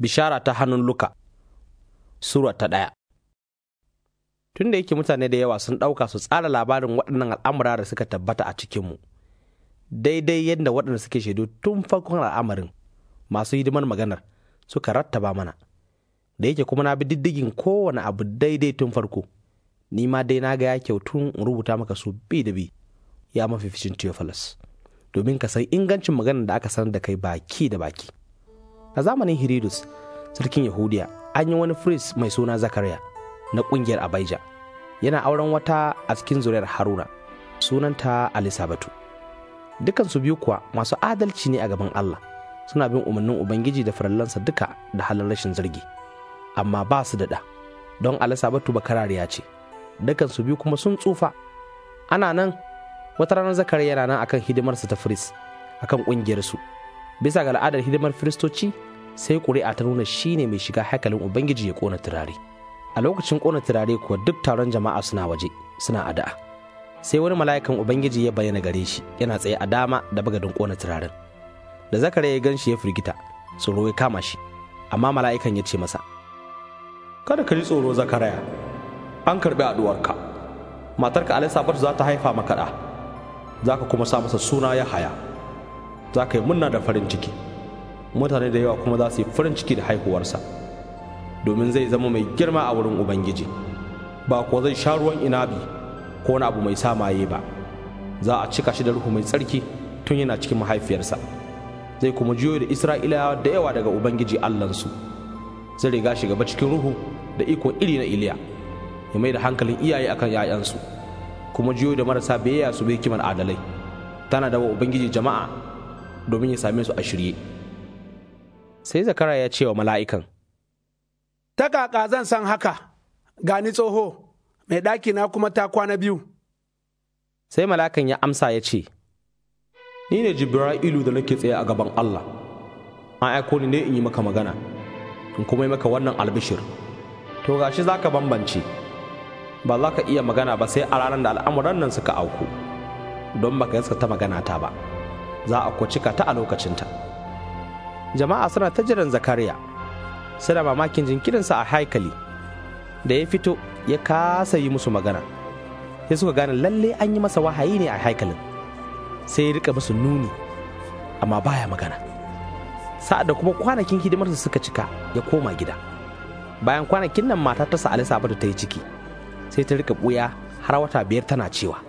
bishara ta hannun luka sura ta ɗaya tun da yake mutane da yawa sun ɗauka su tsara labarin waɗannan al'amura da suka tabbata a cikinmu daidai yadda waɗanda suke shaidu tun farkon al'amarin masu hidimar maganar suka rattaba mana da yake kuma na bi diddigin kowane abu daidai tun farko ni ma dai na ga ya kyautun in rubuta maka su bi da bi ya mafi ficin Theophilus domin ka san ingancin maganar da aka sanar da kai baki da baki a zamanin hiridus sarkin yahudiya an yi wani firist mai suna zakariya na ƙungiyar abaija yana auren wata a cikin zuriyar haruna sunanta alisabatu dukansu biyu kuwa masu adalci ne a gaban allah suna bin umarnin ubangiji da farallansa duka da halin rashin zargi amma ba su da don alisabatu bakarariya ce dukansu biyu kuma sun tsufa ana nan wata ranar zakariya yana nan akan hidimarsa ta firis akan ƙungiyarsu bisa ga al'adar hidimar firistoci sai ƙuri'a ta nuna shi ne mai shiga haikalin ubangiji ya ƙona turare a lokacin ƙona turare kuwa duk taron jama'a suna waje suna addu'a. sai wani mala'ikan ubangiji ya bayyana gare shi yana tsaye a dama da bagadin ƙona turaren da zakare ya gan shi ya firgita tsoro ya kama shi amma mala'ikan ya ce masa kada ka ji tsoro zakaraya an karbi ka matarka alisafar za ta haifa maka ɗa za ka kuma sa masa suna ya haya za ka yi munna da farin ciki mutane da yawa kuma za su yi farin ciki da haihuwarsa domin zai zama mai girma a wurin ubangiji ba ko zai sha ruwan inabi ko wani abu mai sa maye ba za a cika shi da ruhu mai tsarki tun yana cikin mahaifiyarsa zai kuma juyo da isra'ilawa da yawa daga ubangiji allansu zai riga shi gaba cikin ruhu da ikon iri na iliya ya mai da hankalin iyaye akan 'ya'yansu kuma juyo da marasa biyayya su bai kiman adalai tana da wa ubangiji jama'a domin ya same su a shirye sai zakara ya ce wa mala'ikan ta kaka zan san haka gani tsoho mai ɗakina kuma ta kwana biyu sai mala'ikan ya amsa ya ce ni ne jibra'ilu da nake tsaye a gaban allah an aiko ni ne in yi maka magana in kuma yi maka wannan albishir to gashi za ka bambance ba za ka iya magana ba sai a ranar da al'amuran nan suka auku don baka ta magana ta ba. za a cika ta a lokacinta jama'a suna ta jiran zakariya suna mamakin jinkirinsa a haikali da ya fito ya kasa yi musu magana sai suka gane lalle an yi masa wahayi ne a haikalin sai ya rika musu nuni amma baya magana sa'ad da kuma kwanakin hidimarsa suka cika ya koma gida bayan kwanakin nan mata ta sa'alisa ta yi ciki sai ta rika buya har wata biyar tana cewa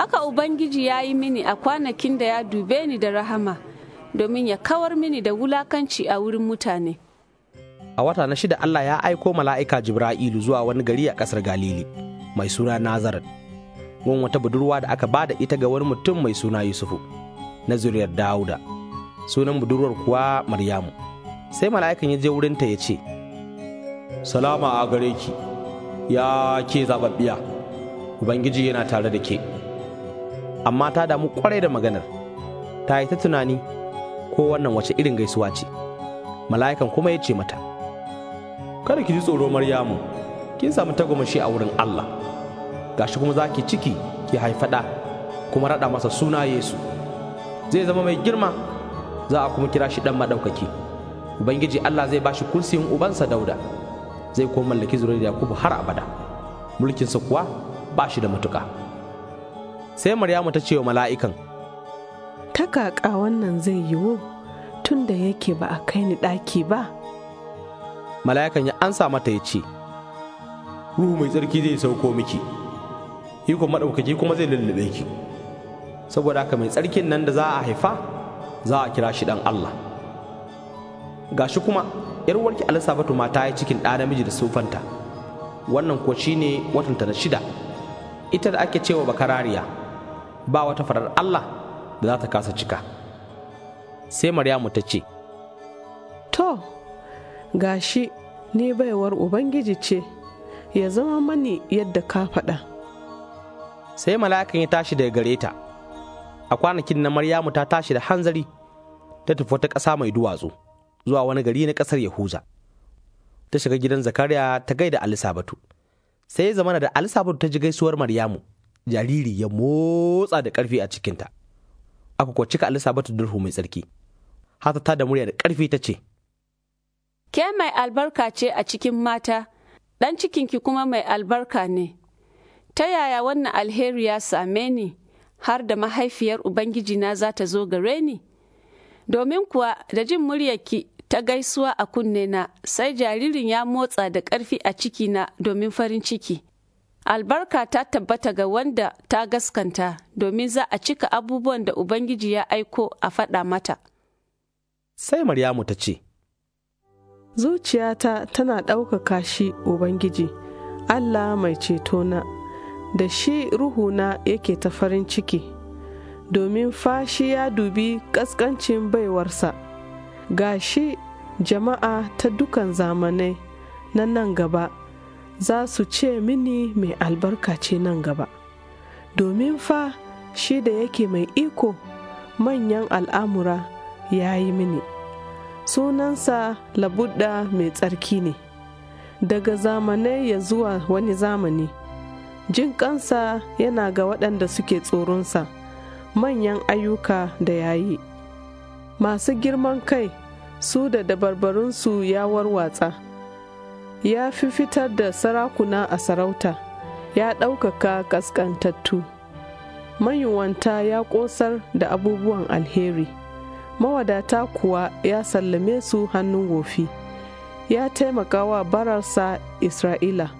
haka ubangiji ya yi mini a kwanakin da ya dube ni da rahama domin ya kawar mini da wulakanci a wurin mutane a wata na shida allah ya aiko mala'ika jibra'ilu zuwa wani gari a ƙasar galili mai suna nazaret gun wata budurwa da aka bada ita ga wani mutum mai suna yusufu na zuriyar dauda sunan budurwar kuwa maryamu sai mala'ikan ya je wurinta ya ce salama a gare ki ya ke zababbiya ubangiji yana tare da ke amma ta damu kwarai da maganar ta yi ta tunani ko wannan wace irin gaisuwa ce mala'ikan kuma ya ce mata kada ki ji tsoro maryamu kin samu tagomashi a wurin allah gashi kuma za ki ciki ki haifada kuma raɗa masa suna yesu zai zama mai girma za a kuma kira shi dan maɗaukaki ubangiji allah zai bashi shi kursiyin ubansa dauda zai kuma mallaki zuriyar yakubu har abada mulkinsa kuwa ba shi da matuƙa. sai Maryamu ta ce wa mala'ikan. Ta kaka wannan zai yiwu tun da yake ba a kai ni ɗaki ba. Mala'ikan ya ansa mata ya ce, Ruhu mai tsarki zai sauko miki, iko maɗaukaki kuma zai lullube ki. Saboda haka mai tsarkin nan da za a haifa, za a kira shi ɗan Allah. shi kuma, ‘yar uwarki Alisabatu ma cikin ɗa namiji da sufanta, wannan kuwa shi ne watanta na shida, ita da ake cewa bakarariya. ba wata farar Allah da za ta kasa cika sai maryamu ta ce to gashi ne baiwar ubangiji ce ya zama mani yadda ka faɗa sai mala'ikan ya tashi daga gare ta a kwanakin na maryamu ta tashi da hanzari ta tafi wata ƙasa mai duwatsu zuwa wani gari na ƙasar yahuza ta shiga gidan zakariya ta gaida alisabatu sai ya zamana da alisabatu ta ji gaisuwar maryamu jariri ya motsa da ƙarfi a cikinta aka kuwa cika alisabatu durhu mai tsarki hata ta da murya da ƙarfi ta ce ke mai albarka ce a cikin mata ɗan cikinki kuma mai albarka ne ta yaya wannan alheri ya same ni har da mahaifiyar ubangijina za ta zo gare ni domin kuwa da jin muryarki ta gaisuwa a kunne na sai jaririn ya motsa da ƙarfi a cikina domin farin ciki albarka ta tabbata ga wanda ta gaskanta domin za a cika abubuwan da Ubangiji ya aiko a faɗa mata. Sai Maryamu ta ce, Zuciyata tana ɗaukaka shi Ubangiji, Allah mai ceto na, da shi ruhuna yake ta farin ciki, domin fashi ya dubi ƙasƙancin baiwarsa. Ga shi jama'a ta dukan zamanai na nan gaba za su ce mini mai albarka ce nan gaba domin fa shi da yake mai iko manyan al'amura ya yi mini sunansa labudda mai tsarki ne daga zamanai ya zuwa wani zamani jin kansa yana ga waɗanda suke tsoronsa manyan ayyuka da ya yi masu girman kai su da dabarbarunsu ya warwatsa ya fi fitar da sarakuna a sarauta ya ɗaukaka ƙasƙantattu mayuwanta ya ƙosar da abubuwan alheri mawadata kuwa ya sallame su hannun wofi ya taimaka wa bararsa isra'ila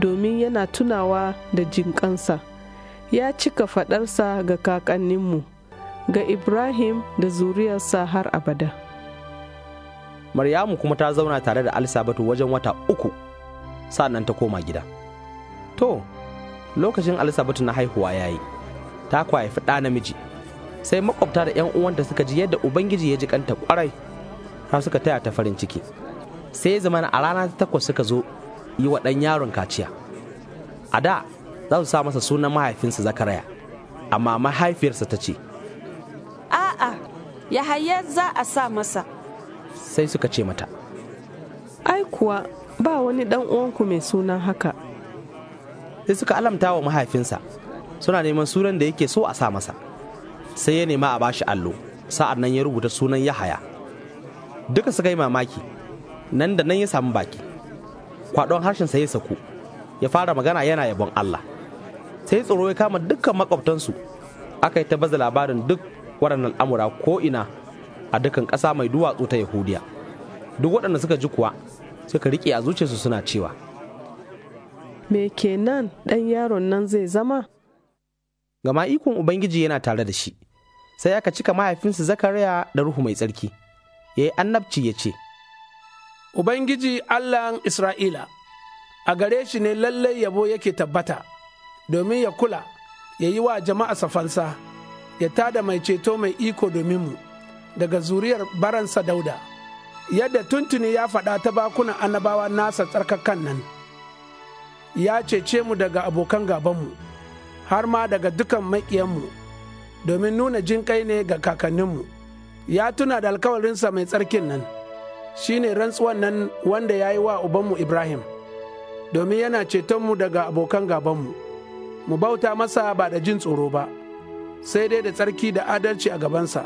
domin yana tunawa da jinƙansa ya cika faɗarsa ga kakanninmu ga ibrahim da zuriyarsa har abada maryamu kuma ta zauna tare da alisabatu wajen wata uku sa'an ta koma gida to lokacin alisabatu na haihuwa ya yi ta kwaifi ɗa namiji sai makwabta da 'yan uwanta suka ji yadda ubangiji ya ji kanta kwarai har suka taya ta farin ciki sai ya zama a rana ta takwas suka zo yi wa ɗan yaron kaciya a da za su sa masa sunan mahaifinsa zakaraya amma mahaifiyarsa ta ce a'a yahaya za a sa masa sai suka ce mata ai kuwa ba wani dan uwanku mai sunan haka sai suka alamta wa mahaifinsa suna neman sunan da yake so a sa masa sai ya nema a bashi allo sa'an nan ya rubuta sunan yahaya duka suka yi mamaki nan da nan ya samu baki kwadon harshensa ya saku ya fara magana yana yabon allah sai tsoro ya kama dukkan makwabtansu aka yi ta baza labarin duk waɗannan al'amura ko'ina a dukan ƙasa mai duwatsu ta yahudiya duk waɗanda suka ji kuwa suka riƙe a zuciyarsu suna cewa me kenan ɗan yaron nan zai zama gama ikon ubangiji yana tare da shi sai aka cika mahaifinsa zakariya da ruhu mai tsarki ya yi annabci ya ce ubangiji allahn isra'ila a gare shi ne lallai yabo yake tabbata domin ya kula ya yi wa jama'a safansa ya tada mai ceto mai iko domin mu daga zuriyar baransa dauda yadda tuntuni ya faɗa ta bakuna annabawa nasa tsarkakan nan ya cece mu daga abokan gabanmu har ma daga dukan maƙiyanmu domin nuna jinƙai ne ga kakanninmu ya tuna da alkawarinsa mai tsarkin nan shi ne rantsuwan nan wanda ya yi wa ubanmu ibrahim domin yana cetonmu daga abokan gabanmu mu bauta masa ba da jin tsoro ba sai dai da tsarki da adalci a gabansa.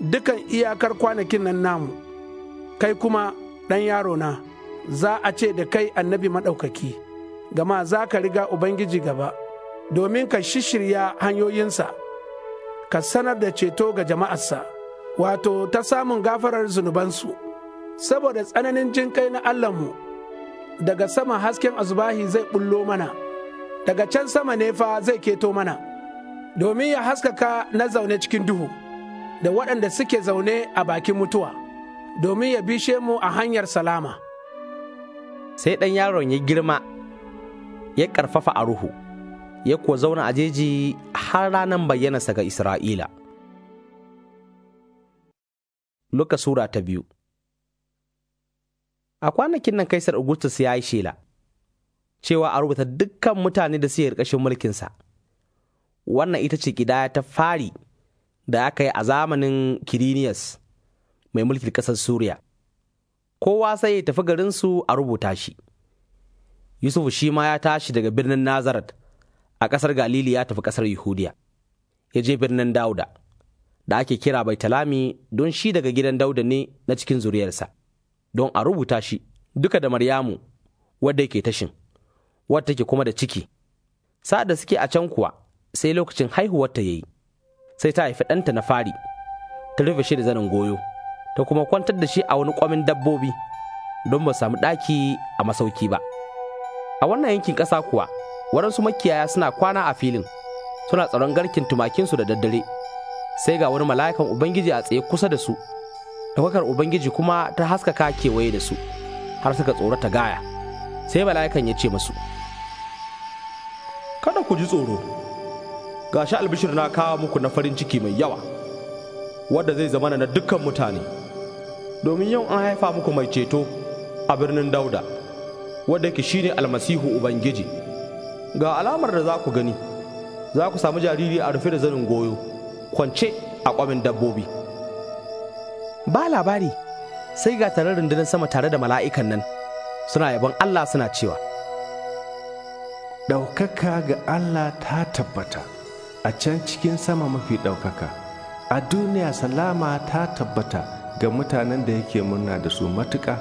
dukan iyakar kwanakin nan namu, kai kuma ɗan na, za a ce da kai annabi maɗaukaki, gama za ka riga Ubangiji gaba, domin ka shishirya hanyoyinsa, ka sanar da ceto ga jama'arsa, wato ta samun gafarar zunubansu, saboda tsananin jin kai na Allahnmu, daga sama hasken azubahi zai bullo mana, daga can sama ne fa zai keto mana, domin ya haskaka na zaune cikin duhu. da waɗanda suke zaune a bakin mutuwa, domin ya bishe mu a hanyar salama. Sai ɗan yaron ya girma, ya ƙarfafa a ruhu, ya kuwa zauna a jeji har ranar bayyanarsa ga Isra'ila. Luka Sura ta biyu A kwanakin nan Kaisar Augustus ya yi shela, cewa a rubuta dukkan mutane da su yi mulkinsa. Wannan ita ce ƙidaya ta fari. da aka yi a zamanin Kiriniyas mai mulkin ƙasar Suriya. Kowa sai ya tafi garinsu a rubuta shi. Yusuf shi ma ya tashi daga birnin Nazaret a ƙasar Galili ya tafi ƙasar Yahudiya. Ya je birnin Dauda da ake kira Baitalami don shi daga gidan Dauda ne na cikin zuriyarsa. Don a rubuta shi duka da Maryamu wadda yake tashin, wadda take kuma da ciki. Sa'ad da suke a can kuwa sai lokacin haihuwarta ya yi. sai ta haifi ɗanta na fari ta rufe shi da zanin goyo ta kuma kwantar da shi a wani kwamin dabbobi don ba samu ɗaki a masauki ba a wannan yankin ƙasa kuwa waɗansu makiyaya suna kwana a filin suna tsaron garkin tumakinsu da daddare sai ga wani mala'ikan ubangiji a tsaye kusa da su ɗaukakar ubangiji kuma ta haskaka kewaye da su har suka tsorata gaya sai mala'ikan ya ce masu kada ku ji tsoro ga shi albishir na kawo muku na farin ciki mai yawa wadda zai zama na dukkan mutane domin yau an haifa muku mai ceto a birnin dauda wadda ke ne almasihu ubangiji ga alamar da za ku gani za ku samu jariri a rufe da zanin goyo kwance a kwamin dabbobi ba labari sai ga tare rundunar sama tare da mala'ikan nan suna yabon allah suna cewa ɗaukaka ga allah ta tabbata a can cikin sama mafi ɗaukaka a duniya salama ta tabbata ga mutanen da yake murna da su matuƙa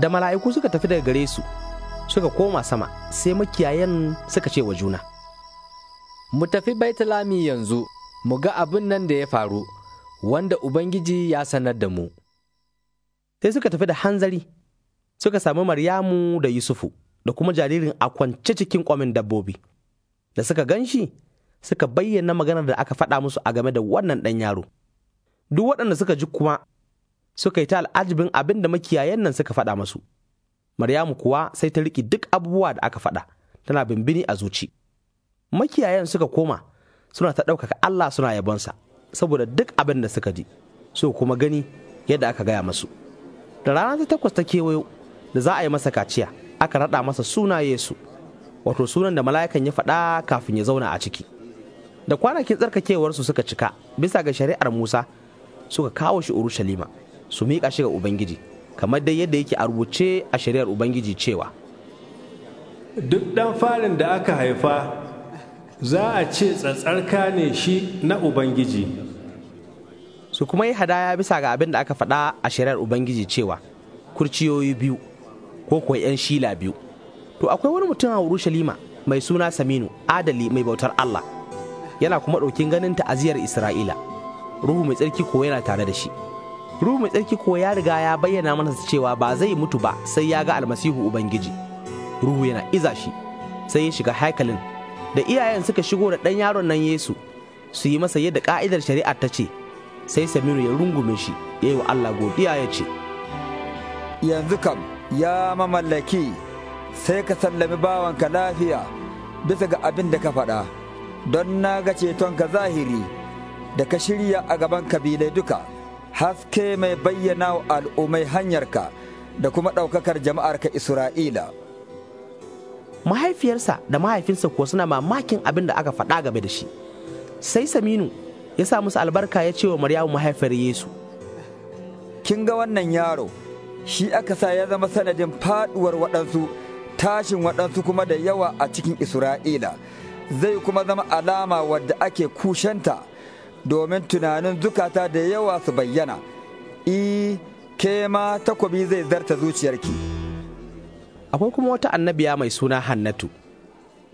da mala'iku suka tafi daga gare su suka koma sama sai makiyayen suka ce wa juna mu tafi baitulami yanzu mu ga abin nan da ya faru wanda ubangiji ya sanar da mu sai suka tafi da hanzari suka sami maryamu da yusufu da kuma jaririn a kwance cikin kwamin dabbobi da suka gan shi suka bayyana maganar da aka faɗa musu a game da wannan ɗan yaro. Duk waɗanda suka ji kuma suka yi ta al'ajibin abin da makiyayen nan suka faɗa masu. Maryamu kuwa sai ta riƙe duk abubuwa da aka faɗa tana bimbini a zuci. Makiyayen suka koma suna ta ɗaukaka Allah suna yabonsa saboda duk abin da suka ji so kuma gani yadda aka gaya masu. Da rana ta takwas ta kewayo da za a yi masa kaciya aka raɗa masa suna Yesu. wato sunan da mala'ikan ya faɗa kafin ya zauna a ciki da kwanakin tsarkakewarsu suka cika bisa ga shari'ar musa suka kawo shi urushalima su miƙa shi ga ubangiji kamar dai yadda yake a rubuce a shari'ar ubangiji cewa duk ɗan farin da aka haifa za a ce tsatsarka ne shi na ubangiji su kuma yi hadaya bisa ga abin da aka faɗa a shari'ar ubangiji cewa kurciyoyi biyu ko kuwa 'yan shila biyu to akwai wani mutum a urushalima mai suna saminu adali mai bautar allah yana kuma ɗaukin ganin ta'aziyar isra'ila ruhu mai tsarki ko yana tare da shi ruhu mai tsarki ko ya riga ya bayyana mana cewa ba zai mutu ba sai ya ga almasihu ubangiji ruhu yana iza shi sai ya shiga haikalin da iyayen suka shigo da ɗan yaron nan yesu su yi masa yadda ka'idar shari'a ta ce sai saminu ya rungume shi ya yi wa allah godiya ya ce yanzu kam ya mamallaki sai ka sallami bawanka lafiya bisa ga abin da ka faɗa, don na ga ka zahiri da ka shirya a gaban kabilai duka, haske mai bayyana wa al'ummai hanyarka da kuma ɗaukakar jama'arka Isra'ila. Mahaifiyarsa da mahaifinsa kuwa suna mamakin abin da aka faɗa game da shi. Sai Saminu ya sa musu albarka ya ce wa Maryamu mahaifiyar Yesu. Kin ga wannan yaro, shi aka sa ya zama sanadin faɗuwar waɗansu tashin waɗansu kuma da yawa a cikin Isra'ila, zai kuma zama alama wadda ake kushanta domin tunanin zukata da yawa su bayyana, I, ke ma takobi zai zarta zuciyarki. Akwai kuma wata annabiya mai suna Hannatu,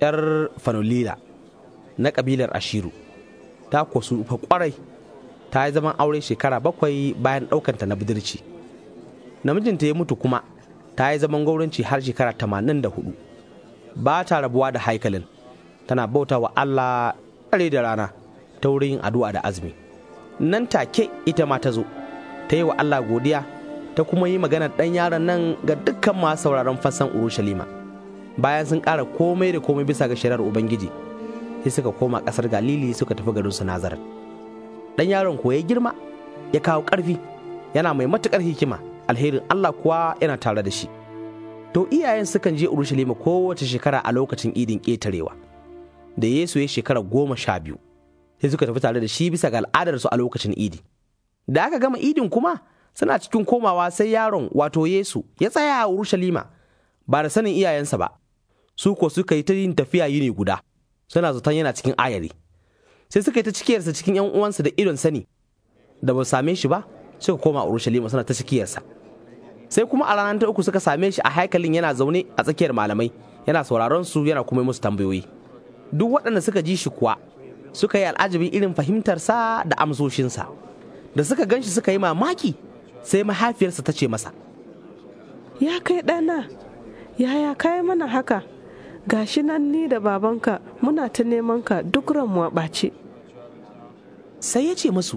‘yar Fanolila na ƙabilar Ashiru, ta kwasu ufa ƙwarai, ta yi zaman aure shekara bakwai bayan ɗaukanta na budurci. Namijinta ya mutu kuma. ta yi zaman gwauranci har shekara tamanin da hudu ba ta rabuwa da haikalin tana bauta wa Allah dare da rana ta wurin addu'a da azumi nan take ita ma ta zo ta yi wa Allah godiya ta kuma yi magana ɗan yaron nan ga dukkan masu sauraron fassan Urushalima bayan sun ƙara komai da komai bisa ga shari'ar Ubangiji sai suka koma ƙasar Galili suka tafi garin su Nazaret ɗan yaron ko ya girma ya kawo ƙarfi yana mai matuƙar hikima alherin Allah kuwa yana tare da shi. To iyayen sukan je Urushalima kowace shekara a lokacin idin ƙetarewa, da Yesu ya shekara goma sha biyu, sai suka tafi tare da shi bisa ga al'adarsu a lokacin idi. Da aka gama idin kuma suna cikin komawa sai yaron wato Yesu ya tsaya a Urushalima ba da sanin iyayensa ba, su ko suka yi ta yin tafiya yini guda, suna zaton yana cikin ayari. Sai suka yi ta cikiyarsa cikin 'yan uwansa da idon sani, da ba same shi ba suka koma urushalima suna ta cikiyarsa sai kuma a ranar ta uku suka same shi a haikalin yana zaune a tsakiyar malamai yana sauraron su yana kuma musu tambayoyi duk waɗanda suka ji shi kuwa suka yi al'ajabi irin fahimtarsa da amsoshinsa da suka gan shi suka yi mamaki sai mahaifiyarsa ta ce masa ya kai ɗana yaya kai mana haka gashi nan ni da babanka muna ta neman ka duk ranmu a ɓace sai ya ce masu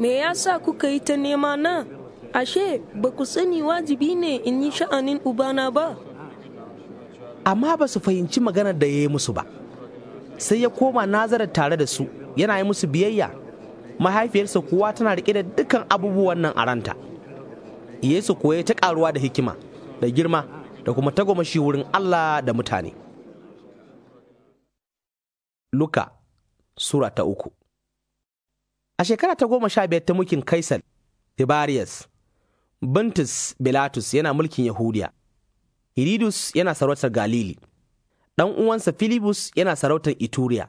me ya sa kuka yi ta nema na ashe ba ku sani wajibi ne in yi sha'anin ubana ba amma ba su fahimci maganar da ya yi musu ba sai ya koma nazarar tare da su yana yi musu biyayya mahaifiyarsa kuwa tana riƙe da dukkan abubuwan nan a ranta yesu kuwa ya ta ƙaruwa da hikima da girma da kuma tagomashi wurin allah da mutane luka sura ta uku A shekara ta goma sha biyar ta mulkin Kaisal, Tibarius, Bintus Bilatus yana mulkin Yahudiya, Hiridus yana sarautar Galili, ɗan uwansa Filibus yana sarautar Ituriya,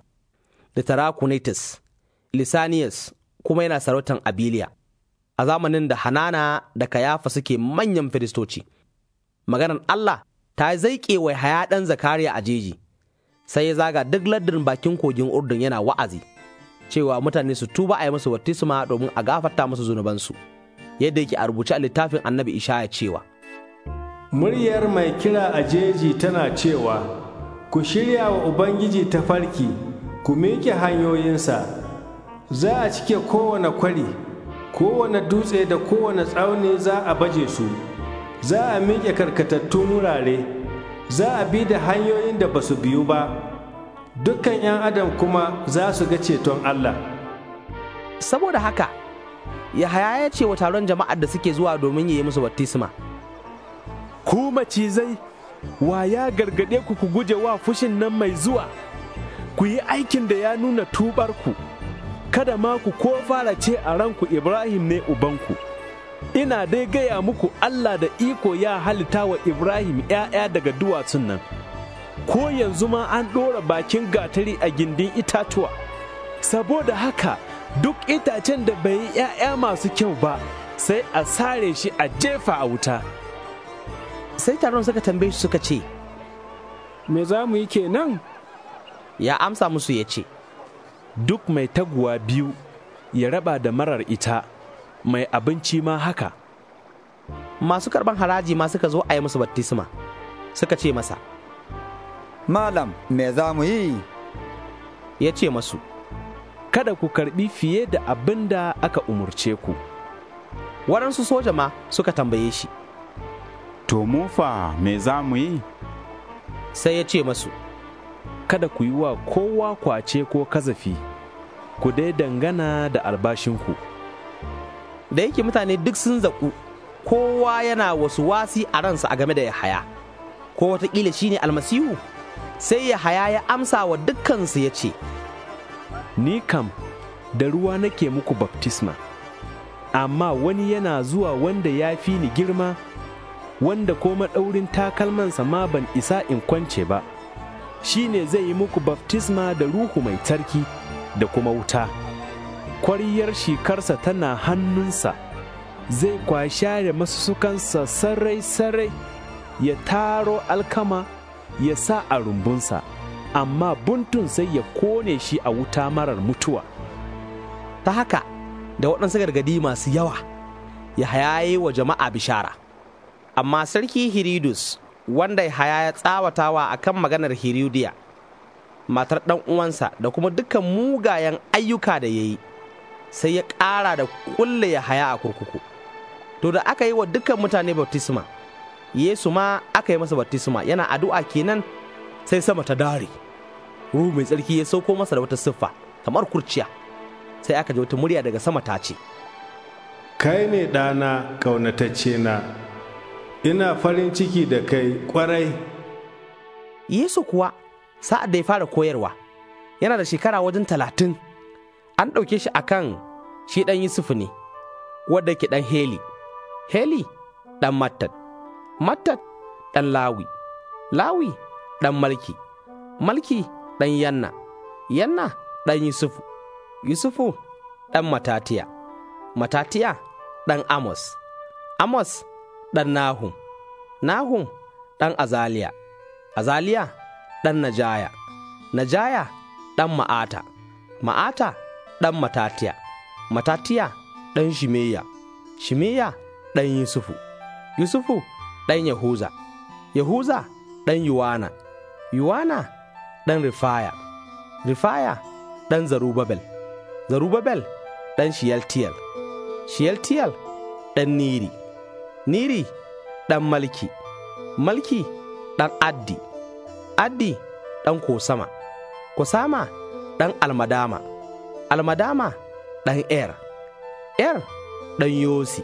da Tarakunitis, Lisanius kuma yana sarautar Abiliya, a zamanin da Hanana da Kayafa suke manyan firistoci. Maganar Allah ta zaiƙe wa haya ɗan Zakariya a jeji, sai ya zaga duk lardin bakin kogin Urdun yana wa'azi. cewa mutane su tuba a yi musu wattisma domin a gafarta musu zunubansu yadda yake a rubuce a littafin annabi ishaya cewa muryar mai kira a jeji tana cewa ku shirya wa ubangiji tafarki ku miƙe hanyoyinsa za a cike kowane kwari kowane dutse da kowane tsauni za a baje su za a miƙe karkatattun wurare za a bi da hanyoyin da ba su biyu ba dukkan 'yan adam kuma za su ga ceton Allah. Saboda haka, Yahaya ya ce wa taron jama'ar da suke zuwa domin ya yi musu battisma. Ku macizai, wa ya gargaɗe ku ku guje wa fushin nan mai zuwa, ku yi aikin da ya nuna tubarku, kada ma ku ko fara ce a ranku Ibrahim ne ubanku. Ina dai gaya muku Allah da iko ya halitta wa Ibrahim ‘ya'ya daga duwatsun nan. ko yanzu ma an ɗora bakin gatari a gindin itatuwa saboda haka duk itacen da bai yi ‘ya'ya masu kyau ba sai a sare shi a jefa a wuta sai taron suka tambaye shi suka ce me za mu yi kenan ya amsa musu ya ce duk mai taguwa biyu ya raba da marar ita mai abinci ma haka masu karban haraji ma suka zo a yi musu battisma suka ce masa Malam, me za mu yi? Ya ce masu, Kada ku karɓi fiye da abin da aka umurce ku. Waɗansu soja ma suka tambaye shi. To Mufa, me za mu yi? Sai ya ce masu, Kada ku yi wa kowa kwace ko kazafi, ku dai dangana da albashinku. Da yake mutane duk sun zaƙu, kowa yana wasu wasi a ransa a game da ya haya, ko watakila shi ne almasihu. sai ya haya ya amsa wa dukkansu ya ce, Ni kam da ruwa nake muku baftisma, amma wani yana zuwa wanda ya fi ni girma, wanda ko maɗaurin takalmansa ma ban isa in kwance ba, shi ne zai yi muku baftisma da ruhu mai tarki da kuma wuta. Kwariyar shekarsa tana hannunsa, zai kwashare masu sukansa sarai-sarai ya taro alkama. ya sa a rumbunsa amma buntun sai ya kone shi a wuta marar mutuwa ta haka da waɗansu gargadi masu yawa ya hayaye wa jama'a bishara amma sarki hiridus wanda haya ya tsawatawa a kan maganar hiridiya matar ɗan uwansa da kuma dukkan mugayen ayyuka da ya yi sai ya ƙara da kulle ya haya a kurkuku to da aka yi wa dukkan mutane bautisma Yesu ma aka yi masa battisma yana addu'a kenan sai sama ta dare. Ruhu mai tsarki ya sauko masa da wata siffa kamar kurciya. Sai aka ji wata murya daga sama ta ce, Kai ne ɗana ƙaunatacce na, ina farin ciki da kai ƙwarai. Yesu kuwa sa'ad da ya fara koyarwa, yana da shekara wajen talatin, an ɗauke shi akan shi ɗan yusuf ne, wadda ke ɗan Heli, Heli ɗan Mattat. mattat ɗan lawi lawi ɗan malki malki ɗan yanna yanna ɗan yusufu yusufu ɗan matatiya matatiya ɗan amos amos ɗan nahum nahum ɗan azaliya azaliya ɗan najaya najaya ɗan ma'ata ma'ata ɗan matatiya matatiya ɗan shimeya shimeya ɗan yusufu yusufu ɗan Yahuza, Yahuza ɗan Yuwana, Yuwana ɗan Rifaya, Rifaya ɗan Zarubabel, Zarubabel ɗan Shiyaltiyal, Shiyaltiyal ɗan Niri, Niri ɗan Malki, Malki ɗan Addi, Addi ɗan Kosama, Kosama ɗan Almadama, Almadama ɗan Er, Er ɗan Yosi,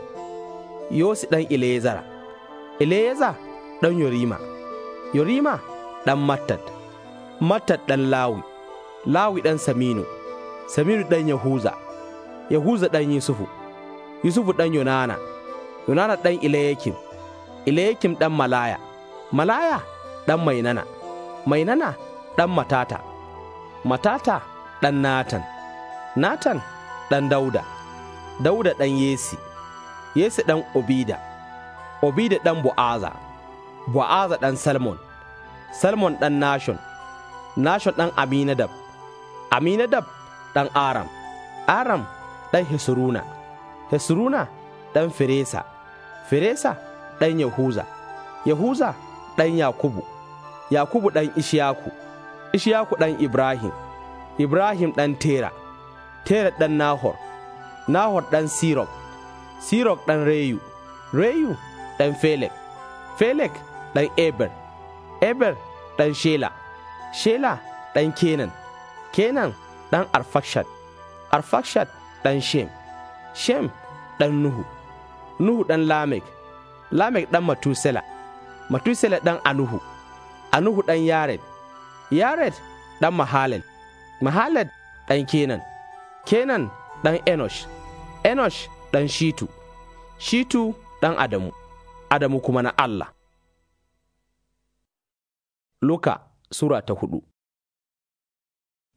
Yosi ɗan Ilezara. Eleyeza ɗan Yorima, Yorima ɗan Mattad, Mattad ɗan Lawi, Lawi ɗan Saminu, Saminu ɗan Yahuza, Yahuza ɗan Yusufu, Yusufu ɗan Yonana, Yonana ɗan Ileyakim, Ileyakim ɗan Malaya, Malaya ɗan Mainana, Mainana ɗan Matata, Matata ɗan Natan, Natan ɗan Dauda, Dauda ɗan Yesi, Yesi ɗan Obida. obida ɗan Bu'aza, Bu'aza ɗan Salmon, Salmon ɗan Nashon, Nashon ɗan Aminadab, Aminadab ɗan Aram, Aram ɗan Hisruna, Hisruna ɗan Firesa, Firesa ɗan Yahuza, Yahuza ɗan Yakubu, Yakubu ɗan Ishiyaku, Ishiyaku ɗan Ibrahim, Ibrahim ɗan Tera, Tera ɗan Nahor, Nahor ɗan Sirok, Sirok ɗan Reyu, Reyu ɗan Felek, Felek ɗan Eber, Eber ɗan Shela, Shela ɗan Kenan, Kenan ɗan Arfakshad, Arfakshad ɗan Shem, Shem ɗan Nuhu, Nuhu ɗan Lamek, Lamek ɗan Matusela, Matusela ɗan Anuhu, Anuhu ɗan Yared, Yared ɗan Mahalel, Mahalel ɗan Kenan, Kenan ɗan Enosh, Enosh ɗan Shitu, Shitu ɗan Adamu. Adamu kuma na Allah. Luka Sura ta hudu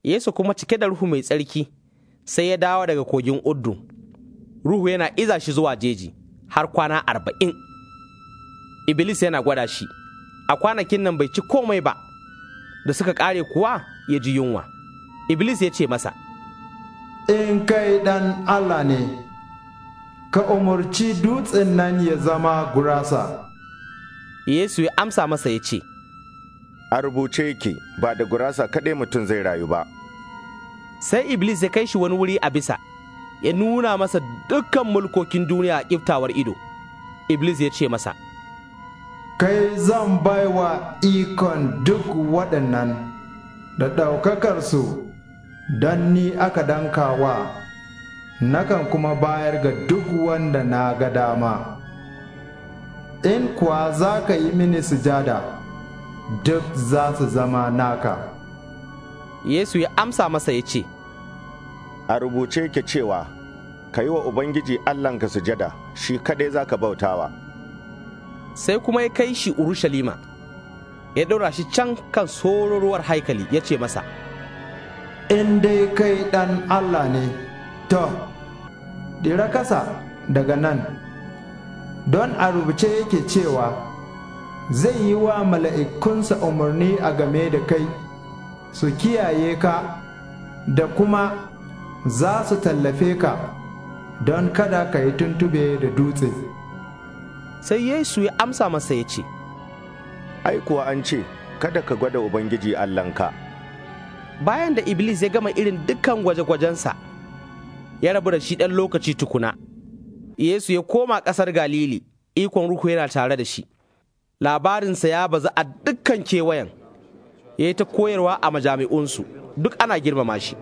Yesu kuma cike da Ruhu mai tsarki sai ya dawo daga kogin Uddun. Ruhu yana iza shi zuwa jeji har kwana arba'in. Iblis yana gwada shi, a kwanakin nan bai ci komai ba, da suka ƙare kuwa ya ji yunwa. Iblis ya ce masa, In kai ɗan Allah ne. ka umarci dutsen nan ya zama gurasa. Yesu ya amsa masa ya ce, A rubuce yake ba da gurasa kaɗai mutum zai rayu ba. Sai Iblis ya kai shi wani wuri a bisa, ya nuna masa dukkan mulkokin duniya a ƙiftawar ido. Iblis ya ce masa, Kai zan baiwa ikon duk waɗannan da ɗaukakarsu don ni aka dankawa. nakan kuma bayar ga duk wanda na ga dama in kuwa za ka yi mini sujada duk za su zama naka yesu ya amsa masa ya ce a rubuce ke cewa ka yi wa ubangiji allahnka sujada shi kadai za ka bautawa sai kuma ya kai shi urushalima ya ɗora shi can kan sororuwar haikali ya ce masa in dai kai ɗan allah ne to ɗira kasa daga nan don a rubuce yake cewa zai yi wa mala'ikunsa umarni a game da kai su kiyaye ka da kuma za su tallafe ka don kada ka yi tuntube da dutse sai yesu ya amsa masa ya ce ai kuwa an ce kada ka gwada ubangiji allahnka bayan da iblis ya gama irin dukkan gwaje-gwajensa ya rabu da shi ɗan lokaci tukuna. Yesu ya koma ƙasar Galili, ikon ruhu yana tare da shi. Labarinsa ya bazu a dukkan kewayen, ya yi ta koyarwa a majami'unsu, duk ana girmama shi.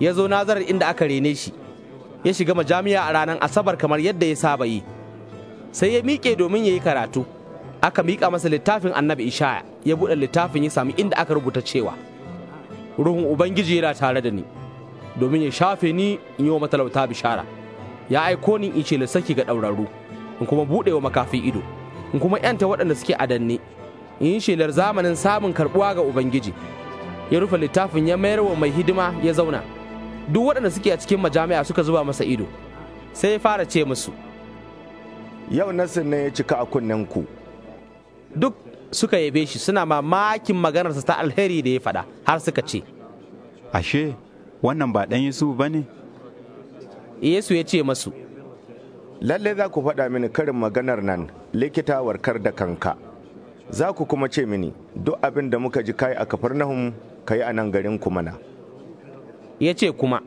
Ya zo nazarar inda aka rene shi, ya shiga majami'a a ranar Asabar kamar yadda ya saba yi. Sai ya miƙe domin ya yi karatu, aka miƙa masa littafin annabi Ishaya, ya buɗe littafin ya sami inda aka rubuta cewa. Ruhun Ubangiji yana tare da ni. domin ya shafe ni in yi wa matalauta bishara ya aiko ni in ce saki ga ɗauraru in kuma buɗe wa makafi ido in kuma yanta waɗanda suke a danne in yi shelar zamanin samun karɓuwa ga ubangiji ya rufe littafin ya mayar wa mai hidima ya zauna duk waɗanda suke a cikin majami'a suka zuba masa ido sai ya fara ce musu yau nasir ne ya cika a kunnen ku duk suka yabe shi suna mamakin maganarsa ta alheri da ya faɗa har suka ce ashe wannan ba ɗan Yesu ba ne? Yesu ya ce masu, Lalle za ku faɗa mini karin maganar nan likita warkar da kanka, za ku kuma ce mini duk abin da muka ji kai a Kafarnahum ka yi a nan garin ku mana. Ya ce kuma,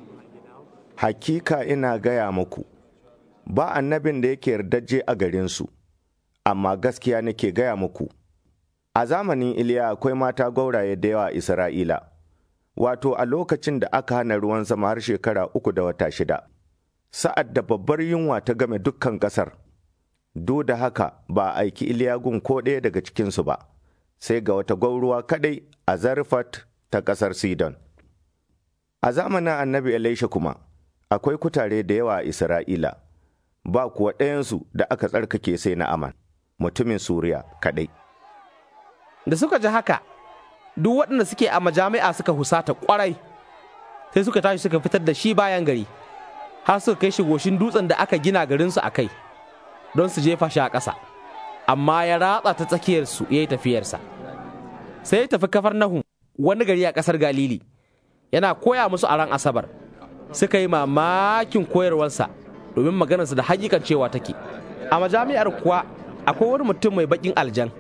Hakika ina gaya muku, ba annabin da yake yardaje a garinsu, amma gaskiya nake gaya muku. A zamanin Iliya akwai mata gwauraye da yawa Isra'ila. wato a lokacin da aka hana ruwan sama har shekara uku da wata shida, sa'ad da babbar yunwa ta game dukkan ƙasar. Duk da haka ba a aiki Iliyagun ko ɗaya daga cikinsu ba, sai ga wata gwauruwa kaɗai a Zarfat ta ƙasar Sidon. A zamanin annabi Elisha kuma, akwai kutare da yawa a Isra'ila, ba kuwa ɗayansu da aka tsarkake sai na Aman, mutumin Suriya kaɗai. Da suka ji haka, duk waɗanda suke a majami'a suka husata kwarai sai suka tashi suka fitar da shi bayan gari har suka kai shi goshin dutsen da aka gina garinsu a kai don su jefa shi a ƙasa amma ya ratsa ta tsakiyarsu ya yi tafiyarsa sai ya tafi kafar nahu wani gari a ƙasar galili yana koya musu a ran asabar suka yi mamakin koyarwarsa domin maganarsa da hakikan cewa take a majami'ar kuwa akwai wani mutum mai baƙin aljan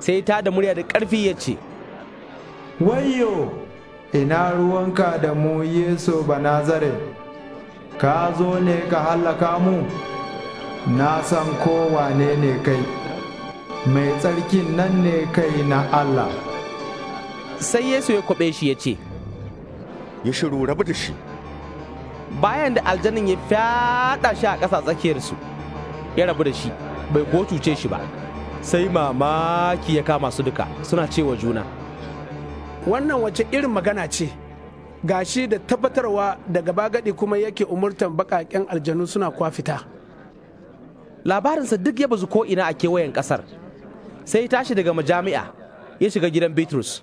sai ta da murya da ƙarfi ya ce wayo ina ruwanka da mu yesu banazare ka zo ne ka hallaka mu na san kowane ne kai mai tsarkin nan ne kai na allah sai yesu ya kwaɓe shi ya ce ya shiru rabu da shi bayan da aljanin ya fyaɗa shi a ƙasa tsakiyarsu ya rabu da shi bai ko cuce shi ba sai mamaki ya kama su duka suna cewa juna wannan wace irin magana ce gashi da tabbatarwa daga bagadi kuma yake umurtan bakaken aljanu suna kwafita labarinsa duk ya bazu ko'ina a kewayen kasar sai tashi daga majami'a ya shiga gidan bitrus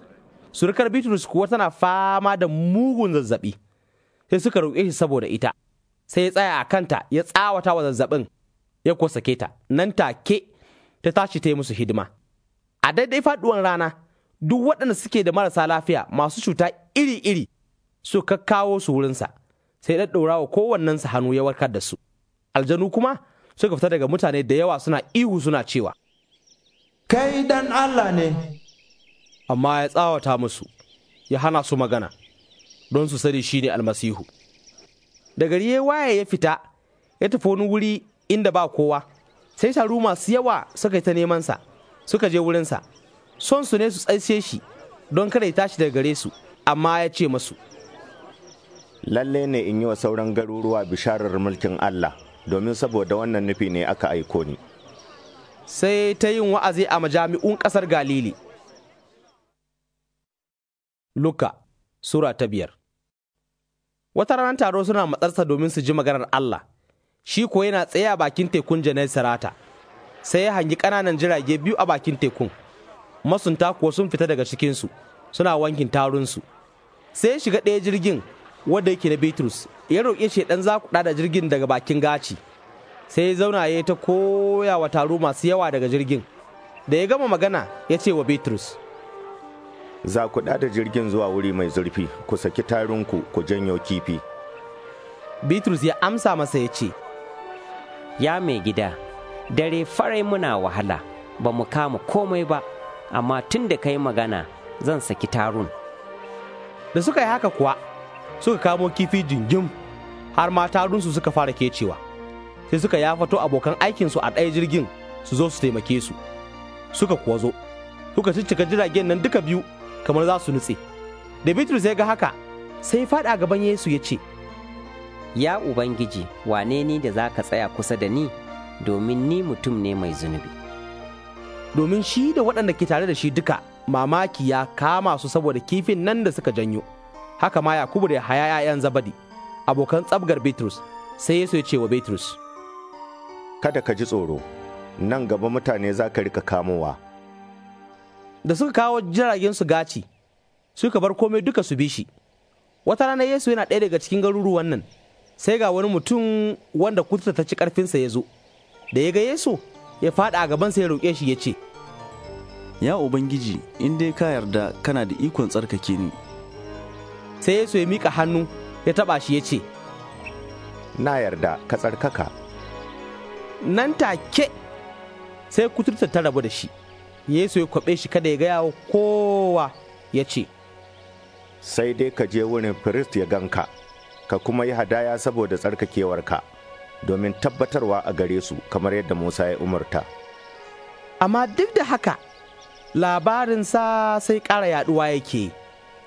surukar bitrus kuwa tana fama da mugun zazzabi sai suka roƙe shi saboda ita sai ya tsaya a kanta ya tsawata wa zazzabin ya kuwa sake ta nan take ta tashi ta yi musu hidima a daidai faduwan rana duk waɗanda suke da marasa lafiya masu cuta iri-iri su kawo su wurinsa sai ɗora wa kowannensa hannu ya warkar da su aljanu kuma suka fita daga mutane da yawa suna ihu suna cewa kai dan Allah ne amma ya tsawata musu ya hana su magana don su sani shi ne almasihu da gari ya waye ya fita ya tafi wani wuri inda ba kowa sai sharu masu yawa suka yi ta nemansa suka je wurinsa son su ne su tsaise shi don kada ya tashi daga gare su amma ya ce masu lalle ne in yi wa sauran garuruwa bisharar mulkin Allah domin saboda wannan nufi ne aka aiko ni sai ta yin wa'azi a majami'un ƙasar Galili Luka Sura ta biyar Wata ranar taro suna matsarsa domin su ji maganar Allah, shi ko yana tsaye a bakin tekun Janai Sarata, sai ya hangi ƙananan jirage biyu a bakin tekun. masunta kuwa sun fita daga cikinsu suna wankin tarunsu sai shiga ɗaya jirgin wanda yake na Bitrus ya roƙe shi ɗan zakuɗa da jirgin daga bakin gaci sai ya zauna ya ta koya wa taro masu yawa daga jirgin da ya gama magana ya ce wa Bitrus Za ku da jirgin zuwa wuri mai zurfi ku saki tarunku ku janyo kifi Bitrus ya amsa masa ya ce ya mai gida dare farai muna wahala ba mu kama komai ba amma tun da ka yi magana zan saki tarun. Da suka yi haka kuwa suka kamo kifi jingim har ma tarunsu suka fara kecewa. Sai suka yafato abokan aikinsu a ɗaya jirgin su zo su taimake su. Suka kuwa zo, suka ciccika jiragen nan duka biyu kamar za su nutse. Da Bitrus ya ga haka sai faɗa gaban Yesu ya ce, Ya Ubangiji, wane ni da za ka tsaya kusa da ni, domin ni mutum ne mai zunubi. domin shi da waɗanda ke tare da shi duka mamaki ya kama su saboda kifin nan da suka janyo haka ma yakubu da haya ‘ya'yan zabadi abokan tsabgar bitrus sai yesu ya ce wa bitrus kada ka ji tsoro nan gaba mutane za ka rika kamowa da suka kawo jiragen su gaci suka bar komai duka su bi shi wata rana yesu yana ɗaya daga cikin garuruwan nan sai ga wani mutum wanda kuta ta ci ƙarfinsa ya zo da ya ga yesu ya faɗa a gaban gabansa ya roƙe shi ya ce, Ya Ubangiji, in dai ka yarda kana da ikon tsarkake ni. Sai Yesu ya miƙa hannu ya taɓa shi ya ce, Na yarda ka tsarkaka. Nan take sai kuturta ta rabu da shi, Yesu ya kwaɓe shi kada ya gaya wa kowa ya ce, Sai dai ka je wurin firist ya ganka, ka kuma yi hadaya saboda tsarkakewarka. domin tabbatarwa a gare su kamar yadda Musa ya umarta. Amma duk da haka, labarinsa sai ƙara yaɗuwa yake,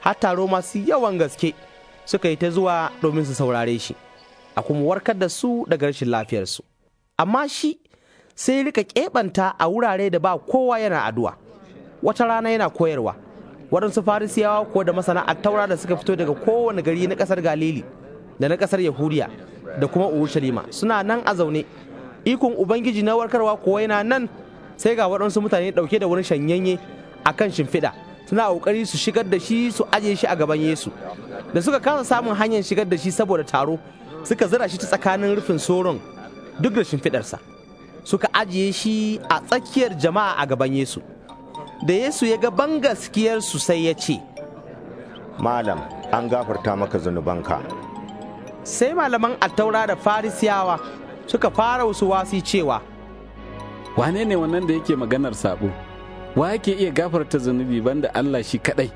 har taro masu yawan gaske suka yi ta zuwa domin su saurare shi, a kuma warkar da su daga rashin lafiyarsu. Amma shi sai rika keɓanta a wurare da ba kowa yana addu'a. Wata rana yana koyarwa, waɗansu farisiyawa ko da masana taura da suka fito daga kowane gari na ƙasar Galili da na ƙasar Yahudiya. da kuma urushalima suna nan a zaune ikon ubangiji na warkarwa kuwa yana nan sai ga waɗansu mutane ɗauke da wani shanyanye a kan shimfiɗa suna ƙoƙari su shigar da shi su ajiye shi a gaban yesu da suka kasa samun hanyar shigar da shi saboda taro suka zira shi ta tsakanin rufin soron duk da shimfiɗarsa suka ajiye shi a tsakiyar jama'a a gaban yesu da yesu ya ga ban gaskiyarsu sai ya ce malam an gafarta maka zunubanka sai malaman attaura da farisiyawa suka fara wasu wasi cewa wane ne wannan da yake maganar sabo wa yake iya gafarta zunubi banda Allah shi kadai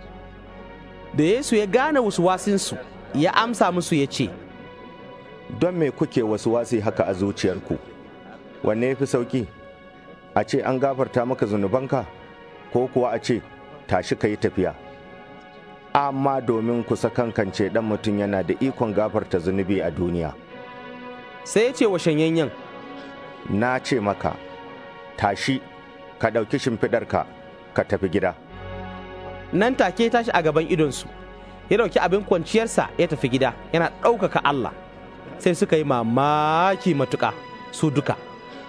da Yesu ya gane wasu wasinsu ya amsa musu ya ce don me kuke wasu wasi haka a zuciyarku wanne ya fi sauki a ce an gafarta maka zunubanka ko kuwa a ce tashi ka yi tafiya amma domin kusa kankance dan mutum yana da ikon gafarta zunubi a duniya. Sai ya ce wa shanyayyen, Na ce maka, tashi, ka ɗauki shimfiɗarka, ka tafi gida. Nan take tashi a gaban idonsu, ya ɗauki abin kwanciyarsa ya tafi gida, yana ɗaukaka Allah. Sai suka yi mamaki matuƙa su duka,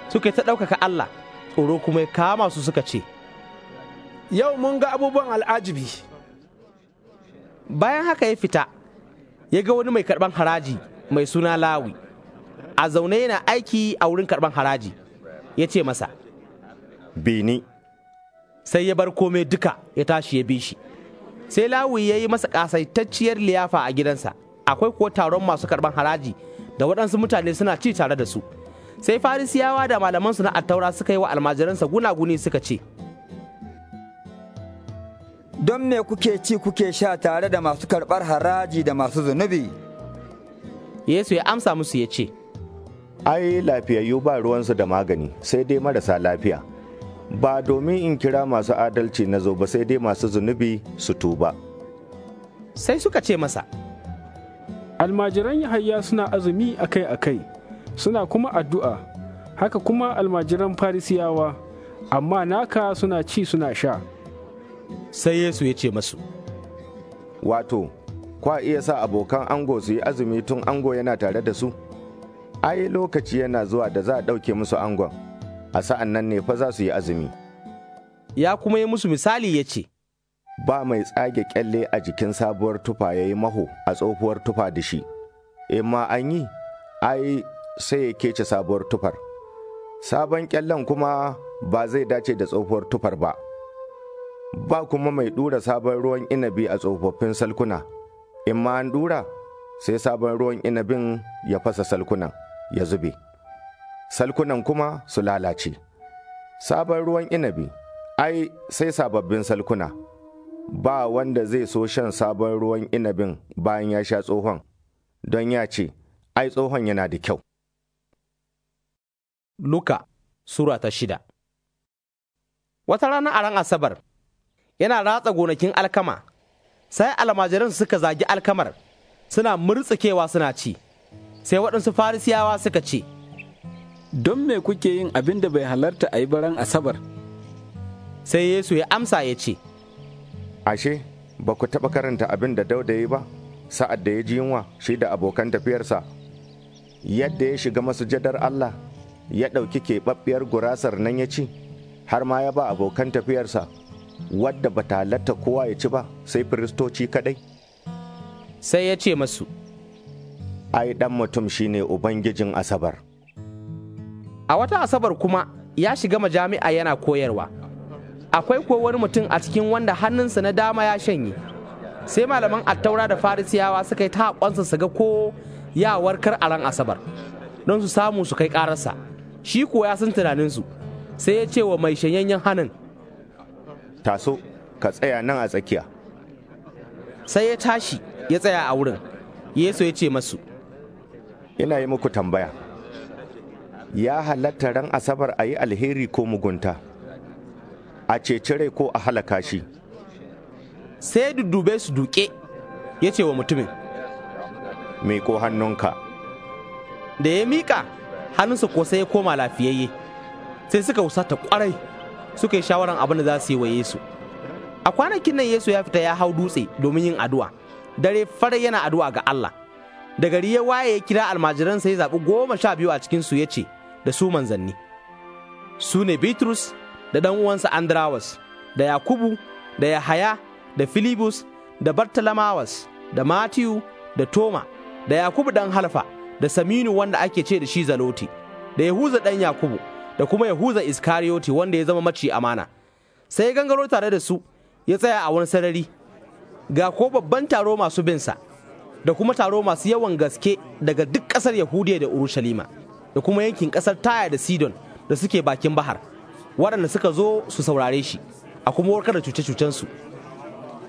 suka yi ta ɗaukaka Allah, tsoro kuma ya kama su suka ce, Yau mun ga abubuwan al'ajibi. bayan haka ya fita ya ga wani mai karban haraji mai suna lawi a zaune yana aiki a wurin karban haraji ya ce masa bini sai ya bar komai duka ya tashi ya bi shi sai lawi ya yi masa kasaitacciyar liyafa a gidansa akwai kuwa taron masu karban haraji da waɗansu mutane suna ci tare da su sai farisiyawa da malamansu na attaura suka yi wa almajiransa gunaguni suka ce don me kuke ci kuke sha tare da masu karɓar haraji da masu zunubi? Yesu ya amsa musu ya ce, Ai, lafiyayyu ba ruwansu da magani, sai dai marasa lafiya. Ba domin in kira masu adalci na zo ba sai dai masu zunubi su tuba. Sai suka ce masa, Almajiran Yahaya suna azumi akai-akai, suna kuma addu'a, haka kuma almajiran Farisiyawa, amma naka suna ci suna sha. sai Yesu ya ce masu. Wato, kwa iya sa abokan ango su yi azumi tun ango yana tare da su? Ai, lokaci yana zuwa da za a ɗauke musu angon, a sa'an nan ne fa za su yi azumi. Ya kuma yi musu misali ya ce, Ba mai tsage kyalle a jikin sabuwar tufa ya yi maho a tsohuwar tufa da shi, in ma an yi, ai, sai ya kece sabuwar tufar. Sabon kyallen kuma ba zai dace da tsohuwar tufar ba. ba kuma mai ɗura sabon ruwan inabi a tsofaffin salkuna, in ma an ɗura sai sabon ruwan inabin ya fasa salkunan ya zube, salkunan kuma su lalace. Sabon ruwan inabi, ai sai sababbin salkuna, ba wanda zai so shan sabon ruwan inabin bayan ya sha tsohon, don ya ce, ai tsohon yana da kyau. Luka Sura ta shida Wata rana a ran Asabar, yana ratsa gonakin alkama sai almajiran suka zagi alkamar suna murtsukewa suna ci sai waɗansu farisiyawa suka ce don me kuke yin abin da bai halarta a yi baran asabar sai yesu ya amsa ya ce ashe ba ku taɓa karanta abin da dauda yi ba sa'ad da ya ji yunwa shi da abokan tafiyarsa yadda ya shiga masujadar allah ya ɗauki keɓaɓɓiyar gurasar nan ya ci har ma ya ba abokan tafiyarsa wadda ba ta halatta kowa ya ci ba sai firistoci kadai? Sai ya ce masu, Ai, ɗan mutum shine Ubangijin Asabar. A wata Asabar kuma ya shiga majami'a yana koyarwa. Akwai ko wani mutum a cikin wanda hannunsa na dama ya shanye. Sai malaman attaura da farisiyawa suka yi ta su ga ko ya warkar a ran Asabar, don su samu su kai ƙararsa. Shi kuwa ya san tunaninsu, sai ya ce wa mai shanyayyen hannun, taso ka tsaya nan a tsakiya sai ya tashi ya tsaya a wurin yesu ya ce masu ina yi muku tambaya ya halatta ran asabar a yi alheri ko mugunta a ceci rai ko a halaka shi sai dudube su duke ya ce wa mutumin Miko hannunka da ya miƙa hannunsa ko sai ya koma lafiyayye sai suka wusata ƙwarai suka yi shawaran abin da za su yi wa Yesu. A kwanakin nan Yesu ya fita ya hau dutse domin yin addu'a, dare farai yana addu'a ga Allah. Da gari ya waye ya kira almajiransa ya zaɓi goma sha biyu a cikinsu ya ce da su manzanni. Su ne Bitrus da ɗan uwansa Andrawas, da Yakubu, da Yahaya, da Filibus, da Bartalamawas, da Matiyu, da Toma, da Yakubu ɗan Halfa, da Saminu wanda ake ce da shi Zaloti, da Yahuza ɗan Yakubu, da kuma Yahuza Iskariyoti wanda ya zama maci amana. Sai gangaro tare da su ya tsaya a wani sarari ga ko babban taro masu binsa da kuma taro masu yawan gaske daga duk ƙasar Yahudiya da Urushalima da kuma yankin ƙasar Taya da Sidon da suke bakin bahar waɗanda suka zo su saurare shi a kuma warkar da cuce-cucensu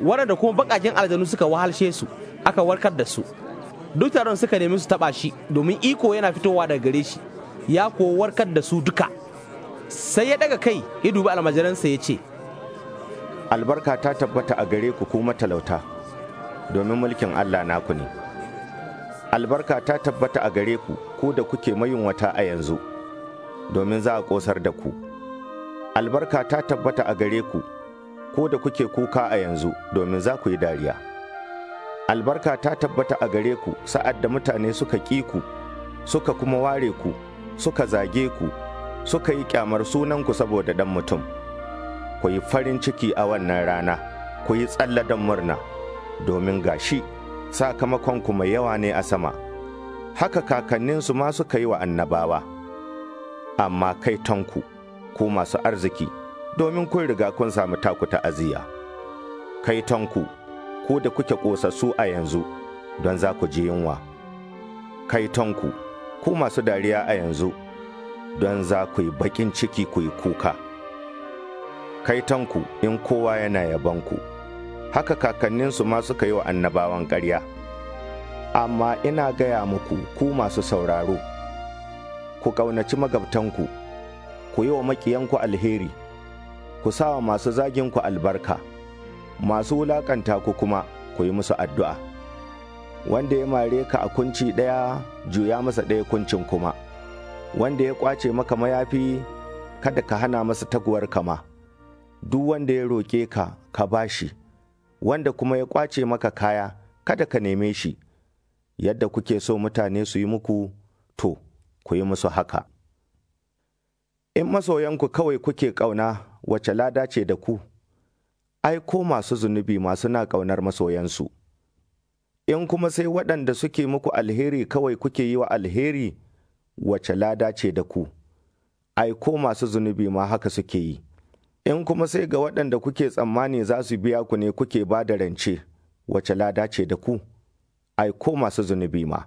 waɗanda kuma baƙaƙen aljanu suka wahalshe su aka warkar da su duk taron suka nemi su taɓa shi domin iko yana fitowa daga gare shi ya kuwa warkar da su duka sai ya daga kai ya dubi almajiransa ya ce albarka ta tabbata a gare ku kuma talauta domin mulkin allah naku ne albarka ta tabbata a gare ku ko da kuke mayunwata a yanzu domin za a kosar da ku albarka ta tabbata a gare ku ko da kuke kuka a yanzu domin za ku yi dariya albarka ta tabbata a gare ku sa'ad da mutane suka ƙi ku suka kuma ware ku suka zage ku suka yi kyamar sunanku saboda ɗan mutum. Ku yi farin ciki a wannan rana, ku yi don murna, domin ga gashi sakamakonku mai yawa ne a sama. Haka kakanninsu ma suka yi wa annabawa. Amma kai tanku, ku masu arziki, domin kun riga kun samu taku ta'aziyya. Kai tanku, ku da kuke ƙosassu a yanzu, don za ku ji yunwa. Kai tanku. ku masu dariya a yanzu, don za ku yi baƙin ciki ku yi kuka. Kaitonku in kowa yana yabanku, haka kakanninsu ma suka yi wa annabawan ƙarya. Amma ina gaya muku ku masu sauraro, ku ƙaunaci magabtanku, ku yi wa maƙiyanku alheri, ku sa wa masu zaginku albarka, masu wulaƙanta ku kuma ku yi musu addu'a. wanda ya mare ka a kunci ɗaya juya masa ɗaya kuncin kuma wanda ya kwace maka mayafi kada ka hana masa taguwar kama duk wanda ya roƙe ka ka ba shi. wanda kuma ya ƙwace maka kaya kada ka neme shi yadda kuke so mutane su yi muku to ku yi musu haka in masoyanku kawai kuke ƙauna wace lada ce da ku ai ko masu zunubi masu na ƙaunar masoyansu in kuma sai waɗanda suke muku alheri kawai kuke yi wa alheri wace lada ce da ku, ai, ko masu zunubi ma haka suke yi, in kuma sai ga waɗanda kuke tsammani za su biya ku ne kuke ba da rance wace lada ce da ku, ai, ko masu zunubi ma,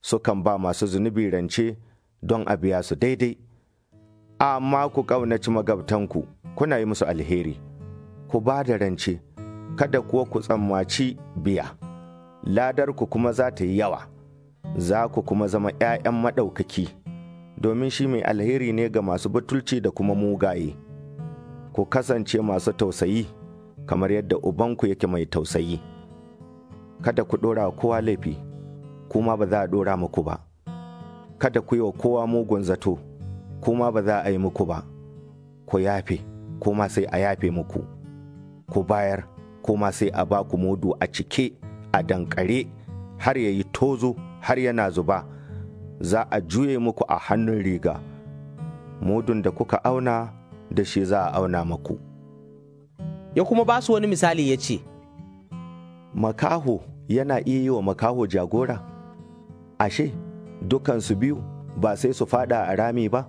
sukan ba masu zunubi rance don a biya su daidai. Amma ku ƙaunaci magabtanku, kuna yi musu alheri, ku ba da rance, kada kuwa ku tsammaci biya. ladarku kuma za ta yi yawa, za ku kuma zama ’ya'yan maɗaukaki, domin shi mai alheri ne ga masu batulci da kuma mugaye. Ku kasance masu tausayi, kamar yadda Ubanku yake mai tausayi. Kada ku ɗora kowa laifi, kuma ba za a ɗora muku ba. Kada ku yi wa kowa mugun zato, kuma ba za a yi muku ba. Ku yafe, kuma sai a yafe muku. Ku bayar, kuma sai a ba ku mudu a cike. a dankare har ya yi tozo har yana zuba za a juye muku a hannun riga mudun da kuka auna da shi za a auna maku ya kuma ba su wani misali ya ce makaho yana iya yi wa makaho jagora ashe dukansu biyu ba sai su fada a rami ba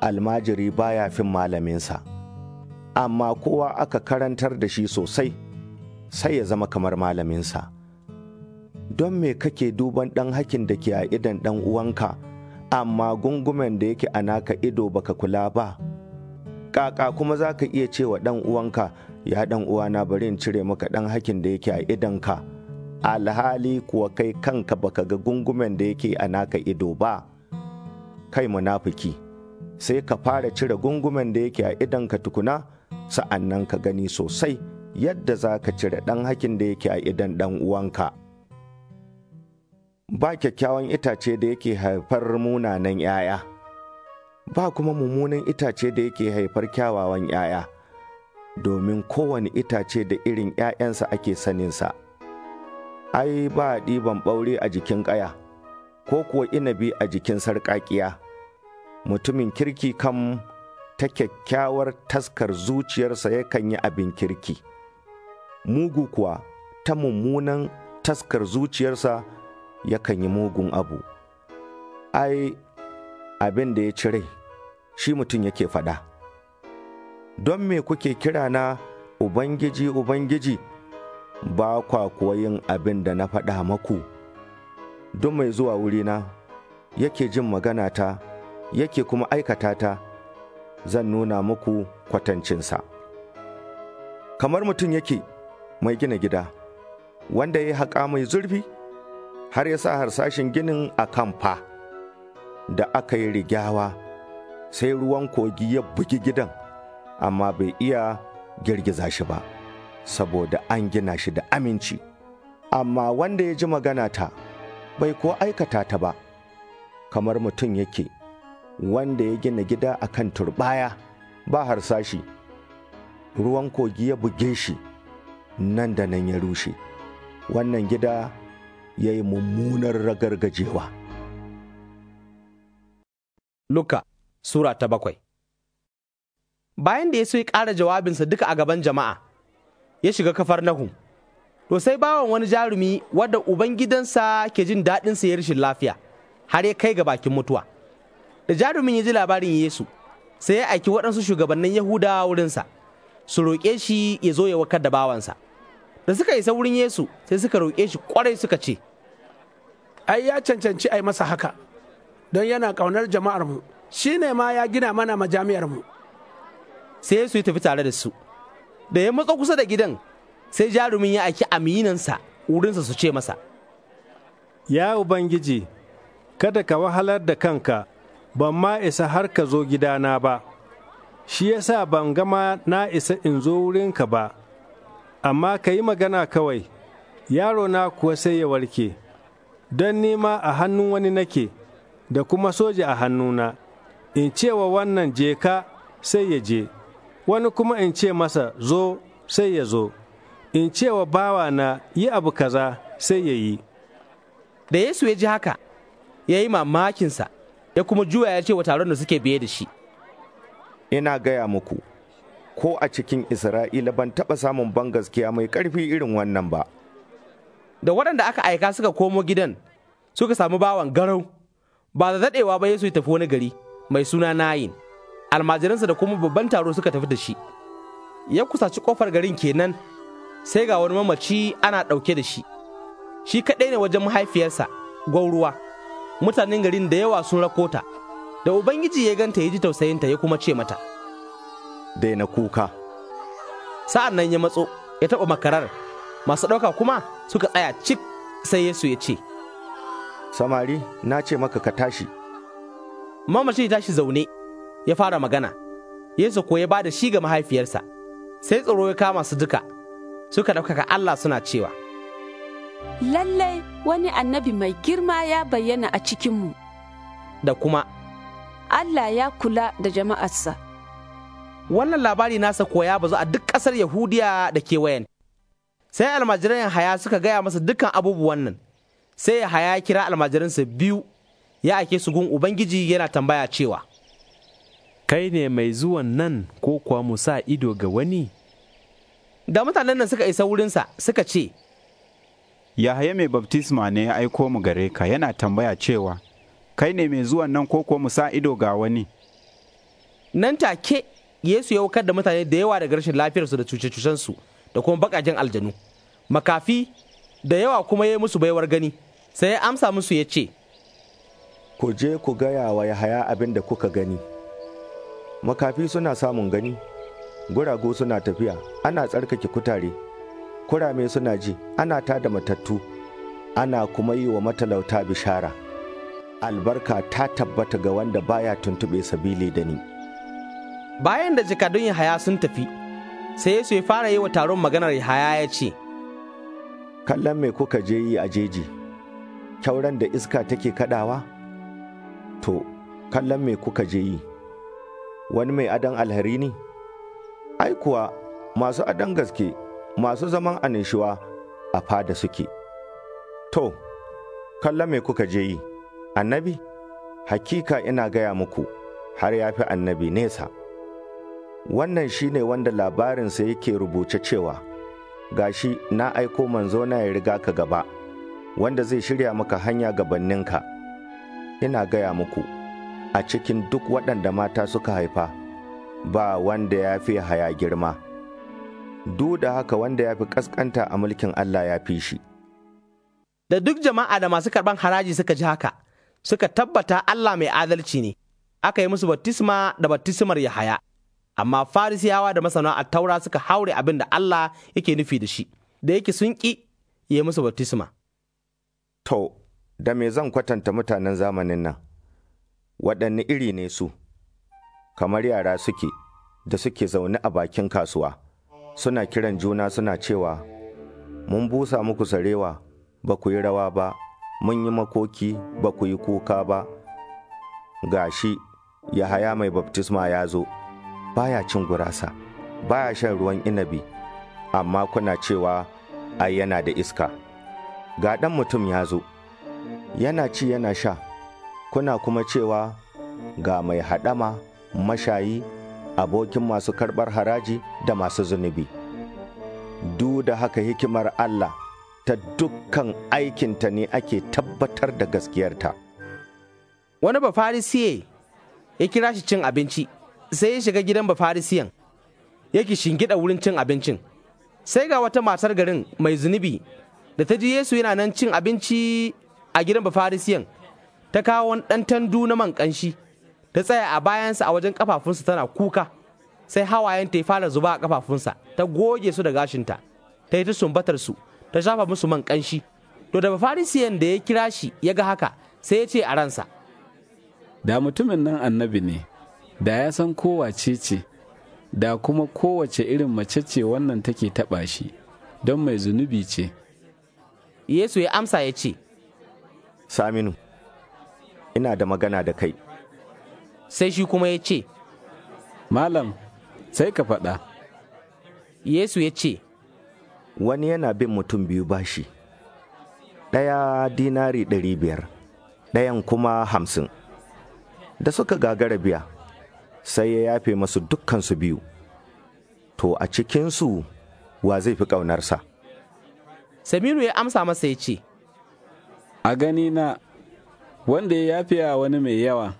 almajiri baya fin malaminsa amma kowa aka karantar da shi sosai sai ya zama kamar malaminsa. Don me kake duban ɗan hakin da ke a idan ɗan uwanka, amma gungumen da yake a naka ido baka kula ba. Kaka kuma za ka iya cewa ɗan uwanka, ya ɗan uwana bari in cire maka ɗan hakin da yake a idanka, alhali kuwa kai kanka baka ga gungumen da yake a naka ido ba. Kai munafuki, sai ka fara cire gungumen da yake a idanka tukuna, sa'annan ka gani sosai yadda za ka cire ɗan hakin da yake a idan ɗan uwanka. Ba kyakkyawan itace da yake haifar munanan ‘ya'ya, ba kuma mummunan itace da yake haifar kyawawan ‘ya'ya, domin kowane itace da irin ‘ya'yansa ake saninsa. Ai, ba ɗiban ɓaure a jikin ƙaya, ko kuwa inabi a jikin sarƙaƙiya. Mutumin kirki kam ta kyakkyawar taskar zuciyarsa yakan yi abin kirki. mugu kuwa ta mummunan taskar zuciyarsa yakan yi mugun abu ai abin da ya cire shi mutum yake faɗa don me kuke kira na ubangiji ubangiji ba kwa kuwa yin abin da na faɗa maku don mai zuwa wurina yake jin magana ta yake kuma aikata ta zan nuna muku kwatancinsa kamar mutum yake mai gina gida, wanda ya haƙa mai zurfi har ya sa harsashin ginin a kan fa da aka yi rigyawa sai ruwan kogi ya bugi gidan, amma bai iya girgiza shi ba, saboda an gina shi da aminci. Amma wanda ya ji magana ta bai ko aikata ta ba, kamar mutum yake wanda ya gina gida akan turbaya ba harsashi, ruwan kogi ya buge shi. nan da nan ya rushe wannan gida ya yi mummunar ragargajewa luka sura ta bakwai bayan da ya so ya ƙara jawabinsa duka a gaban jama'a ya shiga kafar nahu to sai bawan wani jarumi wadda ubangidansa ke jin daɗinsa ya rashin lafiya har ya kai ga bakin mutuwa da jarumin ya ji labarin yesu sai ya aiki waɗansu shugabannin yahuda wurinsa su roƙe shi ya zo ya wakar da bawansa da suka isa wurin Yesu sai suka roƙe shi kwarai suka ce, Ai, ya cancanci ai masa haka, don yana ƙaunar jama'armu, shi ne ma ya gina mana majami'armu. Sai Yesu ya tafi tare da su, da ya matsa kusa da gidan, sai jarumin ya aiki aminansa wurinsa su ce masa. Ya Ubangiji, kada ka wahalar da kanka, ban ma isa har ka zo gidana ba, shi yasa ban gama na isa in zo wurinka ba. amma ka yi magana kawai, yaro na kuwa sai ya warke, don nima a hannun wani nake, da kuma soja a hannuna, in cewa wannan je ka sai ya je, wani kuma in ce masa zo sai ya zo, in cewa bawa na yi abu kaza sai ya yi. Da Yesu ya ji haka, ya yi mamakinsa, ya kuma juya ya ce wa taron da suke biye da shi. Ina gaya muku. ko a cikin isra'ila ban taɓa samun ban gaskiya mai karfi irin wannan ba da waɗanda aka aika suka komo gidan suka samu bawan garau ba da daɗewa ba yesu ya tafi wani gari mai suna nayin almajiransa da kuma babban taro suka tafi da shi ya kusaci kofar garin kenan sai ga wani mamaci ana ɗauke da shi shi kaɗai ne wajen mahaifiyarsa gwauruwa mutanen garin da yawa sun rakota da ubangiji ya ganta ya ji tausayinta ya kuma ce mata daina kuka sa'an nan ya matso ya taɓa makarar masu ɗauka kuma suka tsaya cik sai yesu ya ce samari na ce maka ka tashi mamashi ya tashi zaune ya fara magana yesu ko ya ba da shi ga mahaifiyarsa sai tsoro ya kama su duka suka ɗaukaka allah suna cewa lallai wani annabi mai girma ya bayyana a cikinmu da kuma allah ya kula da jama'arsa wannan labari nasa koya bazu a duk ƙasar yahudiya da kewayen sai almajiran haya suka gaya masa dukkan abubuwan nan sai haya kira almajiransa biyu ya ake su gun ubangiji yana tambaya cewa kai ne mai zuwan nan ko kuwa mu sa ido ga wani da mutanen nan suka isa wurinsa suka ce yahaya mai baftisma ne ya aiko mu gare ka yana tambaya cewa kai ne mai zuwan nan ko kuwa mu sa ido ga wani nan take Yesu ya wakar da mutane da yawa daga rashin lafiyarsu da cuce-cucensu da kuma bakajen aljanu. Makafi da yawa kuma ya yi musu baiwar gani, sai ya amsa musu ya ce, Ku je ku gaya wa Yahaya abin da kuka gani. Makafi suna samun gani, Gurago suna tafiya, ana tsarkake kutare, kurame suna ji, ana tada matattu, ana kuma yi wa matalauta bishara. Albarka ta tabbata ga wanda baya tuntuɓe sabili da ni. bayan da jakadun Yahaya sun tafi sai Yesu ya fara yi wa taron maganar Yahaya ya ce kallon mai kuka je yi a jeji kyauran da iska take kadawa to kallon me kuka je yi wani mai adon alhari ne ai kuwa masu adon gaske masu zaman anishuwa a fada suke to kallon mai kuka je yi annabi hakika ina gaya muku har ya fi annabi nesa wannan shi ne wanda labarinsa yake rubuce cewa gashi na aiko manzo na ya riga ka gaba wanda zai shirya maka hanya gabanninka ina gaya muku a cikin duk waɗanda mata suka haifa ba wanda ya fi haya girma duk da haka wanda ya fi ƙasƙanta a mulkin Allah ya fi shi da duk jama'a da masu karɓar haraji suka ji haka suka tabbata Allah mai adalci ne aka yi musu battisma da battismar Yahaya. amma farisiyawa da masana a taura suka haure abin da Allah yake nufi da shi da yake sun ƙi yi musu baptisma. To, da me zan kwatanta mutanen zamanin nan, waɗanne iri ne su, kamar yara suke da suke zaune a bakin kasuwa, suna kiran juna suna cewa, Mun busa muku sarewa, ba ku yi rawa ba, mun yi makoki ba ku yi kuka ba, Ga gashi, Yahaya mai baptisma ya zo. baya cin gurasa baya shan ruwan inabi amma kuna cewa ai yana da iska ga ɗan mutum ya zo yana ci yana sha kuna kuma cewa ga mai haɗama mashayi abokin masu karɓar haraji da masu zunubi du da haka hikimar Allah ta dukkan aikinta ne ake tabbatar da gaskiyarta wani farisiye ya kira shi cin abinci sai ya shiga gidan bafarisiyan yake shingida wurin cin abincin sai ga wata matar garin mai zunubi da ta ji yesu yana nan cin abinci a gidan bafarisiyan ta kawo wani ɗan tandu na man ƙanshi ta tsaya a bayansa a wajen kafafunsa tana kuka sai hawayen ta ya fara zuba a kafafunsa ta goge su da gashinta ta yi ta sumbatar su ta shafa musu man ƙanshi to da bafarisiyan da ya kira shi ya ga haka sai ya ce a ransa da mutumin nan annabi ne da ya san kowace ce da kuma kowace irin mace ce wannan take taɓa shi don mai zunubi ce yesu ya amsa ya ce saminu ina da magana da kai sai shi kuma ya ce malam sai ka faɗa yesu ya ce wani yana bin mutum biyu bashi ɗaya dinari ɗari biyar ɗayan kuma hamsin da suka gagara biya sai ya yafe masu dukkansu biyu, to a cikinsu wa zai fi ƙaunarsa. Saminu ya amsa masa ya ce, A gani na wanda ya yafe a wani mai yawa.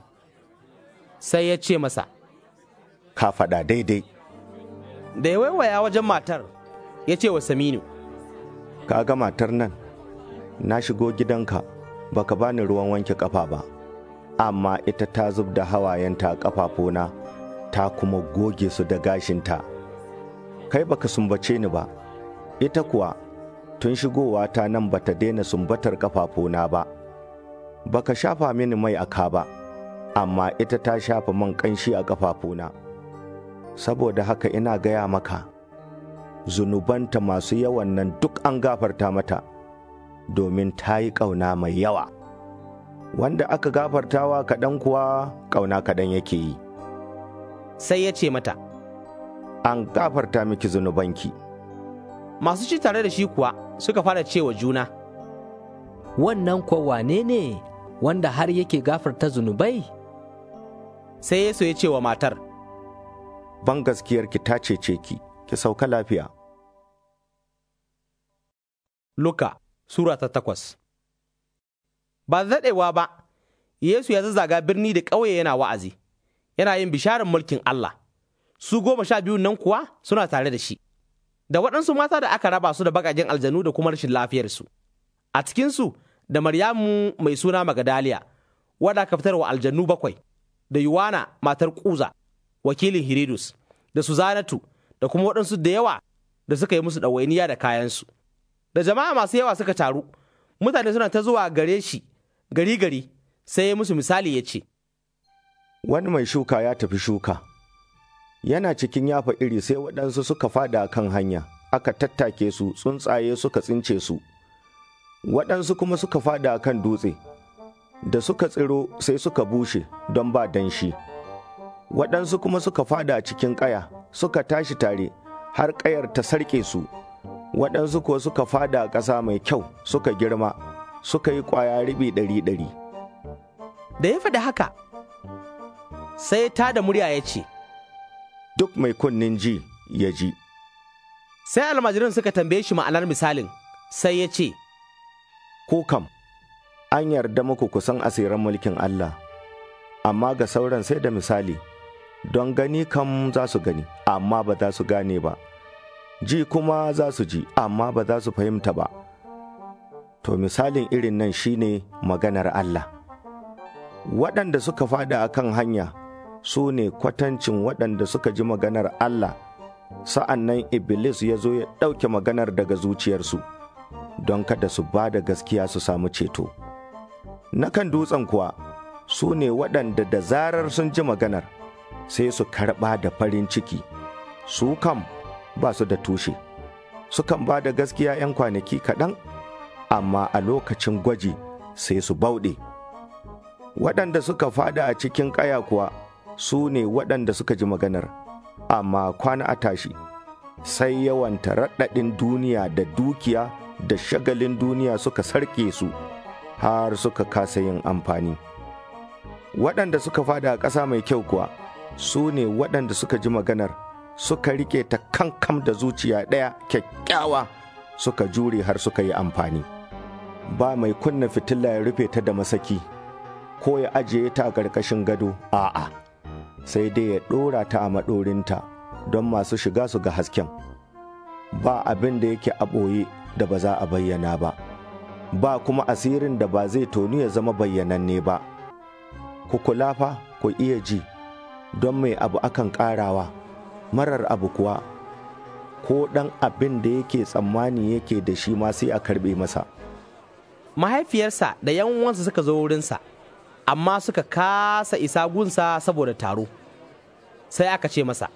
Sai ya ce masa, Ka faɗa daidai. Da ya waiwaya wajen matar, ya ce wa Saminu, Ka ga matar nan, na shigo gidanka, baka bani ruwan wanke ƙafa ba. amma ita ta zub da hawayenta a ƙafafuna ta kuma goge su da gashinta kai baka sumbace ni ba ita kuwa tun shigowa ta nan bata daina sumbatar ƙafafuna ba baka shafa mini mai aka ba amma ita ta shafa man ƙanshi a ƙafafuna saboda haka ina gaya maka zunubanta masu yawan nan duk an gafarta mata domin ta yi ƙauna mai yawa wanda aka gafartawa kaɗan kuwa ƙauna kaɗan yake yi. Sai ya ce mata, An gafarta miki zunubanki. Masu ci tare da shi kuwa suka fara cewa juna. Wannan kuwa wane ne wanda har yake gafarta zunubai? Sai Yesu ya ce wa matar, Ban gaskiyarki ta cece ki, ki sauka lafiya. Luka Sura ta takwas ba zadewa ba Yesu ya zazzaga birni da ƙauye yana wa'azi, yana yin bisharar mulkin Allah, su goma sha biyu nan kuwa suna tare da shi, da waɗansu mata da aka raba su da baƙaƙen aljanu da kuma rashin lafiyarsu, a cikinsu da Maryamu mai suna Magadaliya, wadda fitar wa aljanu bakwai, da Yuwana matar Kuza, wakilin Hiridus, da su Zanatu da kuma waɗansu da yawa da suka yi musu ɗawainiya da kayansu. Da jama'a masu yawa suka taru, mutane suna ta zuwa gare shi gari gari sai ya musu misali ya ce, Wani mai shuka ya tafi shuka, yana cikin yafa iri sai waɗansu suka fada kan hanya, aka tattake su tsuntsaye suka tsince su, waɗansu kuma suka fada kan dutse, da suka tsiro sai suka bushe don ba danshi. Waɗansu kuma suka fada cikin ƙaya suka tashi tare har ƙayar ta sarƙe su, waɗansu kuwa suka fada ƙasa mai kyau suka girma. suka yi ƙwaya ribi ɗari-ɗari. Da ya faɗi haka, sai ta da murya ya ce, Duk mai kunnen ji ya ji. Sai almajirin suka tambaye shi ma'anar misalin, sai ya ce, Ku kam, an yarda muku kusan asirin mulkin Allah, amma ga sauran sai da misali, don gani kam za su gani, amma ba za su gane ba, ji kuma za su ji, amma ba za su fahimta ba. to misalin irin nan shine maganar Allah. Waɗanda suka faɗi a kan hanya su ne kwatancin waɗanda suka ji maganar Allah, sa'an nan Iblis ya zo ya ɗauke maganar daga zuciyarsu, don kada su ba da gaskiya su samu ceto. Na kan dutsen kuwa su ne waɗanda da zarar sun ji maganar sai su karɓa da farin ciki, su kam ba su da tushe, sukan ba da gaskiya ‘yan kwanaki kaɗan. amma a lokacin gwaji sai su bauɗe. Waɗanda suka fada a cikin ƙaya kuwa su ne waɗanda suka ji maganar, amma kwana a tashi, sai yawanta raɗaɗin duniya da dukiya da shagalin duniya suka sarƙe su har suka kasa yin amfani. Waɗanda suka fada a ƙasa mai kyau kuwa su ne waɗanda suka ji maganar suka riƙe ta kankam da zuciya ɗaya kyakkyawa suka jure har suka yi amfani. ba mai kunna fitila ya rufe ta da masaki ko ya ajiye ta a ƙarƙashin gado a'a sai dai ya ɗora ta a maɗorinta don masu shiga su ga hasken ba abin da yake a ɓoye da ba za a bayyana ba ba kuma asirin da ba zai tonu ya zama bayyananne ba ku kula fa ku iya ji don mai abu akan ƙarawa marar abu kuwa ko ɗan abin da yake tsammani yake da shi ma sai a karɓe masa. mahaifiyarsa da yan uwansa suka zo wurinsa amma suka kasa isa gunsa saboda taro sai aka ce masa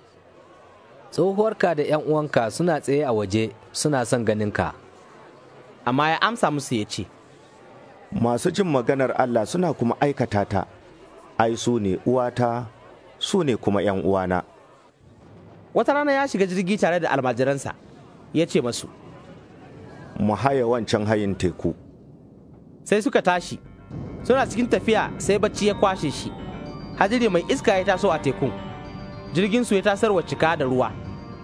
tsohuwarka da yan uwanka suna tsaye a waje suna son ganinka amma ya amsa musu ya ce masu jin maganar Allah suna kuma aikata ta ai su ne uwata su ne kuma yan uwana wata rana ya shiga jirgi tare da almajiransa ya ce masu mu haya wancan hayin teku sai suka tashi suna cikin tafiya sai bacci ya kwashe shi hadiri mai iska ya taso a tekun jirgin su ya tasarwa cika da ruwa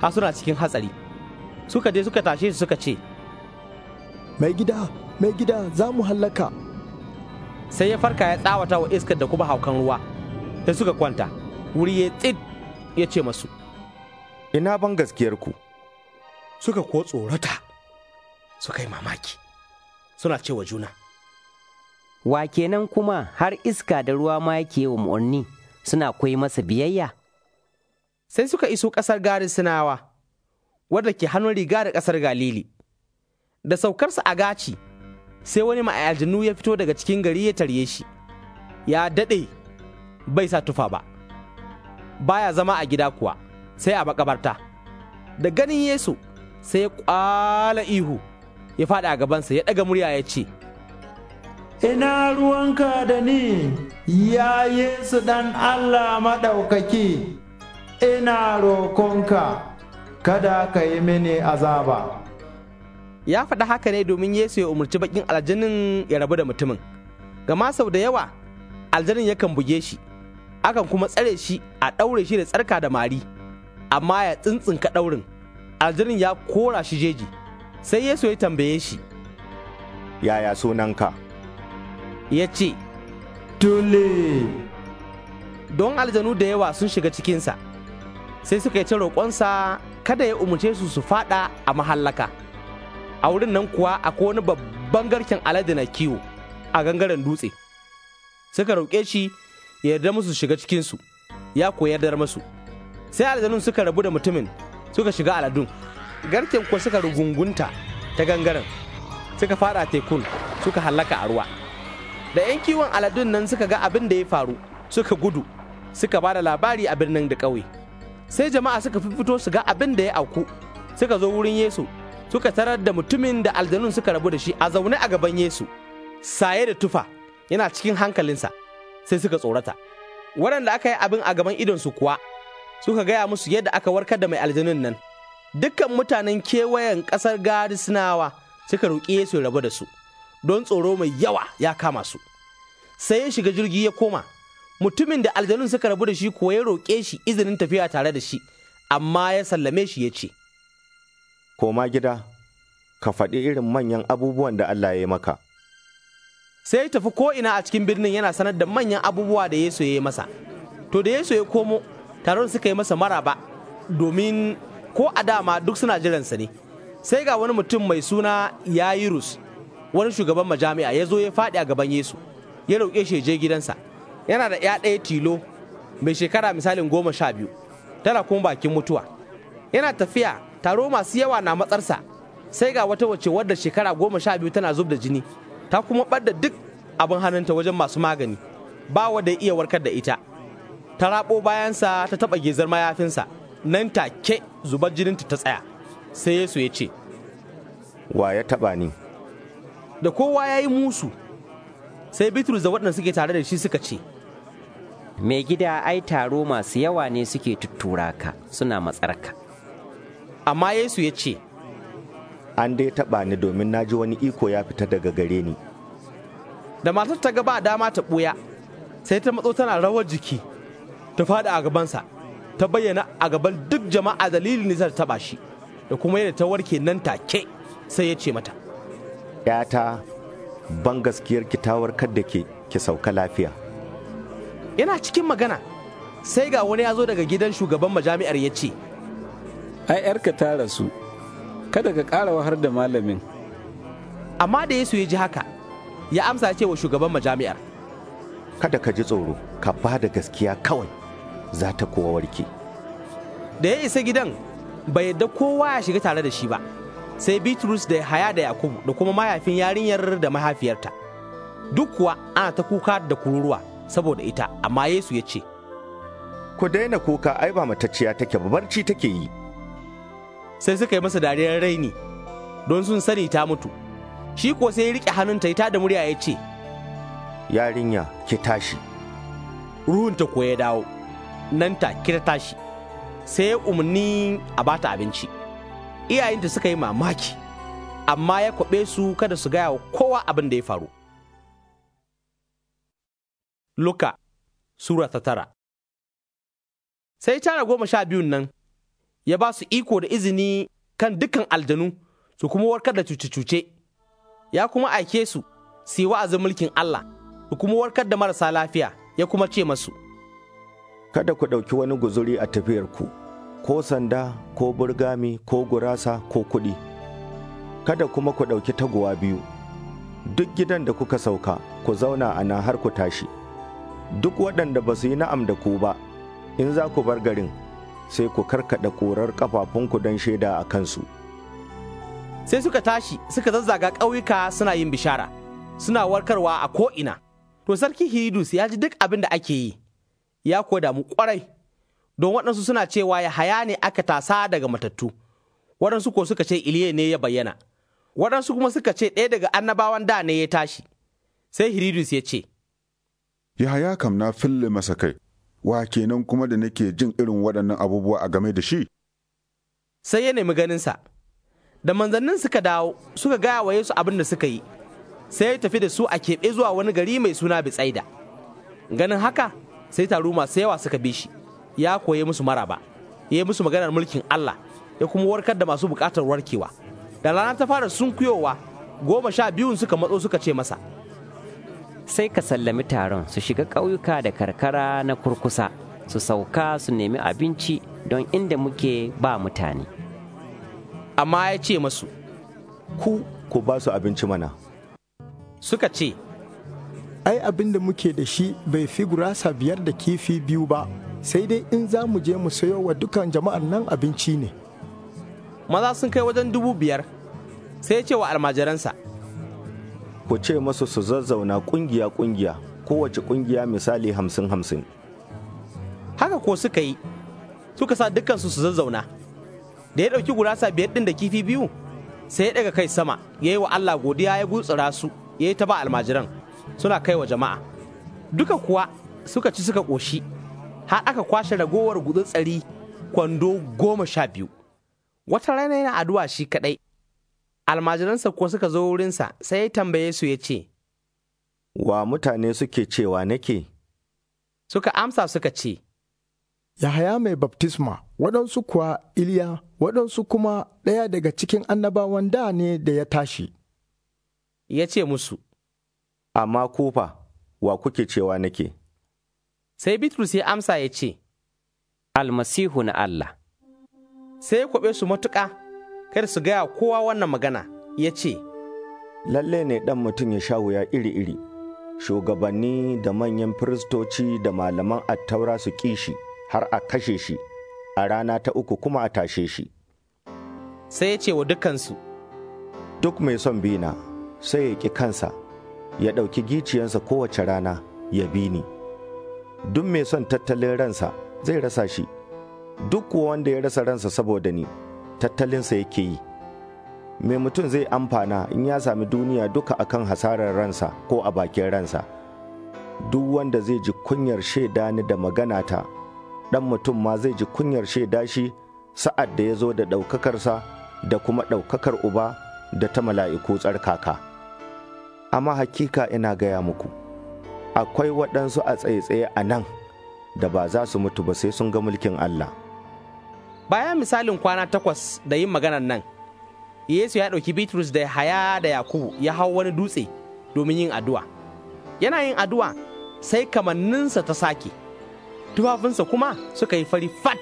ha suna cikin hatsari suka je suka tashe su suka ce mai gida mai gida za mu hallaka sai ya farka ya tsawata wa iskar da kuma haukan ruwa sai suka kwanta wuri ya tsid ya ce masu ina ban gaskiyarku suka ko tsorata suka yi mamaki suna cewa juna wa kenan kuma har iska da ruwa ma yake wa mu'anni suna koyi masa biyayya. Sai suka iso ƙasar sunawa wadda ke hannun riga da ƙasar Galili. Da saukarsa a gaci, sai wani ma'ajinu ya fito daga cikin gari ya tarye shi, ya daɗe bai sa tufa ba, baya zama a gida kuwa sai a makabarta. Da ganin Yesu sai ya ƙwala ihu ya faɗi a gabansa ya ɗaga murya ya ce, ina ruwanka da ni ya Yesu ɗan Allah maɗaukaki ina rokonka kada ka yi mini azaba. Ya faɗi haka ne domin Yesu ya umarci bakin aljanin ya rabu da mutumin, gama sau da yawa aljanin yakan buge shi, akan kuma tsare shi a ɗaure shi da tsarka da mari, amma ya tsintsinka ɗaurin, aljanin ya kora shi jeji, sai Yesu ya tambaye shi. Yaya sunanka? ya ce dole don aljanu da yawa sun shiga cikinsa sai suka yi roƙonsa kada ya umarce su su fada a mahallaka a wurin nan kuwa akwai wani babban garken alade na kiwo a gangaren dutse suka roƙe shi ya yarda musu shiga cikinsu ya ko yardar musu sai aljanun suka rabu da mutumin suka shiga aladun garken kuwa suka rugungunta ta gangaren suka fada tekun suka hallaka a ruwa da 'yan kiwon aladun nan suka ga abin da ya faru suka gudu suka ba da labari a birnin da ƙauye sai jama'a suka fito su ga abin da ya auku suka zo wurin yesu suka tarar da mutumin da aljanun suka rabu da shi a zaune a gaban yesu saye da tufa yana cikin hankalinsa sai suka tsorata waɗanda aka yi abin a gaban idonsu kuwa suka gaya musu yadda aka warkar da mai aljanun nan dukkan mutanen kewayen ƙasar garisnawa suka roƙi yesu rabu da su don tsoro mai yawa ya kama su sai ya shiga jirgi ya koma mutumin da aljanun suka rabu da shi kuwa ya roƙe shi izinin tafiya tare da shi amma ya sallame shi ya ce koma gida ka faɗi irin manyan abubuwan da Allah ya yi maka sai ya tafi ko'ina a cikin birnin yana sanar da manyan abubuwa da Yesu ya yi masa to da Yesu ya komo taron suka yi masa maraba domin ko a dama duk suna jiransa ne sai ga wani mutum mai suna yayirus wani shugaban majami'a ya zo ya faɗi a gaban yesu ya roƙe shi je gidansa yana da ya ɗaya tilo mai shekara misalin goma sha biyu tana kuma bakin mutuwa yana tafiya taro masu yawa na matsarsa sai ga wata wacce wadda shekara goma sha biyu tana zub da jini ta kuma ɓadda duk abin hannunta wajen masu magani ba wadda iya warkar da ita ta raɓo bayansa ta taɓa gezar mayafinsa nan take zubar jininta ta tsaya sai yesu ya ce wa ya taɓa ni da kowa ya yi musu sai bitrus da waɗanda suke tare da shi suka ce mai gida ai taro masu yawa ne suke tuttura ka suna matsarka amma yesu ya ce an dai taɓa ni domin na ji wani iko ya fita daga gare ni da matar ta gaba dama ta ɓuya sai ta matso tana rawar jiki ta faɗi a gabansa ta bayyana a gaban duk jama'a dalilin nisar taɓa shi da kuma yadda ta warke nan take sai ya ce mata yata ban gaskiyar kitawar kadda ke ki sauka lafiya yana cikin magana sai ga wani ya zo daga gidan shugaban majami'ar ya ce ai yarka ta rasu kada ka ƙara wahar da malamin amma da yesu ya ji haka ya amsa ce wa shugaban majami'ar kada ka ji tsoro ka ba da gaskiya kawai za ta kuwa warke da ya isa gidan bai yadda kowa ya shiga tare da shi ba sai Bitrus da Haya da Yakubu da kuma mahaifin yarinyar da mahaifiyarta. Duk kuwa ana ta kuka da kururuwa saboda ita, amma Yesu ya ce, Ku daina kuka ai ba matacciya take ba barci take yi. Sai suka yi masa dariyar raini don sun sani ta mutu. Shi ko sai ya riƙe hannunta ita da murya ya ce, Yarinya ki tashi. Ruhunta ko ya dawo, nan ta ki tashi, sai ya umarni a bata abinci. iyayenta suka yi mamaki amma ya kwaɓe su kada su gaya wa kowa abin da ya faru luka sura ta tara sai tara goma sha biyun nan ya ba su iko da izini kan dukan aljanu su kuma warkar da cuce-cuce ya kuma aike su su yi wa'azin mulkin Allah su kuma warkar da marasa lafiya ya kuma ce masu kada ku ɗauki wani guzuri a tafiyarku ko sanda ko burgami ko gurasa ko kuɗi kada kuma ku ɗauki taguwa biyu duk gidan da kuka sauka ku zauna a nan har ku tashi duk waɗanda ba su yi na'am da ku ba in za ku bar garin sai ku karkaɗa ƙurar ƙafafunku don shaida a kansu sai suka tashi suka zazzaga ƙauyuka suna yin bishara suna warkarwa a ko'ina to sarki hidus ya ji duk abin da ake yi ya ko damu ƙwarai don waɗansu suna cewa ya haya ne aka tasa daga matattu waɗansu ko suka ce iliya ne ya bayyana waɗansu kuma suka ce ɗaya daga annabawan da ne ya tashi sai hiridus ya ce ya haya kam na fille masa kai wa kenan kuma da nake jin irin waɗannan abubuwa a game da shi sai ya nemi ganinsa da manzannin suka dawo suka gaya wa yesu abin da suka yi sai ya tafi da su a keɓe zuwa wani gari mai suna bitsaida ganin haka sai taru masu yawa suka bi shi ya koye musu maraba ya yi musu maganar mulkin Allah ya kuma warkar da masu bukatar warkewa da rana ta fara sunkuyowa goma sha biyun suka matso suka ce masa sai ka sallami taron su shiga ƙauyuka da karkara na kurkusa su sauka su nemi abinci don inda muke ba mutane amma ya ce masu ku ku ba su abinci mana suka ce ai abin da muke da shi bai fi gurasa biyar da kifi biyu ba sai dai in za mu je mu sayo wa dukan jama'ar nan abinci ne maza sun kai wajen dubu biyar sai ce wa almajiransa ku ce masu su zazzauna kungiya kungiya kowace kungiya misali hamsin hamsin haka ko suka yi suka sa dukansu su zazzauna da ya ɗauki gurasa biyar ɗin da kifi biyu sai ya daga kai sama ya yi wa Allah godiya ya gutsura su ya yi ta ba almajiran suna kai wa jama'a duka kuwa suka ci suka ƙoshi har aka kwashe ragowar tsari kwando goma sha biyu wata rana yana addu'a shi kaɗai almajiransa kuwa suka zo wurinsa sai ya tambaye su ya ce wa mutane suke cewa nake suka amsa suka ce Yahaya mai baptisma waɗansu kuwa Iliya waɗansu kuma ɗaya daga cikin annabawan da ne da ya tashi. Ya ce musu, Amma kofa wa kuke cewa nake? Sai Bitrus ya amsa ya ce, Almasihu na Allah. Sai ya kwaɓe su matuƙa, kada su gaya kowa wannan magana, ya ce, Lalle ne ɗan mutum ya sha wuya iri-iri, shugabanni da manyan firistoci da malaman attaura su ƙi shi har a kashe shi, a rana ta uku kuma a tashe shi. Sai ya ce wa dukansu, Duk mai son bina, sai ya ƙi kansa, ya ɗauki giciyansa kowace rana, ya bi ni. duk mai son tattalin ransa zai rasa shi duk wanda ya rasa ransa saboda ni tattalinsa yake yi mai mutum zai amfana in ya sami duniya duka akan hasarar ransa ko a bakin ransa duk wanda zai ji kunyar shaida ni da magana ta, ɗan mutum ma zai ji kunyar shaida shi sa'ad da ya zo da ɗaukakarsa da kuma ɗaukakar uba da ta mala'iku tsarkaka amma hakika ina gaya muku akwai waɗansu a tsaye-tsaye a nan da ba za su mutu ba sai sun ga mulkin Allah. Bayan misalin kwana takwas da yin maganar nan, Yesu ya ɗauki Bitrus da haya da Yakubu ya hau wani dutse domin yin addu'a. Yana yin addu'a sai kamanninsa ta sake, tufafinsa kuma suka yi fari fat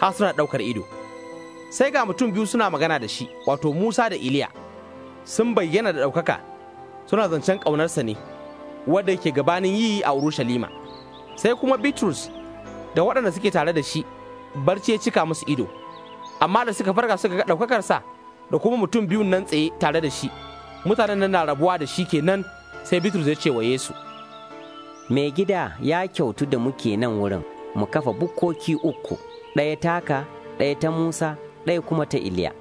har suna ɗaukar ido. Sai ga mutum biyu suna magana da shi, wato Musa da Iliya, sun bayyana da ɗaukaka, suna zancen ƙaunarsa ne. wadda yake gabanin yi a Urushalima. Sai kuma Bitrus da waɗanda suke tare da shi barci ya cika musu ido, amma da suka farka suka ga ɗaukakarsa da kuma mutum biyun nan tsaye tare da shi, mutanen nan na rabuwa da shi kenan sai Bitrus ya ce wa Yesu. Mai gida ya kyautu da muke nan wurin, mu kafa bukkoki uku, ɗaya taka, ɗaya ta Musa, ɗaya kuma ta Iliya.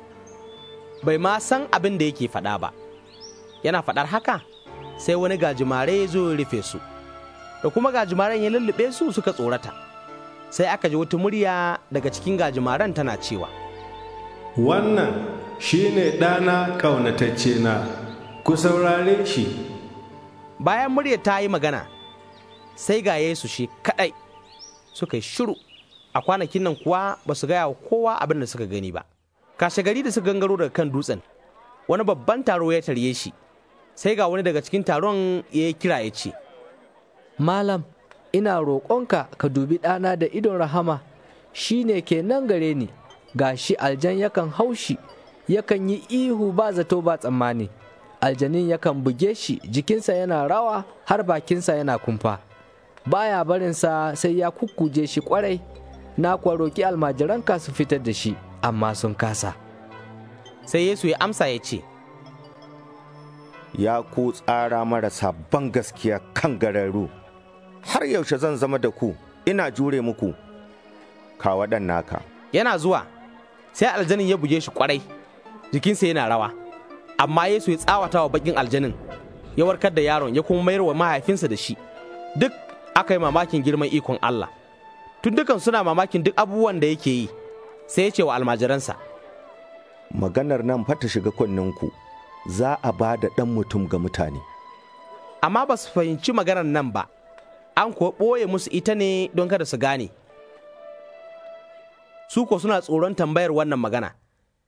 Bai ma san abin da yake faɗa ba, yana faɗar haka sai wani gajimare ya zo ya rufe su da kuma gajimaren ya lullube su suka tsorata sai aka ji wata murya daga cikin gajimaren tana cewa wannan shine ɗana ƙaunatacce na ku saurare shi bayan murya ta yi magana sai ga yesu shi kaɗai suka yi shiru a kwanakin nan kuwa ba su gaya wa kowa abin da suka gani ba kashe gari da suka gangaro daga kan dutsen wani babban taro ya tarye shi sai ga wani daga cikin taron ya yi kira ya ce malam ina roƙonka ka dubi ɗana da idon rahama shi ne ke nan gare ni ga shi aljan yakan haushi yakan yi ihu ba zato ba tsammani aljanin yakan buge shi jikinsa yana rawa har bakinsa yana kumfa baya barinsa sai ya kukkuje shi kwarai na kuwa roƙi almajiranka su fitar da shi amma sun kasa sai yesu ya amsa ya ce ya ku tsara marasa ban gaskiya kan gararru har yaushe zan zama da ku ina jure muku kawa naka yana zuwa sai aljanin ya buge shi kwarai jikinsa yana rawa amma yesu ya tsawata wa bakin aljanin ya warkar da yaron ya kuma mayar wa mahaifinsa da shi duk aka yi mamakin girman ikon allah tun dukan suna mamakin duk abubuwan da yake yi sai ya ce wa almajiransa maganar nan fata ta shiga kunninku za a ba da ɗan mutum ga mutane. Amma ba su fahimci maganar nan ba, an kuwa ɓoye musu ita ne don kada su gane. Su ko suna tsoron tambayar wannan magana.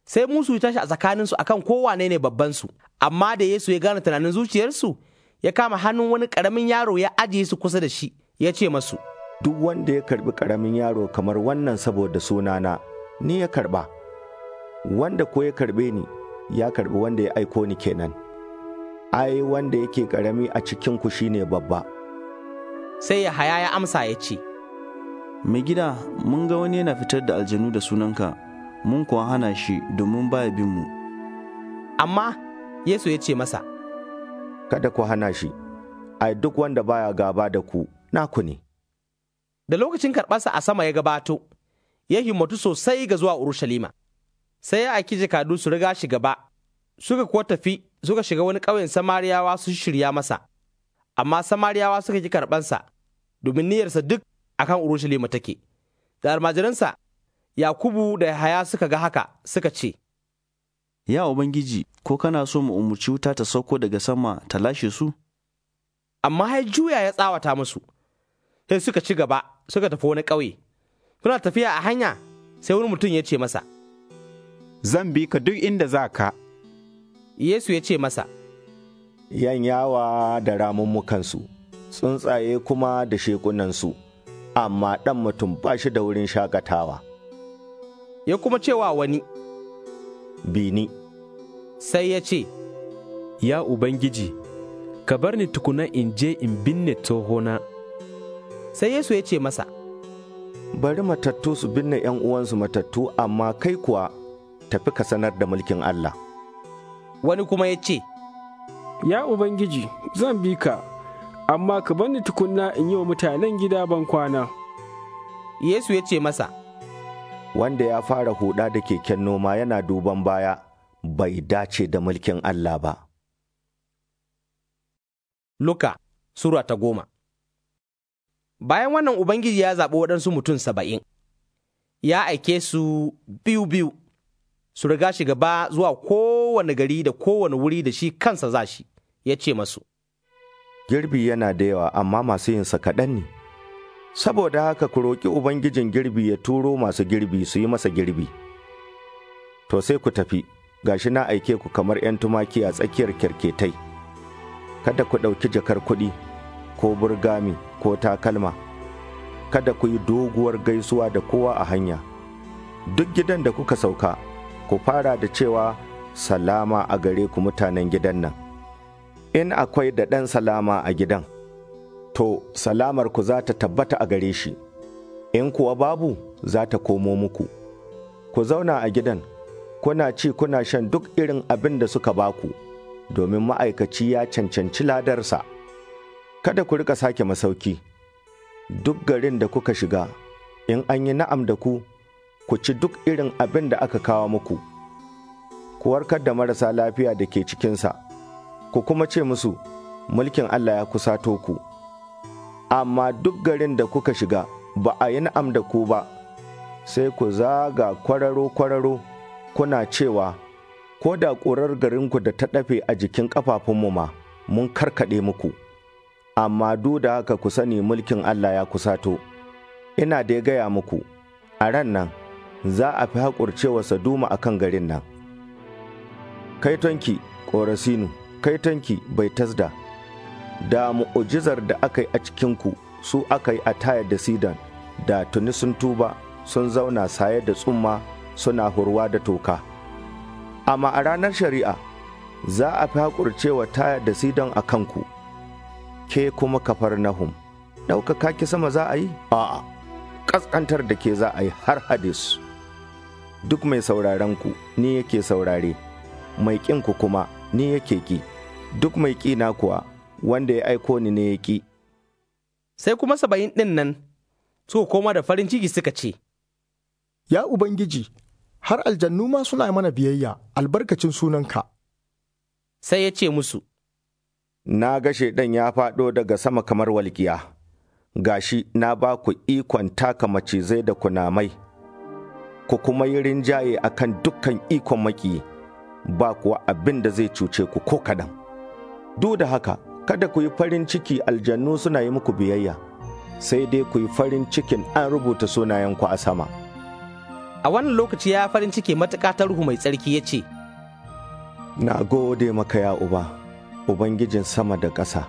Sai musu ya tashi a tsakaninsu akan kowane ne babbansu, amma da Yesu ya gane tunanin zuciyarsu, ya kama hannun wani ƙaramin yaro ya ajiye su kusa da shi, ya ce masu. Duk wanda ya karɓi ƙaramin yaro kamar wannan saboda sunana, ni ya karɓa. wanda ko ya karɓe ni, ya karɓi wanda ya aiko ni kenan. Ai, wanda yake karami a cikin ku shine babba. Sai ya haya ya amsa ya ce, Mai gida, mun ga wani yana fitar da aljanu da sunanka, mun kuwa hana shi domin baya bin mu. Amma Yesu ya ce masa, Kada ku hana shi, ai, duk wanda baya gaba da ku, naku ne. Da lokacin karɓarsa a sama ya gabato, ya himmatu sosai ga zuwa Urushalima. sai ya aiki jakadu su riga shi gaba suka kuwa tafi suka shiga wani ƙauyen samariyawa su shirya masa amma samariyawa suka ki karɓansa domin niyyarsa duk akan urushalima take da almajiransa yakubu da haya suka ga haka suka ce ya ubangiji ko kana so mu umarci wuta ta sauko daga sama ta lashe su amma Haijuya juya ya tsawata musu sai suka ci gaba suka tafi wani ƙauye suna tafiya a hanya sai wani mutum ya ce masa zan bi ka duk inda za ka. Yesu ya ce masa, yawa da ramummukansu, tsuntsaye kuma da shekunansu, amma ɗan mutum ba shi da wurin shakatawa. Ya kuma cewa wani, Bini. Sai ya ce, Ya Ubangiji, ka bar ni tukuna in je in binne tsohona. Sai Yesu ya ce masa, Bari matattu su binne uwansu matattu, amma kai kuwa tafi ka sanar da mulkin Allah. Wani kuma ya ce, Ya Ubangiji, zan bi ka, amma ka bani tukunna in yi wa mutanen gida ban kwana. Yesu ya ce masa, Wanda ya fara huda da keken noma yana duban baya, bai dace da mulkin Allah ba. Luka Sura ta goma Bayan wannan Ubangiji ya zaɓi waɗansu mutum saba'in, ya aike su biyu-biyu su riga shi gaba zuwa kowane gari da kowane wuri da shi kansa za shi, ya ce masu. Girbi yana da yawa amma masu yinsa kaɗan ne. Saboda haka ku roƙi Ubangijin girbi ya turo masu girbi su yi masa girbi. To sai ku tafi, gashi na aike ku kamar ‘yan tumaki a tsakiyar kirketai. Kada ku ɗauki jakar kuɗi, ko burgami, ko takalma. Kada ku yi doguwar gaisuwa da kowa a hanya. Duk gidan da kuka sauka, ku fara da cewa salama a gare ku mutanen gidan nan. In akwai da ɗan salama a gidan, to salamar ku za ta tabbata a gare shi, in kuwa babu za ta komo muku. Ku zauna a gidan, kuna ci kuna shan duk irin abin da suka baku, domin ma'aikaci ya cancanci ladarsa. Kada ku rika sake masauki, duk garin da kuka shiga, in an yi na'am da ku, ku ci duk irin abin da aka kawo muku, ku warkar da marasa lafiya da ke cikinsa, ku kuma ce musu, mulkin Allah ya kusato ku. Amma duk garin da kuka shiga ba a yi na'am da ku ba, sai ku zaga kwararo-kwararo kuna cewa, ko da ƙurar garinku da ta ɗafe a jikin ƙafafunmu ma, mun karkaɗe muku. Amma duk da haka ku sani mulkin Allah ya kusato, ina da ya gaya muku, a ran nan. za a fi haƙurcewa saduma a kan garin nan Kai-tanki, kaitonki ƙorasinu tanki bai tasda da mu'ujizar da aka yi a cikinku su aka yi a taya da sidan da tuni sun tuba sun zauna saye da tsumma suna hurwa da toka amma a ranar shari'a za a fi haƙurcewa taya da sidon a kanku ke kuma kafar nahum ɗaukaka ki sama za a yi a'a ƙasƙantar da ke za a yi har hadis duk mai sauraren ku ni yake saurare, mai ƙin ku kuma ni yake ƙi, duk mai ƙina kuwa wanda ya aiko ni ne ya ƙi. Sai kuma saba'in ɗin nan suka koma da farin ciki suka ce, Ya Ubangiji, har aljannu ma suna mana biyayya albarkacin sunanka. Sai ya ce musu, Na ga shaidan ya faɗo daga sama kamar walƙiya, gashi na ba ku ikon taka macizai da kunamai. ku kuma yi rinjaye a kan dukkan ikon maki ba kuwa abin da zai cuce ku ko kadan Duk da haka, kada ku yi farin ciki aljannu suna yi muku biyayya, sai dai ku yi farin cikin an rubuta ku a sama. A wannan lokaci ya farin ciki matuƙa ta ruhu mai tsarki ya ce, Na gode maka ya uba, Ubangijin sama da ƙasa,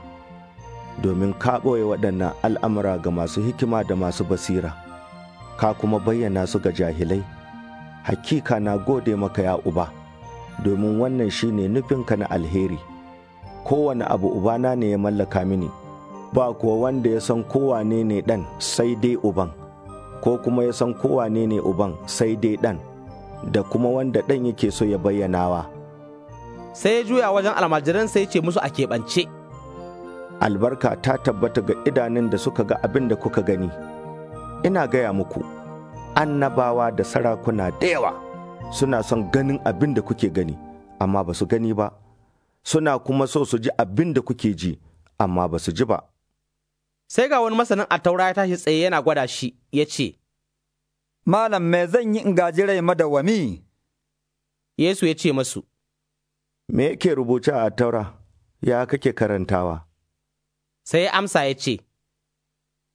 domin ka ɓoye waɗannan al'amura ga masu hikima da masu basira. ka kuma bayyana su ga jahilai hakika na gode maka ya uba domin wannan shi ne nufinka na alheri kowane abu ubana ne ya mallaka mini ba kuwa wanda ya san kowane ne ɗan sai dai uban ko kuma ya san kowane ne uban sai dai ɗan da kuma wanda ɗan yake so ya bayyanawa sai ya juya wajen almajiran sai ce musu a keɓance albarka ta tabbata ga idanun da suka ga abin da kuka gani ina gaya muku annabawa da sarakuna da yawa suna son ganin abin da kuke gani amma ba su gani ba suna kuma so su ji abin da kuke ji amma ba su ji ba sai ga wani masanin a taura ya tashi tsaye yana gwada shi ya ce malam me zan yi in gaji rai madawami yesu ya ce masu me yake rubuce a taura ya kake karantawa sai amsa ya ce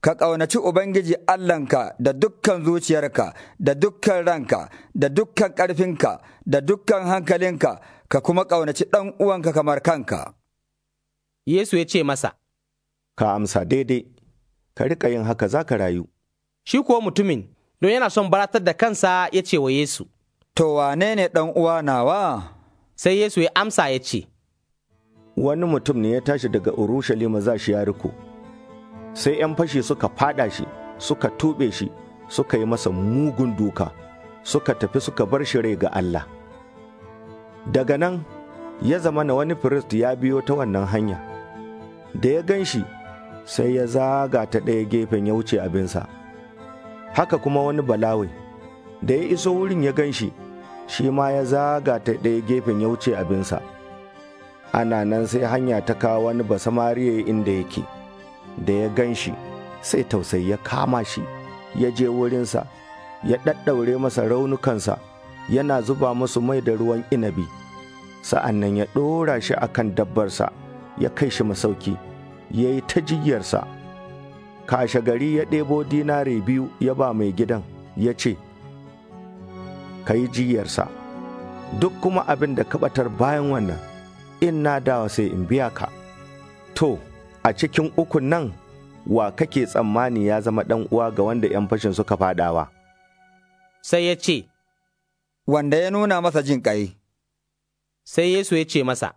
ka ƙaunaci Ubangiji Allahnka da dukkan zuciyarka, da dukkan ranka, da dukkan ƙarfinka, da dukkan hankalinka, ka kuma ƙaunaci ɗan uwanka kamar kanka. Yesu ya ce masa, Ka amsa daidai, ka riƙa yin haka za ka rayu. Shi kuwa mutumin, don yana son baratar da kansa ya ce wa Yesu, To wane ne uwa nawa? Sai Yesu ya amsa ya ce, Wani mutum ne ya tashi daga Urushalima za shi ya riko. sai 'yan fashi suka fada shi suka tuɓe shi suka yi masa mugun duka suka tafi suka bar shi rai ga Allah daga nan ya zama na wani firist ya biyo ta wannan hanya da ya gan shi sai ya zaga ta ɗaya gefen ya wuce abinsa haka kuma wani Balawai, da ya iso wurin ya gan shi shi ma ya zaga ta ɗaya gefen ya wuce abinsa ana nan sai hanya ta kawo wani basamariya inda yake da ya gan shi sai tausayi ya kama shi ya je wurinsa ya ɗaɗɗaure masa raunukansa yana zuba masu mai da ruwan inabi sa'an nan ya ɗora shi a kan dabbarsa ya kai shi masauki ya yi ta jigiyarsa kashe gari ya ɗebo dinare biyu ya ba mai gidan ya ce ka yi jiyarsa duk kuma abin da ka bayan wannan in na dawa sai in biya ka to a cikin ukun nan wa kake tsammani ya zama ɗan uwa ga wanda ‘yan fashin suka fadawa. Sai ya ce, Wanda ya nuna masa jin ƙai. Sai Yesu ya ce masa,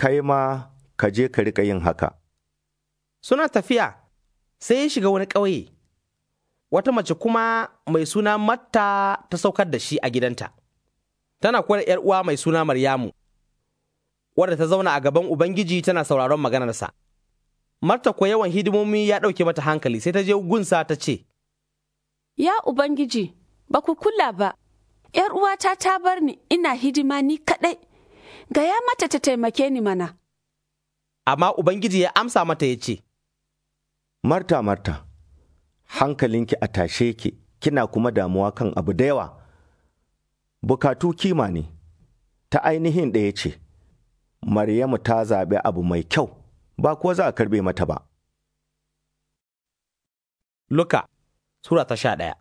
Kai ma ka je ka riƙa yin haka. Suna tafiya, sai ya shiga wani ƙauye, wata mace kuma mai suna Matta ta saukar da shi a gidanta. Tana kuwa 'yar uwa mai suna Maryamu, wadda ta zauna a gaban Ubangiji tana sauraron maganarsa. Marta ko yawan hidimomi ya ɗauke mata hankali sai ta je gunsa ta ce, Ya Ubangiji, ba ku kula ba, ‘yar uwata ta bar ni ina hidima ni kaɗai, gaya mata ta taimake ni mana. Amma Ubangiji ya amsa mata ya ce, Marta, Marta, hankalinki a tashe ki, kina kuma damuwa kan abu da yawa. Bukatu kima ne, ta ainihin ɗaya ce, Maryamu ta zaɓi abu mai kyau. ba kuwa za a karbe mata ba. Luka Sura ta sha ɗaya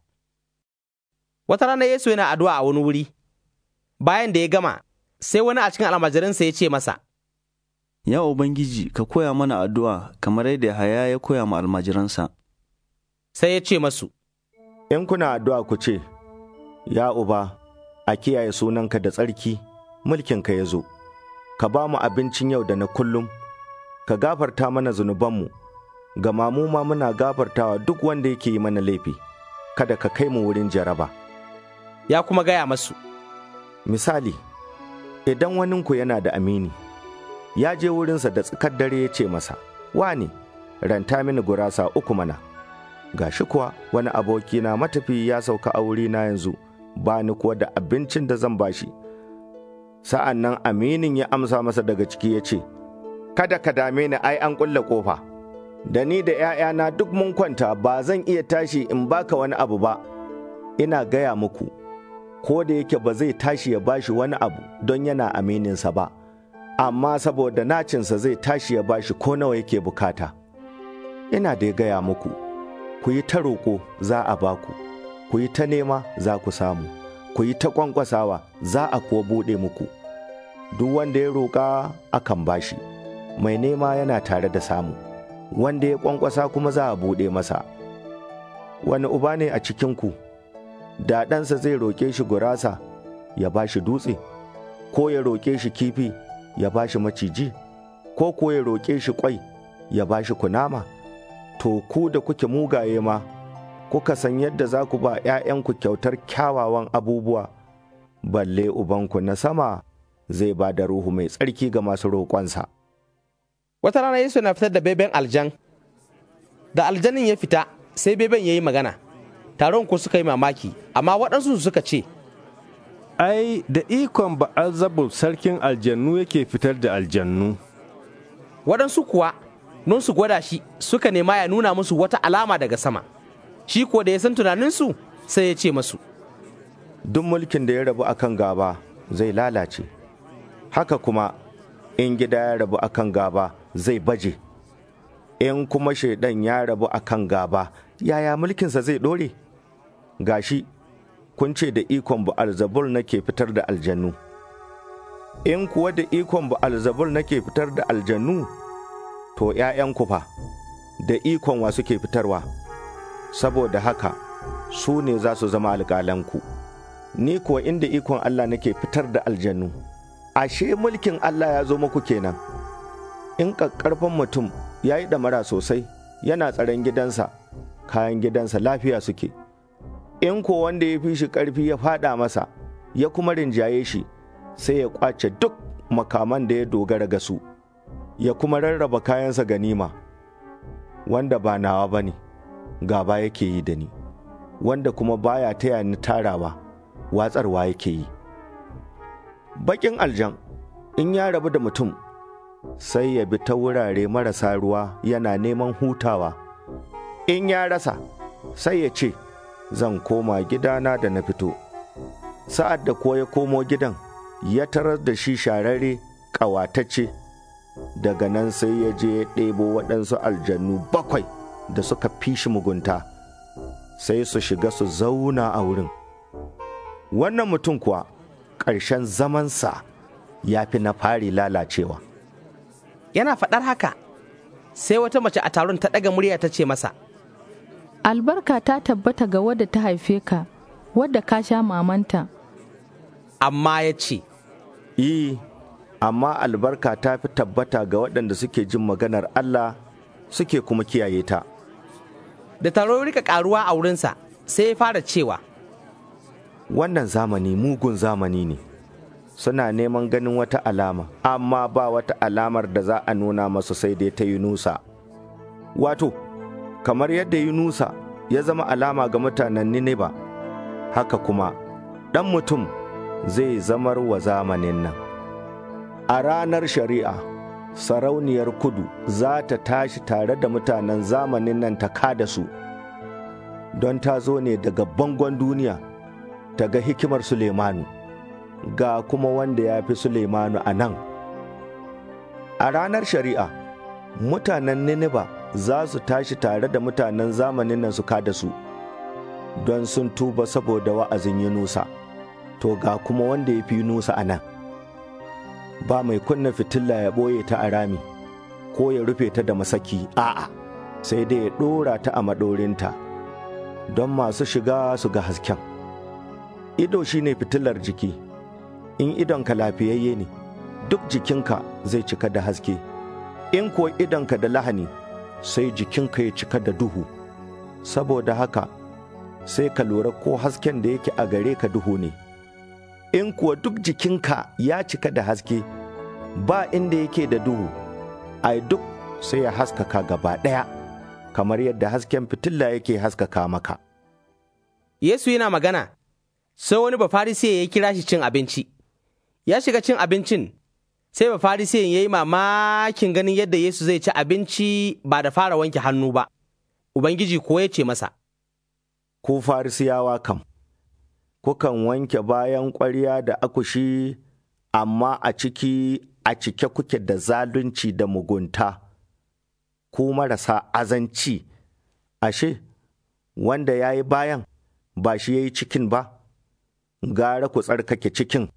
Wata rana Yesu yana addu'a a wani wuri, bayan da ya gama, sai wani a cikin almajirinsa ya ce masa, Ya Ubangiji, ka koya mana addu'a kamar yadda haya ya koya ma almajiransa. Sai ya ce masu, In kuna addu'a ku ce, Ya Uba, a kiyaye sunanka da tsarki, mulkinka ya zo, ka ba mu abincin yau da na kullum. ka gafarta mana zunubanmu, gama mu ma muna gafartawa duk wanda yake yi mana laifi, kada ka kai mu wurin jaraba. Ya kuma gaya masu. Misali, idan waninku yana da amini, ya je wurinsa da tsakar dare ya ce masa, Wani, ranta mini gurasa uku mana. Ga shi kuwa wani abokina matafi ya sauka a na yanzu, ba ni kuwa da abincin da zan bashi. Sa'an nan aminin ya amsa masa daga ciki ya ce, kada ka dame ni ai an ƙulla kofa Da ni da ‘ya'yana duk mun kwanta ba zan iya tashi in baka wani abu ba, ina gaya muku, ko da yake ba zai tashi ya bashi wani abu don yana amininsa ba, amma saboda nacinsa zai tashi ya bashi ko nawa yake bukata. Ina dai gaya muku, ku yi ta roƙo za a baku, ku yi ta nema za ku samu, ku yi ta kwankwasawa za a kuwa buɗe muku. Duk wanda ya roƙa akan bashi. mai nema yana tare da samu, wanda ya ƙwanƙwasa kuma za a buɗe masa. Wani uba ne a cikinku, da ɗansa zai roƙe shi gurasa ya ba shi dutse, ko ya roƙe shi kifi ya ba shi maciji, ko ko ya roƙe shi ƙwai ya ba shi kunama, to ku da kuke mugaye ma, kuka san yadda za ku ba ‘ya'yanku kyautar kyawawan abubuwa, balle ubanku na sama zai ba da ruhu mai tsarki ga masu roƙonsa. wata rana yesu na fitar da beben aljan da aljanin ya fita sai beben ya yi magana taron ku suka yi mamaki amma waɗansu suka ce ai da ikon ba'azabu sarkin aljannu yake fitar da aljannu waɗansu kuwa nun su gwada shi suka nema ya nuna musu wata alama daga sama shi ko da ya san tunaninsu sai ya ce masu duk mulkin da ya rabu akan gaba zai lalace haka kuma in gida ya rabu akan gaba zai baje in kuma shaidan ya rabu a kan gaba yaya mulkinsa zai dore? gashi kun ce da ikon ba'alzabul nake fitar da aljannu in kuwa da ikon ba'alzabul nake fitar da aljannu to ku fa da ikon wa suke fitarwa saboda haka su ne za su zama alƙalanku ni kuwa inda ikon Allah nake fitar da aljannu ashe mulkin Allah ya zo muku kenan. in ƙaƙƙarfan mutum ya yi ɗamara sosai yana tsaron gidansa kayan gidansa lafiya suke in ko wanda ya fi shi ƙarfi ya faɗa masa ya kuma rinjaye shi sai ya ƙwace duk makaman da ya dogara ga su ya kuma rarraba kayansa ganima wanda ba nawa ba ne gaba yake yi da ni wanda kuma baya taya ni tarawa watsarwa yake yi baƙin aljan in ya rabu da mutum sai ya bi ta wurare marasa ruwa yana neman hutawa. In ya rasa, sai ya ce, Zan koma gidana da na fito. Sa'ad da kuwa ya komo gidan, ya tarar da shi shararre ƙawatacce. Daga nan sai ya je ya ɗebo waɗansu aljannu bakwai da suka fi shi mugunta, sai su shiga su zauna a wurin. Wannan mutum kuwa, ƙarshen zamansa ya fi na fari lalacewa. yana faɗar haka sai wata mace a taron ta ɗaga murya ta ce masa albarka ta tabbata ga wadda ta haife ka wadda ka sha mamanta amma ya ce yi e, amma albarka ta fi tabbata ga waɗanda suke jin maganar Allah suke kuma kiyaye ta da taron rika ƙaruwa a wurinsa sai ya fara cewa wannan zamani mugun zamani ne suna neman ganin wata alama amma ba wata alamar da za a nuna masu sai dai ta yunusa wato kamar yadda yunusa ya zama alama ga mutanen niniba haka kuma ɗan mutum zai zamar wa zamanin nan a ranar shari'a sarauniyar kudu za ta tashi tare da mutanen zamanin nan ta kada su don ta zo ne daga bangon duniya ta ga hikimar sulemanu ga kuma wanda ya fi Suleimanu a nan. A ranar shari'a, mutanen Niniba za su tashi tare da mutanen zamanin nan su kada su, don sun tuba saboda wa'azin nusa, to ga kuma wanda ya fi nusa a nan. Ba mai kunna fitila ya ɓoye ta a rami, ko ya rufe ta da masaki, a'a, sai dai ya ɗora ta a maɗorinta, don masu shiga su ga hasken. Ido shi ne fitilar jiki. in idonka lafiyayye ne duk jikinka zai cika da haske in kuwa idonka da lahani sai jikinka ya cika da duhu saboda haka sai ka lura ko hasken da yake a gare ka duhu ne in kuwa duk jikinka ya cika da haske ba inda yake da duhu ai duk sai ya haskaka gaba ɗaya kamar yadda hasken fitilla yake haskaka maka Yesu yana magana sai wani bafarisiye ya kira shi cin abinci ya shiga cin abincin, sai ba farisiyan ya yi mamakin ganin yadda Yesu zai ci abinci ba da fara wanke hannu ba, Ubangiji ko ya ce masa, Ku farisiyawa kam, kukan wanke bayan ƙwarya da akushi, amma a ciki a cike kuke da zalunci da mugunta, ku marasa azanci, ashe, wanda ya yi bayan ba shi ya yi cikin ba, gara ku tsarkake cikin.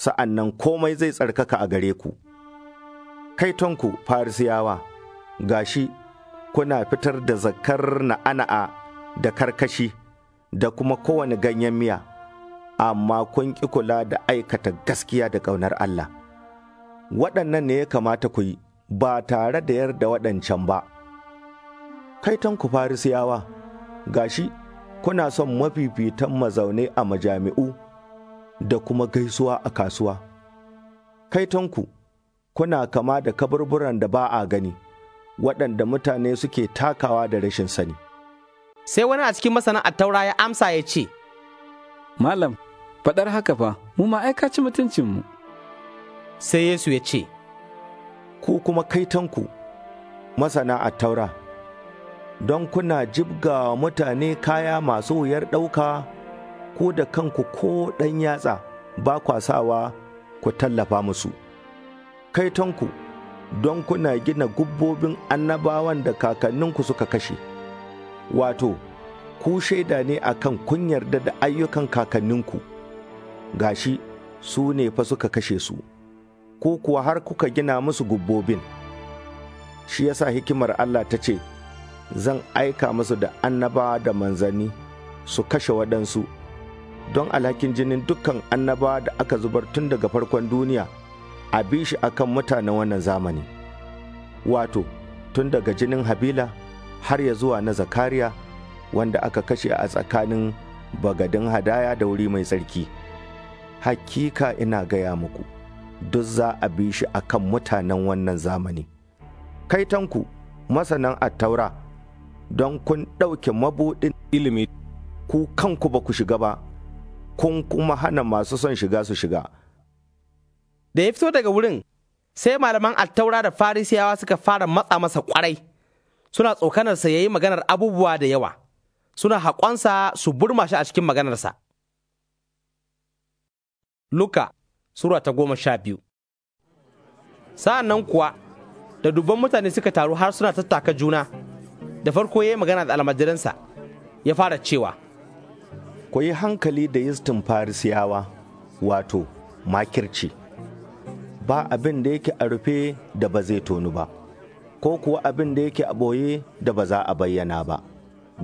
sa'an nan komai zai tsarkaka a gare ku. Kaitonku farisiyawa, gashi kuna fitar da zakar ana'a da karkashi da kuma kowane ganyen miya, amma kun ƙi kula da aikata gaskiya da ƙaunar Allah. Waɗannan ne ya kamata ku yi ba tare da yarda waɗancan ba. Kai Kaitonku farisiyawa, gashi kuna son mafifitan mazaune a majami'u. da kuma gaisuwa a kasuwa. Kaitonku, kuna kama da kaburburan da ba a gani, waɗanda mutane suke takawa da rashin sani. Sai wani a cikin masana taura ya amsa ya ce, Malam, faɗar haka fa, mu ma aika ci mutuncinmu. Sai Yesu ya ce, Ku kuma kaitonku, masana taura, don kuna jibga mutane kaya masu wuyar ɗauka. ko da kanku ko ɗan yatsa ba kwa sawa ku tallafa musu. Kaitonku don kuna gina gubbobin annabawan da kakanninku suka kashe, wato, ku shaida ne a kan kun yarda da ayyukan kakanninku, gashi su ne fa suka kashe su, ko kuwa har kuka gina musu gubbobin. Shi yasa hikimar Allah ta ce, Zan aika musu da annabawa da manzanni su kashe waɗansu. don alhakin jinin dukkan annaba da aka zubar tun daga farkon duniya a bi shi akan mutanen wannan zamani wato tun daga jinin habila har ya zuwa na zakariya wanda aka kashe a tsakanin bagadin hadaya da wuri mai tsarki hakika ina gaya muku duk za a bi shi akan mutanen wannan zamani kaitanku masanan a taura, don kun ɗauke mabuɗin ilimi ku kanku ba ku shiga ba kun kuma hana masu son shiga su shiga. Da ya fito daga wurin, sai malaman attaura da farisiyawa suka fara matsa masa kwarai, suna tsokanarsa ya yi maganar abubuwa da yawa, suna haƙonsa su burma shi a cikin maganarsa. Luka Sura ta goma sha biyu Sa'an nan kuwa, da dubban mutane suka taru har suna tattaka juna, da farko ya yi magana da almajiransa, ya fara cewa. ku yi hankali da yistin farisiyawa wato makirci ba abin da yake a rufe da ba zai tonu ba ko kuwa abin da yake a ɓoye da ba za a bayyana ba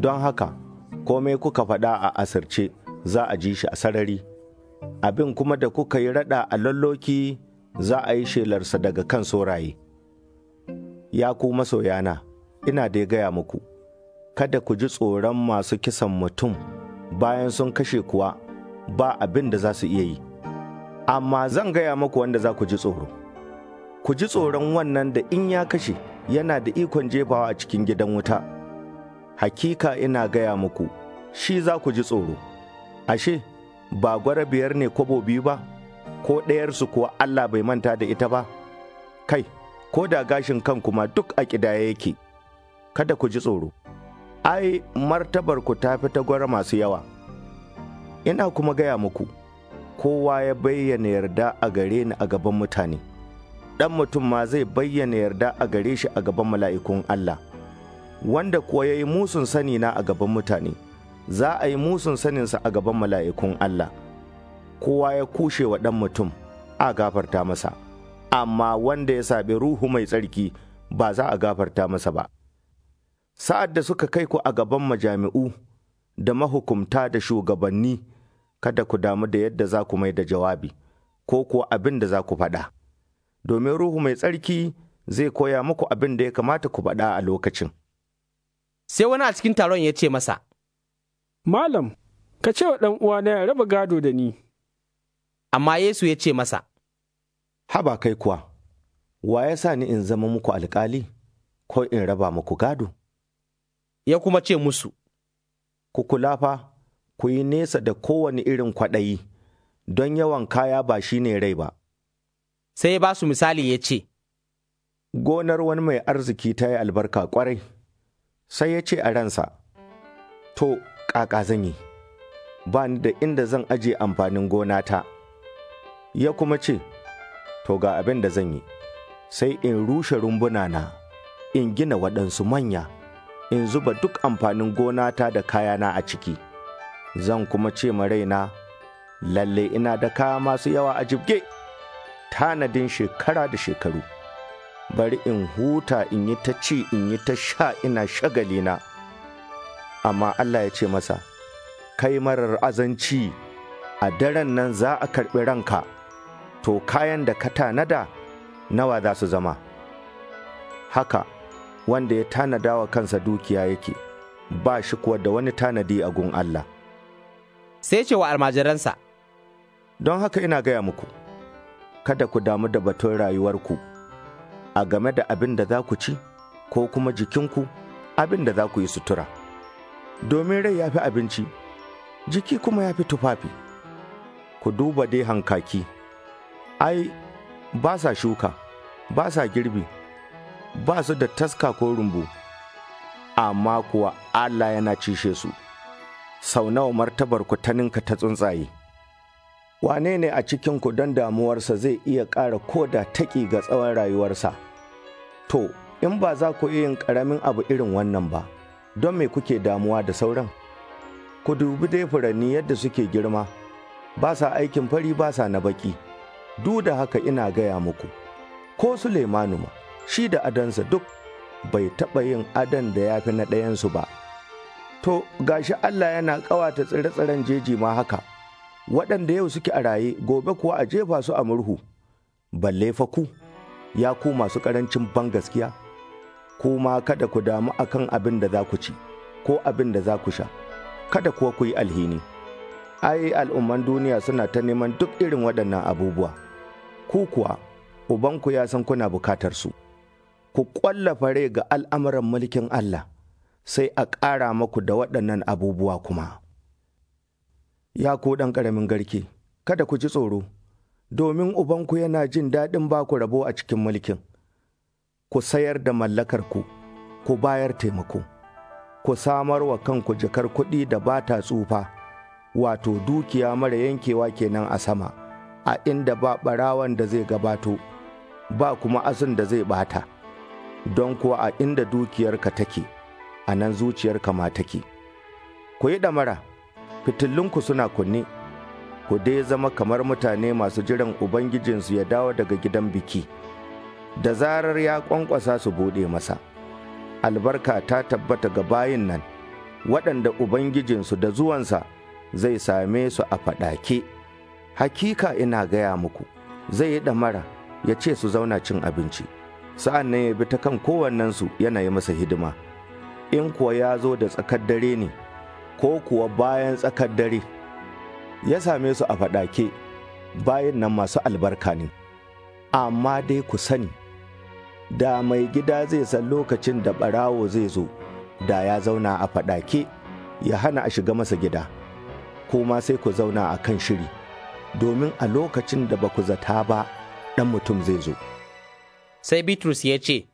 don haka komai kuka faɗa a asirce za a ji shi a sarari abin kuma da kuka yi raɗa a lalloki za a yi shelarsa daga kan soraye ya ku masoyana ina da ya gaya muku kada ku ji tsoron masu kisan mutum bayan sun kashe kuwa ba abin da za su iya yi amma zan gaya muku wanda za ku ji tsoro ku ji tsoron wannan da in ya kashe yana da ikon jefawa a cikin gidan wuta hakika ina gaya muku shi za ku ji tsoro ashe ba gwara biyar ne kwabo biyu ba ko ɗayarsu kuwa allah bai manta da ita ba kai ko da gashin kan kuma duk a ƙidaya yake kada ku ji tsoro ai martabar ku ta fi ta gwara masu yawa ina kuma gaya muku kowa ya bayyana yarda a gare ni a gaban mutane ɗan mutum ma zai bayyana yarda a gare shi a gaban mala'ikun Allah wanda kuwa ya yi musun sani na a gaban mutane za a yi musun saninsa a gaban mala'ikun Allah kowa ya kushe wa ɗan mutum a gafarta masa amma wanda ya saɓi ruhu mai tsarki ba za a gafarta masa ba sa'ad da suka kai ku a gaban majami'u da mahukumta da shugabanni kada ku damu da yadda za ku mai da jawabi ko kuwa abin da za ku faɗa domin ruhu mai tsarki zai koya muku abin da ya kamata ku faɗa a lokacin sai wani a cikin taron ya ce masa malam ka ce wa ɗan uwana ya raba gado da ni amma yesu ya ce masa haba kai kuwa wa ya sa ni in zama muku alkali ko in raba muku gado ya kuma ce musu, Ku kula fa, ku yi nesa da kowane irin kwaɗayi, don yawan kaya ba shi ne rai ba. Sai ya ba su misali ya ce, Gonar wani mai arziki ta yi albarka ƙwarai, sai ya ce a ransa, To, ƙaƙa zan yi, ba ni da inda zan ajiye amfanin gona ta. Ya kuma ce, To, ga abin da zan yi, sai in rushe rumbuna na, in gina waɗansu manya. in zuba duk amfanin gonata da kayana a ciki, zan kuma ce ma raina, lalle ina da kaya masu yawa a jibge, tanadin shekara da shekaru. Bari in huta in yi ta ci in yi ta sha ina shagalina. Amma Allah ya ce masa, Kai marar azanci, a daren nan za a karɓi ranka, to kayan da ka tanada nawa za su zama. Haka, wanda ya tanada wa kansa dukiya yake, ba shi kuwa da wani tanadi a gun Allah. Sai ce wa almajiransa, Don haka ina gaya muku, kada ku damu da batun rayuwarku a game da abin da za ku ci ko kuma jikinku abin da za ku yi sutura. Domin rai ya fi abinci, jiki kuma ya fi tufafi. Ku duba dai hankaki, ai, ba sa shuka, ba sa girbi. ba su da taska ko rumbu amma kuwa Allah yana cishe su sau nawa martabar ku ta ninka ta tsuntsaye wane ne a cikinku don damuwarsa zai iya ƙara koda taƙi ga tsawon rayuwarsa to in ba za ku yin ƙaramin abu irin wannan ba don me kuke damuwa da sauran ku dubi dai furanni yadda suke girma ba sa aikin fari ba sa na baƙi duk da haka ina gaya muku ko su ma shi da adansa duk bai taɓa yin adan da ya fi na ɗayansu ba. To, gashi Allah yana ƙawata tsire-tsiren jeji ma haka, waɗanda yau suke a raye gobe kuwa a jefa su a murhu, balle fa ku, ya ku masu ƙarancin ban gaskiya, ku ma kada ku damu akan abin da za ku ci, ko abin da za ku sha, kada kuwa ku yi alhini. Ai, al'umman duniya suna ta neman duk irin waɗannan abubuwa, ku kuwa, ubanku ya san kuna bukatar su. ku ƙwallafa rai ga al'amuran mulkin Allah, sai a ƙara maku da waɗannan abubuwa kuma. Ya ku ɗan ƙaramin garke, kada ku ji tsoro, domin ubanku yana jin daɗin ba ku rabo a cikin mulkin. Ku sayar da mallakarku, ku bayar taimako, ku samar wa kanku jakar kuɗi da ba ta tsufa, wato dukiya mara yankewa kenan a sama, a inda ba ɓarawan da zai gabato, ba kuma azun da zai ɓata. don kuwa a inda dukiyarka take, a nan zuciyarka ma take. Ku yi ɗamara, fitillunku suna kunne, ku dai zama kamar mutane masu jiran Ubangijinsu ya dawo daga gidan biki, da zarar ya ƙwanƙwasa su buɗe masa. Albarka ta tabbata ga bayin nan, waɗanda Ubangijinsu da zuwansa zai same su a faɗake. Hakika ina gaya muku, zai yi ɗamara ya ce su zauna cin abinci. sa'an nan ya bi ta kan kowannensu yana yi masa hidima in kuwa ya zo da tsakar dare ne ko kuwa bayan tsakar dare ya same su a faɗake bayan nan masu albarka ne amma dai ku sani da mai gida zai san lokacin da ɓarawo zai zo da ya zauna a faɗake ya hana a shiga masa gida kuma sai ku zauna a kan shiri domin a lokacin da ba ku zata ba ɗan mutum zai zo. Sai Bitrus ya ce,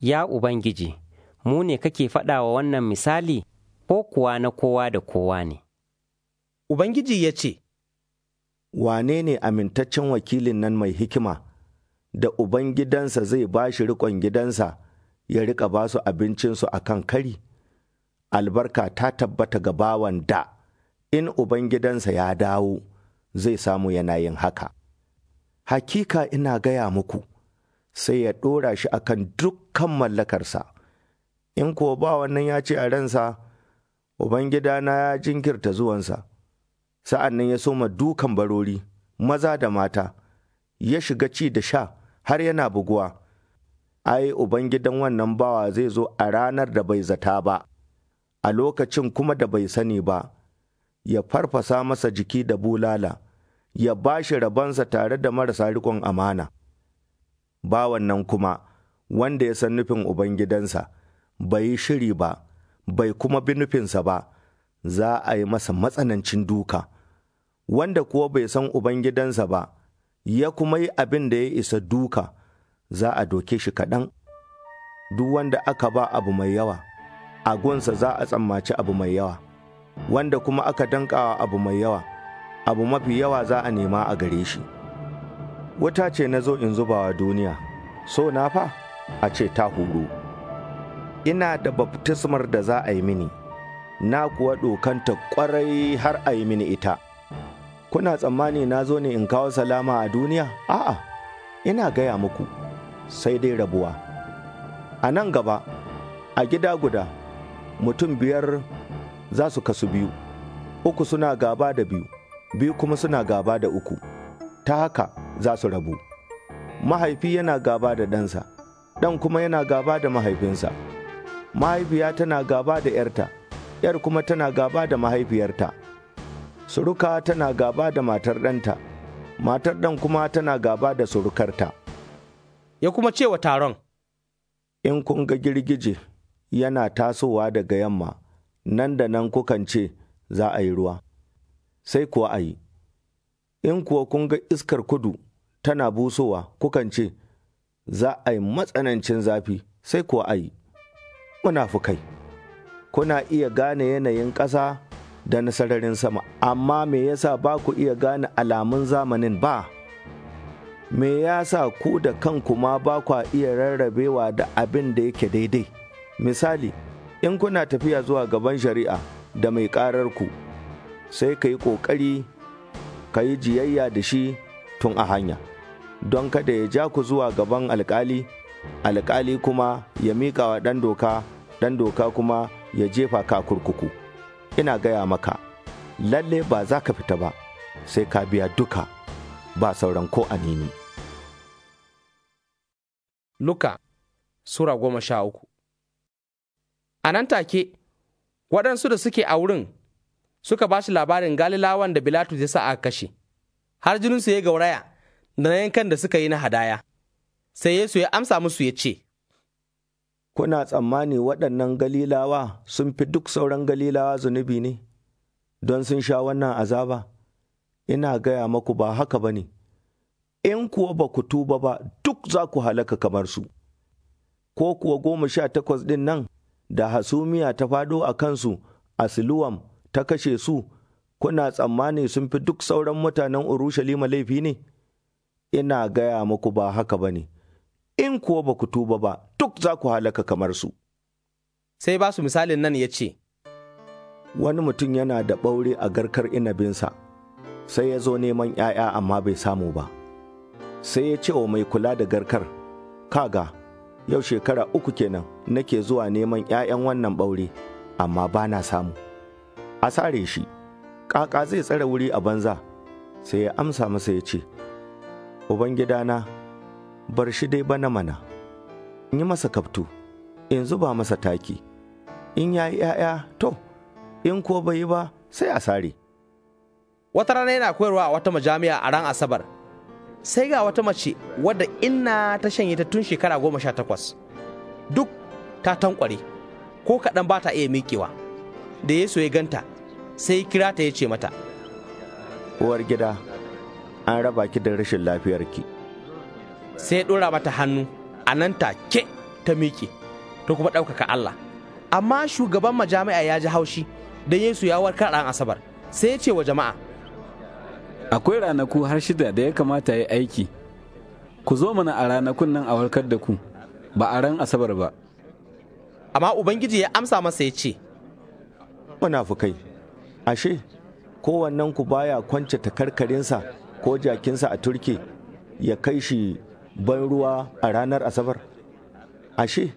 Ya Ubangiji, mu ne kake faɗa wa wannan misali ko kuwa na kowa da kowa ne? Ubangiji ya ce, Wane ne amintaccen wakilin nan mai hikima da Ubangidansa zai ba shi riƙon gidansa ya riƙa ba su abincinsu a kan kari? Albarka ta tabbata ga bawan da in Ubangidansa ya dawo zai samu yana yin haka. Hakika ina gaya muku. sai ya ɗora shi a kan dukkan mallakarsa in kuwa ba wannan ya ce a ransa ubangidana ya jinkirta zuwansa sa'an nan ya soma dukan barori maza da mata ya shiga ci da sha har yana buguwa ai ubangidan wannan bawa zai zo a ranar da bai zata ba a lokacin kuma da bai sani ba ya farfasa masa jiki da bulala ya bashi shi rabansa tare da marasa rikon amana bawan nan kuma wanda ya san nufin Ubangidansa bai yi shiri ba, bai kuma bi nufinsa ba, za a yi masa matsanancin duka. Wanda kuwa bai san Ubangidansa ba, ya kuma yi abin da ya isa duka, za a doke shi kaɗan. Duk wanda aka ba abu mai yawa, a gunsa za a tsammaci abu mai yawa, wanda kuma aka danƙawa abu mai yawa, abu mafi yawa za a nema a gare shi. wuta ce na zo in zuba wa duniya so na fa a ce ta huru ina da baftismar da za a yi mini na kuwa dokanta kwarai har a yi mini ita kuna tsammani na zo ne in kawo salama a duniya a'a ina gaya muku sai dai rabuwa a nan gaba a gida guda mutum biyar za su kasu biyu uku suna gaba da biyu biyu kuma suna gaba da uku ta haka za su rabu mahaifi yana gaba da ɗansa ɗan kuma yana gaba da mahaifinsa mahaifiya tana gaba da ‘yarta ‘yar kuma tana gaba da mahaifiyarta suruka tana gaba da matar ɗanta matar ɗan kuma tana gaba da surukarta ya kuma cewa taron in kun ga girgije yana tasowa daga yamma nan da nan kukan ce za a yi ruwa sai kuwa a yi in kuwa kun ga iskar kudu tana busowa kukan ce, Za a yi matsanancin zafi sai kuwa a yi, munafukai, kuna iya gane yanayin ƙasa da na sararin sama, amma me yasa ba ku iya gane alamun zamanin ba? Me ya sa ku da kanku ma ba kwa iya rarrabewa da abin da yake daidai? Misali, in kuna tafiya zuwa gaban shari'a da mai ƙararku, sai ka yi ƙoƙari ka yi jiyayya da shi tun a hanya, don kada ya ja ku zuwa gaban alkali, alkali kuma ya miƙa wa ɗan doka, ɗan doka kuma ya jefa ka kurkuku. Ina gaya maka, lalle ba za ka fita ba, sai ka biya duka ba sauran ko anini. Luka Sura goma sha uku A nan take, waɗansu da suke a wurin suka ba shi labarin galilawan da Bilatus ya sa aka kashe, har jininsu ya gauraya da na yankan da suka yi na hadaya. Sai Yesu ya amsa musu ya ce, Kuna tsammani waɗannan galilawa sun fi duk sauran galilawa zunubi ne, don sun sha wannan azaba, ina gaya maku ba haka ba ne, in kuwa ba ku tuba ba duk za ku halaka kamar su, ko kuwa goma sha takwas ɗin nan da hasumiya ta fado a kansu a siluwan. ta kashe su, kuna tsammani sun fi duk sauran mutanen Urushalima laifi ne? Ina gaya muku ba haka ba ne, in kuwa ba ku tuba ba, duk za ku halaka kamar su. Sai ba su misalin nan ya ce, Wani mutum yana da ɓaure a garkar inabinsa, sai ya zo neman ‘ya'ya amma bai samu ba. Sai ya ce wa mai kula da garkar, kaga, yau shekara uku kenan nake zuwa neman ‘ya'yan wannan ɓaure, amma ba na samu. a sare shi ƙaƙa zai tsare wuri a banza sai ya amsa masa ya ce ubangidana bar shi dai bana mana in yi masa kaftu in zuba masa taki in ya yi ‘ya'ya to in ko bai yi ba sai a sare wata rana yana koyarwa a wata majami'a a ran asabar sai ga wata mace wadda inna ta shanye ta tun shekara goma sha takwas duk ta tankware ko kaɗan ba ta iya miƙewa. da Yesu ya ganta sai kira ta ya ce mata uwar gida an raba ki da rashin lafiyarki sai ɗora mata hannu a nan take ta miƙe ta kuma ɗaukaka Allah amma shugaban majami'a ya ji haushi don Yesu ya warkar ran asabar sai ya ce wa jama'a akwai ranaku har shida da ya kamata ya aiki ku zo mana a ranakun nan a warkar da ku ba a ran asabar ba amma ubangiji ya amsa masa ya ce munafukai ashe kowannen ku baya kwance takarkarinsa ko jakinsa a turki ya kai shi ban ruwa a ranar asabar ashe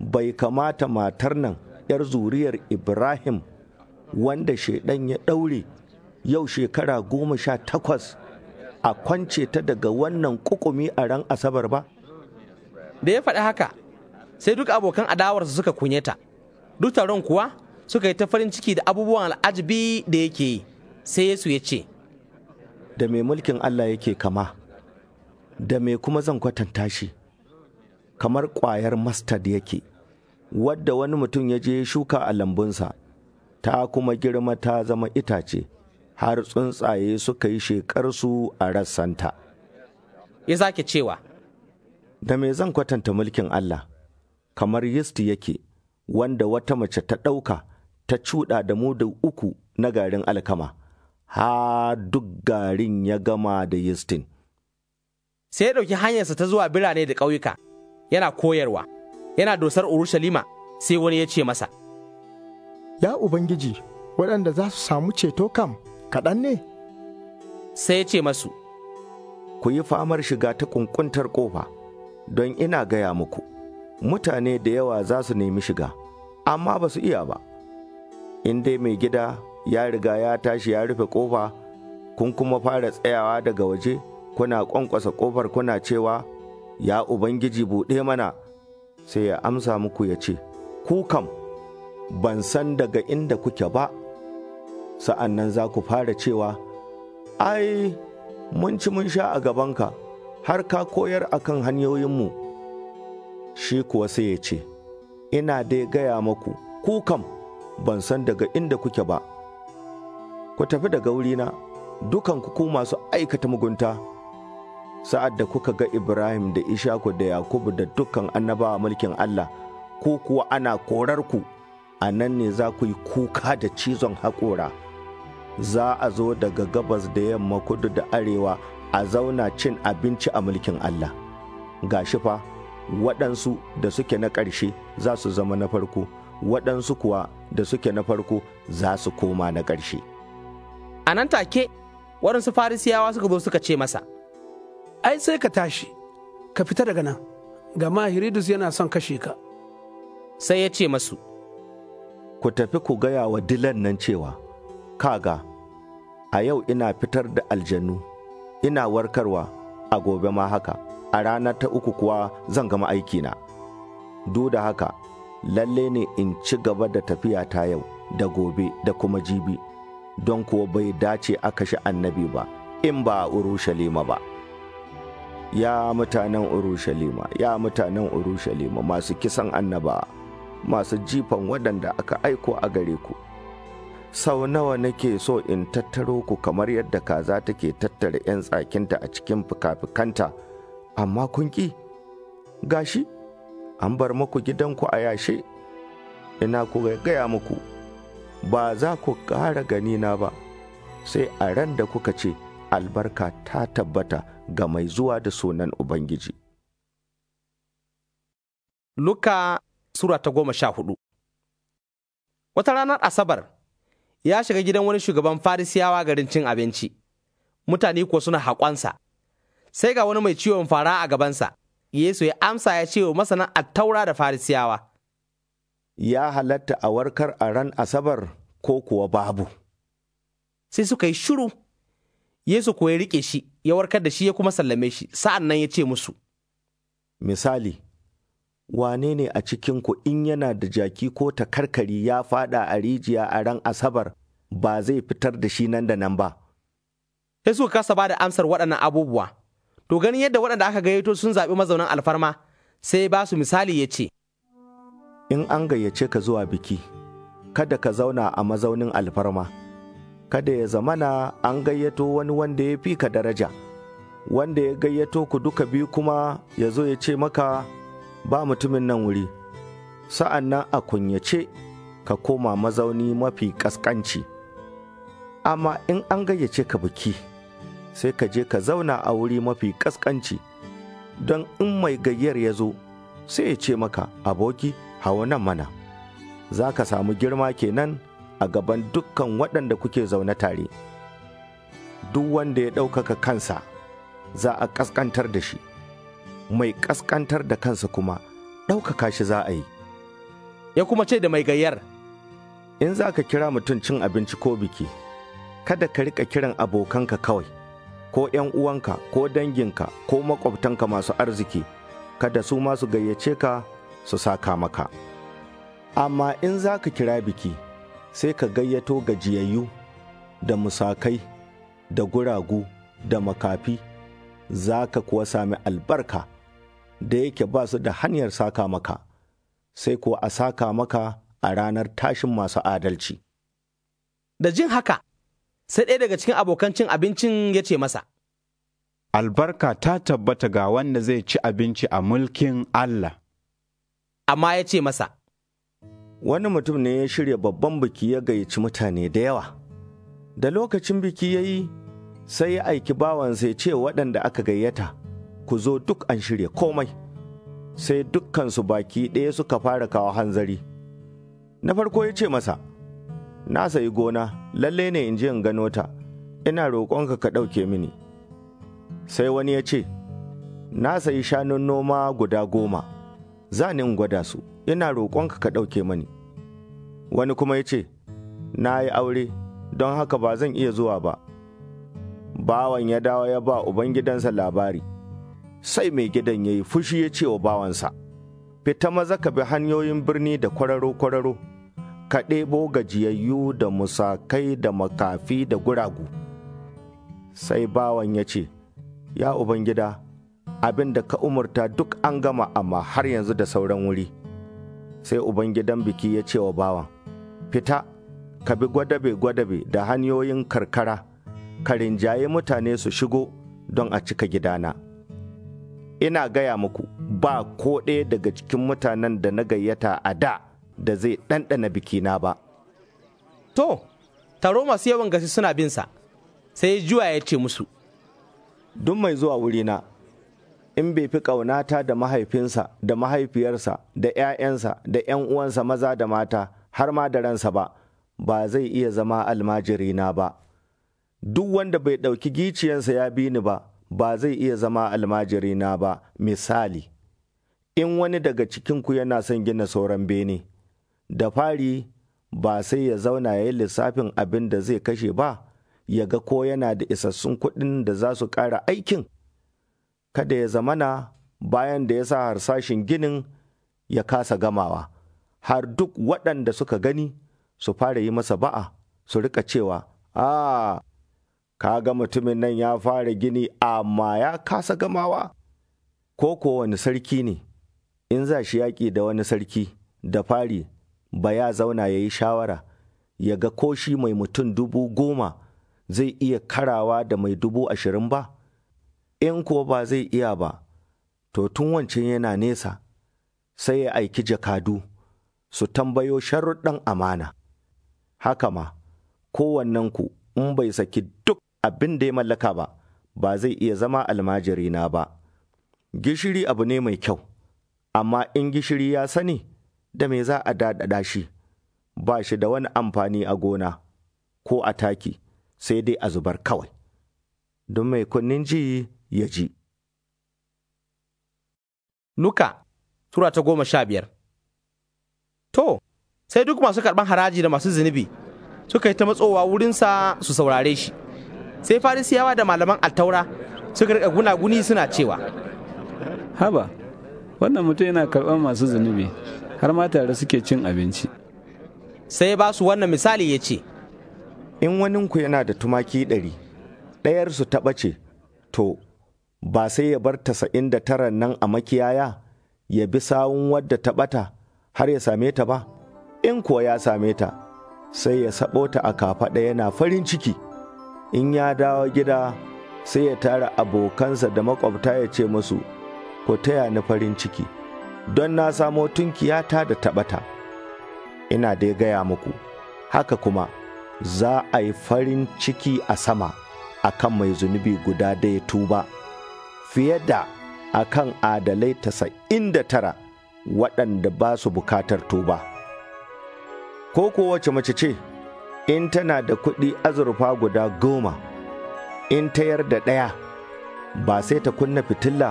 bai kamata matar nan 'yar zuriyar ibrahim wanda shaidan ya ɗaure yau shekara goma sha takwas a kwance ta daga wannan kukumi a ran asabar ba da ya faɗi haka sai duk abokan adawarsa suka kunye ta duk taron kuwa suka yi ta farin ciki da abubuwan al'ajibi da yake yi sai yesu ya ce da mai mulkin allah yake kama da mai kuma zan kwatanta shi kamar ƙwayar mustard yake wadda wani mutum ya je shuka a lambunsa ta kuma girma ta zama itace har tsuntsaye suka yi shekarsu a rassanta ya sake cewa da mai zan kwatanta mulkin allah kamar yisti yake wanda wata mace ta ɗauka ta cuɗa da mu da uku na garin alkama, ha duk garin ya gama da yistin. Sai ya ɗauki hanyarsa ta zuwa birane da ƙauyuka, yana koyarwa, yana dosar Urushalima sai wani ya ce masa. Ya Ubangiji, waɗanda za su samu ceto kam, kaɗan ne? Sai ya ce masu, Ku yi famar shiga ta kunkuntar ƙofa, don ina gaya muku, mutane da yawa za su nemi shiga, amma ba su iya ba. in dai mai gida ya riga ya tashi ya rufe ƙofa kun kuma fara tsayawa daga waje kuna ƙwanƙwasa ƙofar kuna cewa ya ubangiji buɗe mana sai ya amsa muku ya ce ku kam ban san daga inda kuke ba sa'an nan za ku fara cewa ai mun ci mun sha a gabanka har ka koyar a kan hanyoyinmu shi kuwa sai ya ce ina dai gaya maku ku kam ban san daga inda kuke ba, ku tafi daga wurina, dukan ku masu aikata mugunta, sa'ad da kuka ga Ibrahim da Ishaku da Yakubu da dukan annabawa mulkin Allah, ko kuwa ana korar ku, a nan ne za ku yi kuka da cizon haƙora. Za a zo daga gabas da yamma kudu da arewa a zauna cin abinci a mulkin Allah. Ga shi fa, waɗansu da suke na ƙarshe za su zama na farko. waɗansu kuwa da suke na farko za su koma na ƙarshe. A nan take, waɗansu farisiyawa suka zo suka ce masa, Ai sai ka tashi, ka fita daga nan, gama Hiridus yana son kashe ka. Sai ya ce masu, Ku tafi ku gaya wa dilan nan cewa, Kaga, a yau ina fitar da aljanu, ina warkarwa, a gobe ma haka, a rana ta uku kuwa zan gama aikina. Duk da haka, lalle ne in ci gaba da tafiya ta yau da gobe da kuma jibi don kuwa bai dace a kashe annabi ba in ba a urushalima ba ya mutanen urushalima ya mutanen urushalima masu kisan annaba masu jifan waɗanda aka aiko a gare ku sau nawa nake so in tattaro ku kamar yadda kaza take tattara 'yan tsakinta a cikin fikafikanta amma kun ki? gashi an bar muku gidanku a yashe, ina ku gaya muku, ba za ku ƙara ganina ba, sai a ran da kuka ce, albarka ta tabbata ga mai zuwa da sunan Ubangiji. Luka Sura ta goma sha hudu Wata ranar Asabar, ya shiga gidan wani shugaban Farisiyawa garin cin abinci, mutane kuwa suna haƙonsa, sai ga wani mai ciwon fara a gabansa, Yesu ya amsa ya ce wa masanan attaura da farisiyawa. Ya halatta a warkar a ran Asabar ko kuwa babu. Sai suka yi shiru, Yesu kuwa ya riƙe shi, ya warkar da shi ya kuma sallame shi, sa'an nan ya ce musu. Misali, wane ne a cikinku in yana da jaki ko takarkari ya fada a rijiya a ran Asabar ba zai fitar da shi nan da nan ba. Sai suka kasa ba da amsar waɗannan abubuwa. To ganin yadda waɗanda aka gayyato sun zaɓi mazaunan alfarma sai ba su misali ya ce. In an gayyace ka zuwa biki, kada ka zauna a mazaunin alfarma, kada ya zamana an gayyato wani wanda ya fi ka daraja, wanda ya gayyato ku duka biyu kuma ya zo ya ce maka ba mutumin nan wuri, sa'an nan a kunyace ka koma mazauni mafi ƙasƙanci. Amma in an gayyace ka biki. sai ka je ka zauna a wuri mafi ƙasƙanci don in mai gayyar ya zo sai ya ce maka aboki hawa nan mana za ka samu girma kenan a gaban dukkan waɗanda kuke zaune tare duk wanda ya ɗaukaka kansa za a ƙasƙantar da shi mai ƙasƙantar da kansa kuma ɗaukaka shi za a yi ya kuma ce da mai gayyar in za ka kira mutum cin abinci ko biki kada ka riƙa kiran abokanka kawai ko ‘yan uwanka ko danginka ko makwabtanka masu arziki, kada su masu gayyace ka su saka maka. Amma in za ka kira biki, sai ka gayyato gajiyayyu da musakai da guragu da makafi, za ka kuwa sami albarka da yake ba su da hanyar saka maka, sai kuwa a saka maka a ranar tashin masu adalci. Da jin haka, sai ɗaya daga cikin abokan cin abincin ya ce masa, Albarka ta tabbata ga wanda zai ci abinci a mulkin Allah. Amma ya ce masa, Wani mutum ne ya shirya babban biki ya gayyaci mutane da yawa. Da lokacin biki ya yi, sai ya aiki bawansa ya ce waɗanda aka gayyata, ku zo duk an shirya komai. Sai dukkansu baki ɗaya suka fara kawo hanzari. Na farko ya ce masa, na sayi gona lalle ne in je in gano ta ina roƙonka ka ɗauke mini sai wani ya ce na sayi shanun noma guda goma za ni in gwada su ina roƙonka ka ɗauke mani wani kuma ya ce na yi aure don haka ba zan iya zuwa ba bawan ya dawo ya ba ubangidansa labari sai mai gidan ya yi fushi ya ce wa bawansa fita maza ka bi hanyoyin birni da kwararo-kwararo ka ɗebo gajiyayyu da musakai da makafi da guragu. Sai bawan ya ce, Ya Ubangida, abin da ka umarta duk an gama amma har yanzu da sauran wuri. Sai Ubangidan biki ya ce wa bawan, Fita, ka bi gwadabe-gwadabe da hanyoyin karkara, ka rinjaye mutane su shigo don a cika gidana. Ina gaya muku, ba ko ɗaya daga cikin mutanen da na gayyata a da. da zai ɗanɗana bikina ba. To, taro masu yawan gasi suna bin sa, sai juwa ya ce musu. Duk mai zuwa wurina, in bai fi ƙaunata da mahaifinsa da mahaifiyarsa da ‘ya'yansa da ‘yan uwansa maza da mata har ma da ransa ba, ba zai iya zama almajiri na ba. Duk wanda bai ɗauki giciyansa ya bi ni ba, ba zai iya zama almajiri na ba, misali. in wani daga cikinku yana son gina sauran bene, da fari ba sai ya zauna ya yi lissafin abin da zai kashe ba ya ga ko yana da isassun kuɗin da za su ƙara aikin kada ya zamana bayan da ya sa harsashin ginin ya kasa gamawa har duk waɗanda suka gani su fara yi masa ba'a su rika cewa a ka ga mutumin nan ya fara gini amma ya kasa gamawa ko ko wani sarki ne in za shi yaƙi da wani sarki da fari ba ya zauna ya yi shawara ya ga ko shi mai mutum dubu goma zai iya karawa da mai dubu ashirin ba? In kuwa ba zai iya ba, to tun wancan yana nesa, sai ya aiki jakadu su tambayo sharuɗan amana. Haka ma, ku in bai saki duk abin da ya mallaka ba, ba zai iya zama almajirina ba. Gishiri abu ne mai kyau, amma in gishiri ya sani, da me za a daɗaɗa shi, ba shi da wani amfani a gona ko a taki sai dai a zubar kawai, don mai kunnin ji ya ji. Nuka Tura ta goma sha biyar To, sai duk masu karɓan haraji da masu zunubi suka yi ta matsowa wurinsa su saurare shi, sai farisiyawa da malaman altaura suka riƙa gunaguni suna cewa. Haba, wannan mutum yana karɓar masu zunubi. har ma tare suke cin abinci sai ba su wannan misali ya ce in waninku yana da tumaki ɗari ɗayarsu ta ɓace to ba sai ya bar ta sa'in da tara nan a makiyaya ya bi sawun wadda ta ɓata har ya same ta ba in kuwa ya same ta sai ya sabo ta a kafa ɗaya yana farin ciki in ya dawo gida sai ya tara abokansa da makwabta ya ce musu ku taya ni farin ciki don na samo tunkiyata da tabata, Ina dai gaya muku, haka kuma za a yi farin ciki a sama a kan mai zunubi guda da ya tuba, fiye da a kan adalai tasa'in da tara waɗanda ba su bukatar tuba. Ko kowace mace ce, in tana da kuɗi azurfa guda goma, in tayar da ɗaya, ba sai ta kunna fitila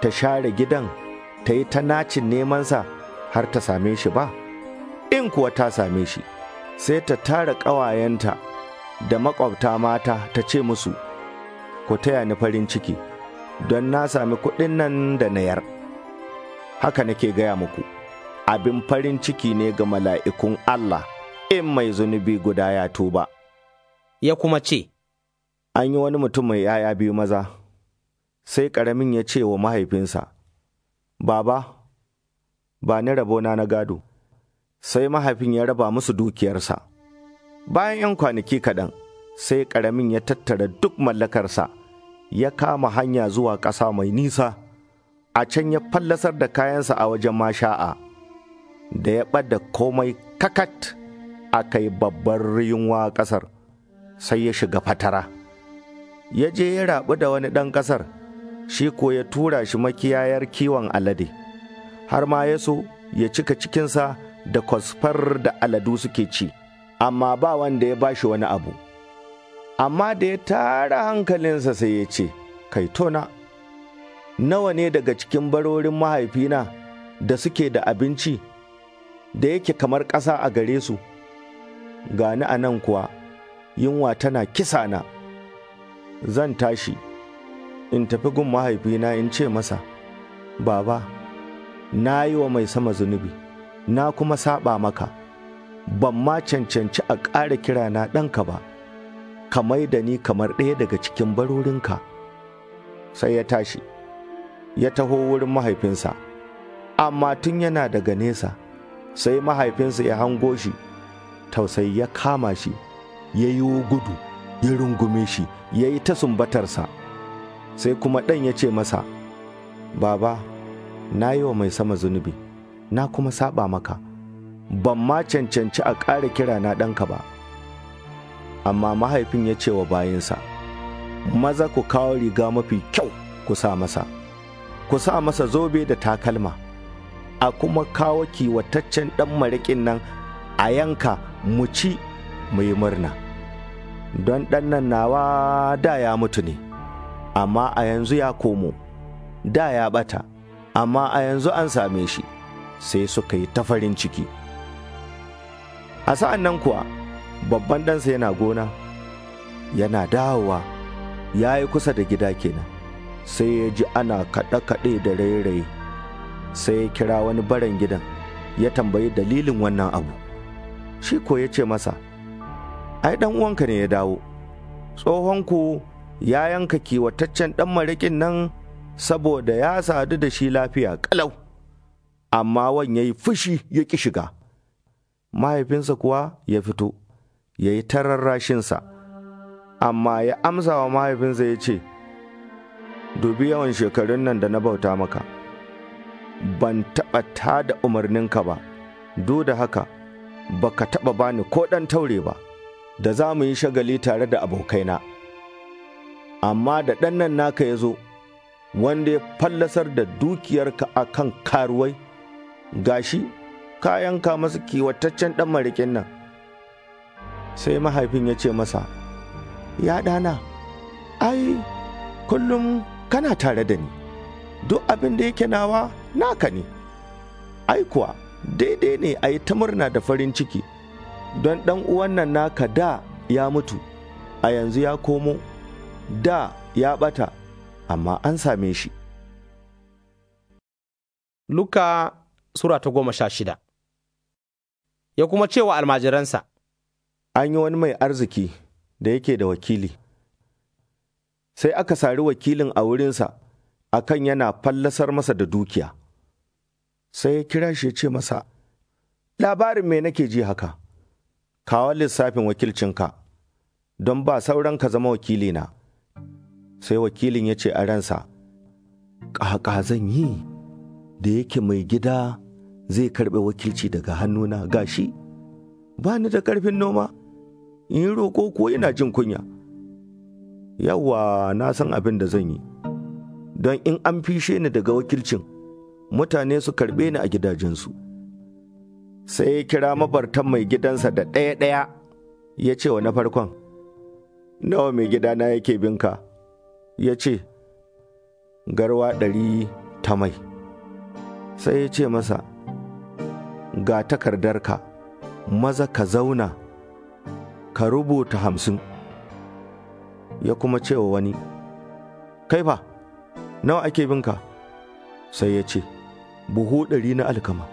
ta share gidan. ta yi ta nacin nemansa har ta same shi ba in kuwa ta same shi sai ta tara ƙawayenta da maƙwabta mata ta ce musu ku taya ni farin ciki don na sami kuɗin nan da nayar haka nake gaya muku abin farin ciki ne ga mala'ikun Allah in mai zunubi guda ya tuba. Ya kuma ce, An yi wani mutum mai ‘ya'ya biyu maza, sai ƙaramin ya ce wa mahaifinsa, Baba, ba ni rabona na gado, sai mahaifin ya raba musu dukiyarsa. Bayan ‘yan kwanaki kaɗan, sai ƙaramin ya tattara duk mallakarsa, ya kama hanya zuwa ƙasa mai nisa, a can ya fallasar da kayansa a wajen masha'a, da ya ɓada komai kakat a kai babbar yunwa ƙasar, sai ya shiga fatara. Ya je ya rabu da wani ɗan ƙasar. shi ko ya tura shi makiyayar kiwon alade, har ma ya so ya cika cikinsa da kwasfar da aladu suke ci, amma ba wanda ya bashi wani abu. Amma da ya tara hankalinsa sai ya ce, kai tona. nawa ne daga cikin barorin mahaifina da suke da abinci da yake kamar ƙasa a gare su, gani a nan kuwa, yunwa tana kisa na, zan tashi. in tafi gun mahaifina in ce masa, Baba, na yi wa mai sama zunubi, na kuma saɓa maka, ban ma cancanci a ƙara kirana ɗanka ba, Kamai da ni kamar ɗaya daga cikin barorinka. Sai ya tashi, ya taho wurin mahaifinsa, amma tun yana daga nesa, sai mahaifinsa ya hango shi, tausayi ya kama shi, ya yi gudu, ya rungume shi, ya yi ta sumbatarsa. sai kuma ɗan ya ce masa baba na yi wa mai sama zunubi na kuma saɓa maka ban ma cancanci a ƙara kira na ɗanka ba amma mahaifin ya ce wa bayinsa. maza ku kawo riga mafi kyau ku sa masa ku sa masa zobe da takalma a kuma kawo kiwataccen ɗan mariƙin nan a yanka mu ci mu yi murna don ɗan nan nawa da ya mutu ne amma a yanzu ya komo, da ya ɓata, amma a yanzu an same shi, sai suka yi ta farin ciki. A sa'an nan kuwa, babban ɗansa yana gona, yana dawowa, ya yi kusa da gida kenan, sai ya ji ana kaɗe-kaɗe da rairaye, sai ya kira wani baran gidan, ya tambayi dalilin wannan abu. Shi ko ya ce masa, ai ɗan uwanka ne ya dawo, tsohonku ya yanka kiwataccen ɗan marikin nan saboda ya sadu da shi lafiya kalau. amma wan ya yi fushi ya ƙi shiga. Mahaifinsa kuwa ya fito, ya yi tararrashinsa, amma ya amsa wa mahaifinsa ya ce, Dubi yawan shekarun nan da na bauta maka, ban taɓa ta da umarninka ba, do da haka, ba baka taɓa bani ko ɗan taure ba, da za mu yi shagali tare da abokaina. amma da ɗannan naka ya zo wanda ya fallasar da dukiyarka a kan karuwai gashi ka masu masa kiwataccen ɗan marikin nan sai mahaifin ya ce masa ya ɗana ai kullum kana tare da ni duk abin da yake nawa naka ne ai kuwa daidai ne a yi ta murna da farin ciki don ɗan uwan nan naka da ya mutu a yanzu ya komo da ya ɓata, amma an same shi. Luka Sura ta goma sha shida Ya kuma ce wa almajiransa, An yi wani mai arziki da yake da wakili, sai aka sari wakilin a wurinsa a kan yana fallasar masa da dukiya. Sai ya kira shi ya ce masa, Labarin me nake ji haka, kawo lissafin wakilcinka, don ba sauran ka zama wakilina. sai wakilin ya ce a ransa ƙaƙa zan yi da yake mai gida zai karɓe wakilci daga hannuna gashi ba ni da ƙarfin noma in roƙo ko ina jin kunya yawwa na san abin da zan yi don in an fishe ni daga wakilcin mutane su karɓe ni a gidajensu sai ya kira mabartan mai gidansa da ɗaya-ɗaya ya ce wa na farkon nawa mai gidana yake binka ya ce, Garwa ɗari ta mai, sai ya ce masa, Ga takardarka, maza ka zauna, ka rubuta hamsin, ya kuma ce wa wani, Kai fa, nawa ake binka? Sai ya ce, Buhu ɗari na alkama,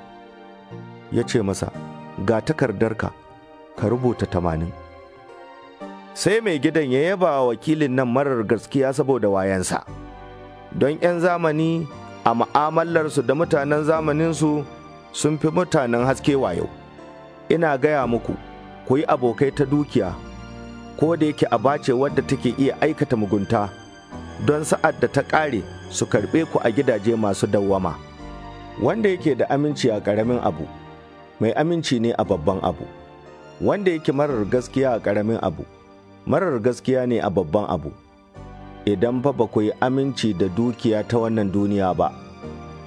ya ce masa, Ga takardarka, ka rubuta tamanin. sai mai gidan ya yaba wakilin nan marar gaskiya saboda wayansa don 'yan zamani a ma'amalarsu da mutanen zamaninsu sun fi mutanen haske wayo ina gaya muku ku yi abokai ta dukiya ko da yake a bace wadda take iya aikata mugunta don sa'ad da ta ƙare su karɓe ku a gidaje masu dawwama wanda yake da aminci a ƙaramin abu mai aminci ne a babban abu wanda yake marar gaskiya a ƙaramin abu marar gaskiya ne a babban abu, idan fa ba ku yi aminci da dukiya ta wannan duniya ba,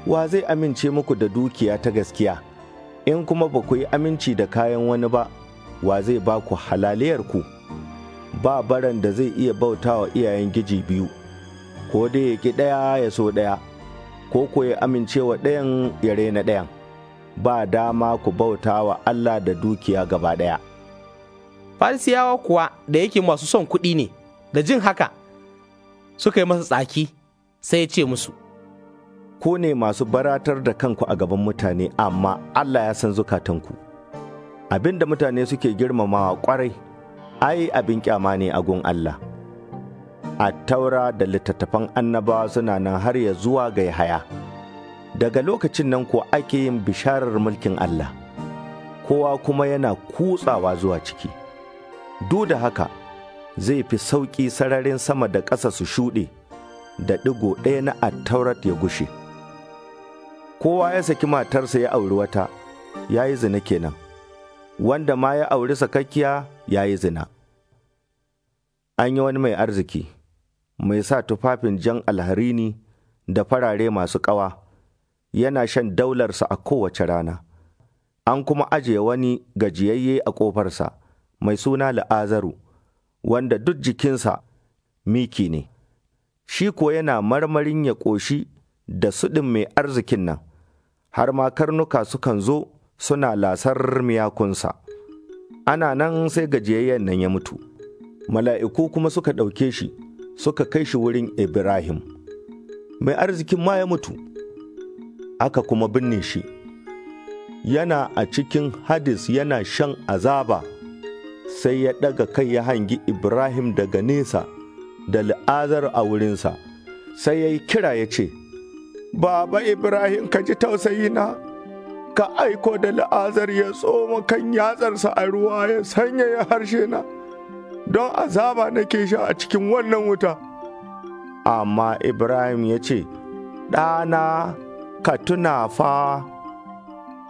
wa zai amince muku da dukiya ta gaskiya, in kuma ba ku yi aminci da kayan wani ba, wa zai ba ku ku? ba baran da zai iya bauta wa iyayen giji biyu, ko dai ya ki ɗaya ya so ɗaya, ko ku yi amince wa ɗayan ya rena ɗayan, ba dama ku bauta wa Allah da dukiya gaba ɗaya. farisiyawa kuwa da yake masu son kuɗi ne da jin haka suka yi masa tsaki sai ya ce musu Ko ne masu baratar da kanku a gaban mutane amma allah ya san zukatanku abin da mutane suke girmamawa kwarai ai abin kyama ne a gun allah a taura da littattafan annabawa suna nan har ya zuwa ga haya daga lokacin nan ko ake yin bisharar mulkin allah kowa kuma yana kutsawa zuwa ciki duk da haka zai fi sauƙi sararin sama da ƙasa su shuɗe da ɗigo ɗaya na attaurat ya gushe kowa ya saki matarsa ya auri wata ya yi zina kenan wanda ma ya auri sakakkiya ya yi zina an yi wani mai arziki mai sa tufafin jan alharini da farare masu ƙawa yana shan daularsa a kowace rana an kuma ajiye wani gajiyayye a ƙofarsa mai suna la'azaru wanda duk jikinsa miki ne shi ko yana marmarin ya ƙoshi da suɗin mai arzikin nan har ma karnuka sukan zo suna lasar miyakunsa ana nan sai gajiyayyen nan ya mutu mala'iku kuma suka ɗauke shi suka kai shi wurin ibrahim mai arzikin ma ya mutu aka kuma binne shi yana a cikin hadis yana shan azaba sai ya ɗaga kai ya hangi Ibrahim daga nesa da la'azar a wurinsa, sai ya yi kira ya ce, Baba Ibrahim ka ji tausayina, ka aiko da la'azar ya tsoma kan yatsarsa a ruwa ya sanya ya harshe na, don azaba nake sha a cikin wannan wuta. Amma Ibrahim ya ce, Ɗana, ka tuna fa,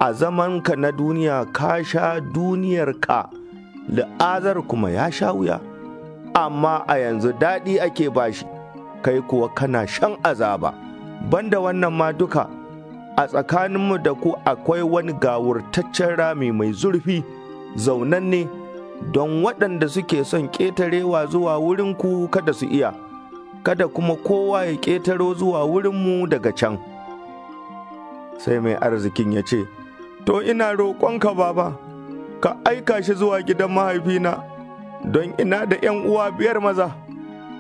a zamanka na duniya ka sha duniyar ka. la'azar kuma ya sha wuya, amma a yanzu daɗi ake bashi, kai kuwa kana shan azaba, banda wannan ma duka, a tsakaninmu da ku akwai wani gawurtaccen rami mai zurfi, zaunanne don waɗanda suke son ƙetarewa zuwa wurinku kada su iya, kada kuma kowa ya ƙetaro zuwa wurinmu daga can. Sai mai arzikin ya ce, To ina roƙonka baba. ka aika shi zuwa gidan mahaifina don ina da ’yan uwa biyar maza,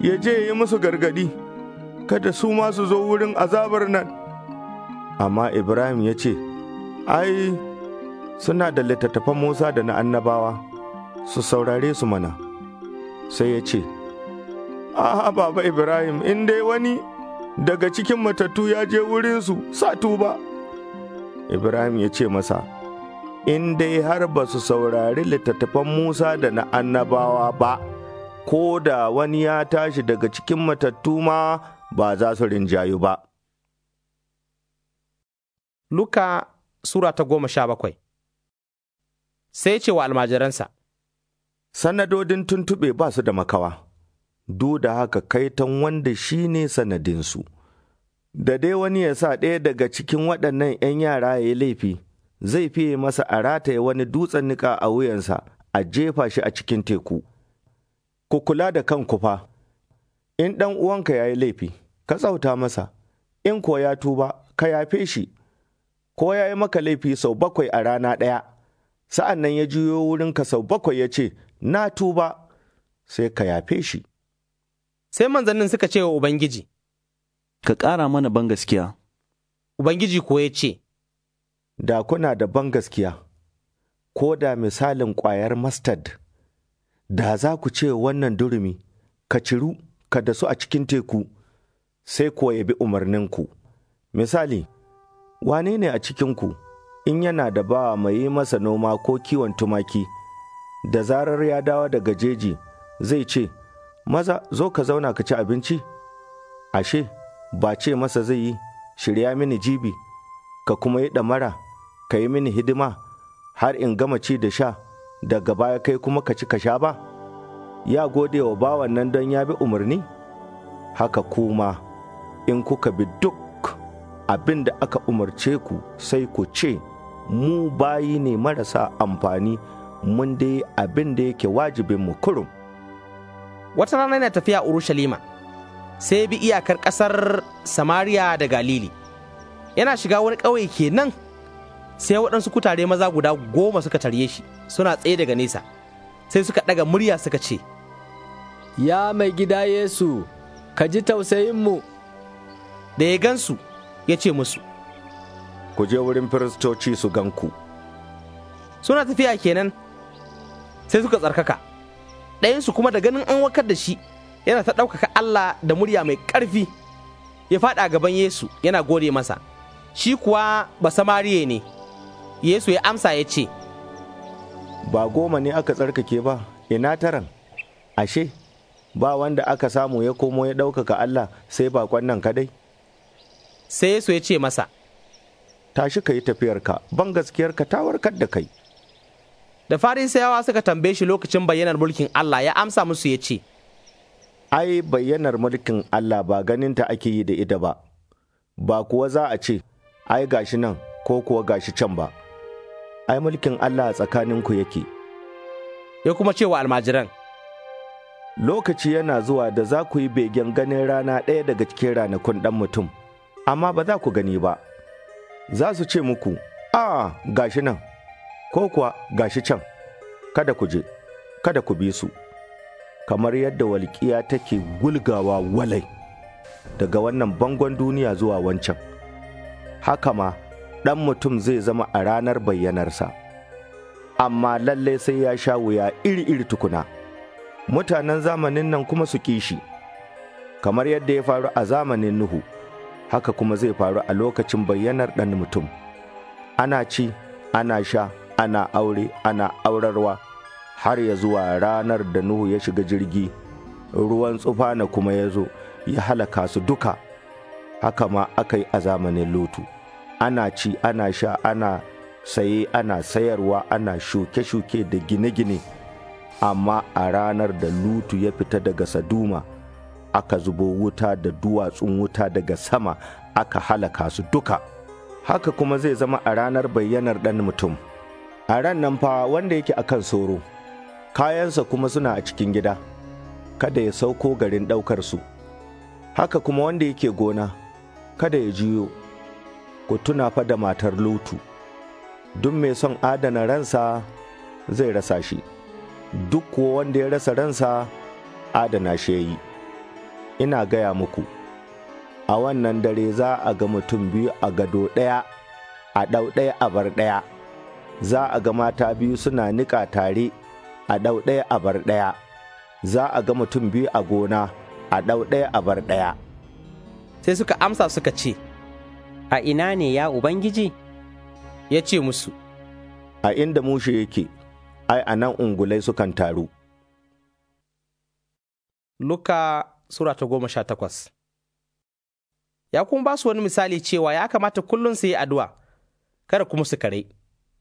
ya je yi musu gargadi, kada su ma su zo wurin azabar nan. Amma Ibrahim ya ce, Ai, suna da littattafan Musa da na annabawa, su saurare su mana. Sai ya ce, Aha, Baba Ibrahim, in dai wani daga cikin matattu ya je wurinsu, sa tuba. Ibrahim ya ce masa, in dai har ba su saurari littattafan Musa da na annabawa ba, ko da wani ya tashi daga cikin matattu ma ba za su rinjayu ba. Luka Sura ta goma sha bakwai Sai ce wa almajiransa, Sanadodin tuntuɓe ba su da makawa, du da haka kaitan wanda shi ne sanadinsu, da dai wani ya sa ɗaya daga cikin waɗannan ‘yan yara ya yi laifi. zai fiye masa a rataye wani dutsen niƙa a wuyansa a jefa shi a cikin teku. Ku kula da kanku fa, in ɗan uwanka ya yi laifi, ka tsauta masa, in ko ya tuba, ka yafe shi, ko ya yi maka laifi sau bakwai a rana ɗaya, sa'an nan ya juyo wurinka sau bakwai ya ce, Na tuba, sai ka yafe shi. Sai manzannin suka ce wa Ubangiji, Ka ƙara mana ban gaskiya. Ubangiji ko ya ce, da kuna da ban gaskiya, ko da misalin ƙwayar mustard, da za ku ce wannan durumi, ka ciru, ka dasu a cikin teku, sai ko ya bi umarninku. Misali, wane ne a cikinku in yana da bawa mai yi masa noma ko kiwon tumaki, da zarar ya dawo daga jeji zai ce, Maza zo ka zauna ka ci abinci? Ashe, ba ce masa zai yi, shirya mini jibi, ka kuma yi ɗamara. ka yi mini hidima har in gama ci da sha daga baya kai kuma ka ci ka sha ba ya gode wa bawan nan don ya bi umarni haka kuma in kuka bi duk abin da aka umarce ku sai ku ce mu bayi ne marasa amfani mun dai abin da yake wajibin mu kurum wata rana yana tafiya urushalima sai bi iyakar ƙasar samariya da galili yana shiga wani ƙauye kenan nan sai waɗansu kutare maza guda goma suka tarye shi suna tsaye daga nesa sai suka ɗaga murya suka ce ya mai gida yesu ka ji tausayinmu da ya gansu ya ce musu ku je wurin firistoci su ganku suna tafiya kenan sai suka tsarkaka ɗayansu kuma da ganin an wakar da shi yana ta ɗaukaka Allah da murya mai ƙarfi ya faɗa gaban Yesu yana gode masa, shi kuwa ba samariya ne. Yesu ya amsa ya ce, Ba goma ne aka tsarkake ba, ina taran, ashe, ba wanda aka samu ya komo ya ɗaukaka Allah sai baƙon nan kadai. Sai Yesu ya ce masa, Tashi ka yi tafiyarka, ban gaskiyarka ta warkar da kai. Da farisayawa suka tambaye shi lokacin bayyanar mulkin Allah ya amsa musu ya ce, Ai, bayyanar mulkin Allah ba ganin ta ake yi da ita ba, ba kuwa za a ce, Ai, gashi nan ko kuwa gashi can ba. ai mulkin Allah a tsakaninku yake. Ya kuma cewa almajiran, Lokaci yana zuwa da za ku yi begen ganin rana ɗaya daga cikin ranakun ɗan mutum, amma ba za ku gani ba. Za su ce muku, A gashi nan, ko kuwa gashi can, kada ku je, kada ku bi su, kamar yadda walƙiya take gulgawa walai daga wannan bangon duniya zuwa wancan. Haka ma, ɗan mutum zai zama a ranar bayyanarsa. Amma lalle sai ya sha wuya iri-iri tukuna, mutanen zamanin nan kuma su kishi, kamar yadda ya faru a zamanin Nuhu, haka kuma zai faru a lokacin bayyanar ɗan mutum. Ana ci, ana sha, ana aure, ana aurarwa, har ya zuwa ranar da Nuhu ya shiga jirgi, ruwan tsufana kuma ya zo, ya halaka su duka, haka ma aka yi a zamanin Lutu. ana ci ana sha ana saye ana sayarwa ana shuke-shuke da gine-gine amma a ranar da lutu ya fita daga saduma aka zubo wuta da duwatsun wuta daga sama aka halaka su duka haka kuma zai zama a ranar bayyanar ɗan mutum a ran nan fa wanda yake akan soro kayansa kuma suna a cikin gida kada ya sauko garin ɗaukarsu. haka kuma wanda yake gona kada ya jiyo ku tuna fa da matar lutu duk mai son adana ransa zai rasa shi duk kuwa wanda ya rasa ransa adana shi ya yi ina gaya muku a wannan dare za a ga mutum biyu a gado ɗaya a ɗau ɗaya a bar ɗaya za a ga mata biyu suna niƙa tare a ɗau ɗaya a bar ɗaya za a ga mutum biyu a gona a ɗau ɗaya a bar ɗaya sai suka amsa suka ce A ina ne ya Ubangiji? Ya ce musu, A inda mushe yake, ai, a nan ungulai sukan taru. Luka Sura ta goma sha takwas Ya kuma ba su wani misali cewa ya kamata kullum su yi addu'a, kada kuma su kare,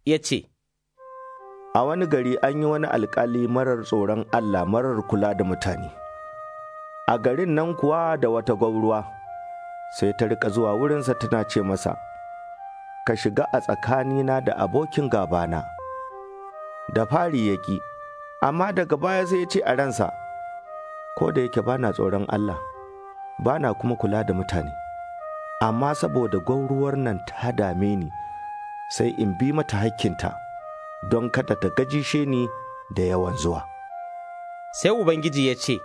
ya ce, A wani gari an yi wani alkali marar tsoron Allah marar kula da mutane. A garin nan kuwa da wata gwauruwa. sai ta rika zuwa wurinsa tana ce masa, Ka shiga a tsakanina da abokin gabana. Da fari ya ƙi, amma daga baya sai ya ce a ransa, Ko da yake bana tsoron Allah, bana kuma kula da mutane, amma saboda gwauruwar nan ta dame ni, sai in bi mata hakkinta, don kada ta gajishe ni da yawan zuwa. Sai Ubangiji ya ce,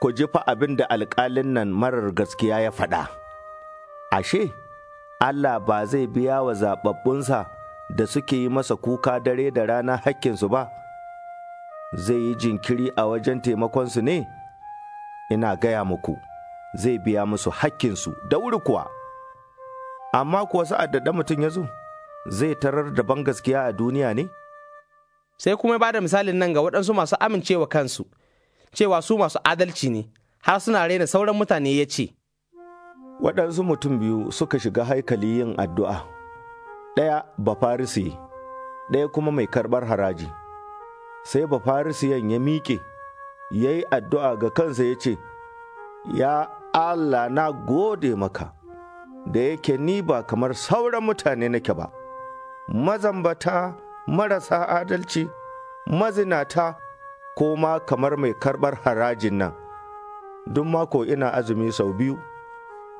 ku ji fa abin da alƙalin nan marar gaskiya ya faɗa. Ashe, Allah ba zai biya wa zaɓaɓɓunsa da suke yi masa kuka dare da rana hakkinsu ba, zai yi jinkiri a wajen taimakonsu ne? Ina gaya muku, zai biya musu hakkinsu da wuri kuwa. Amma kuwa sa'ad da mutum ya zo, zai tarar da gaskiya a duniya ne? Sai kuma ba da misalin nan ga waɗansu masu amincewa kansu. cewa su masu adalci ne har suna raina sauran mutane ya ce waɗansu mutum biyu suka shiga haikali yin addu'a ɗaya bafarisi ɗaya kuma mai karɓar haraji sai bafarisiyan ya miƙe ya yi addu'a ga kansa ya ce ya Allah na gode maka da yake ni ba kamar sauran mutane nake ba mazambata marasa adalci mazinata ko ma kamar mai karɓar harajin nan duk mako ina azumi sau biyu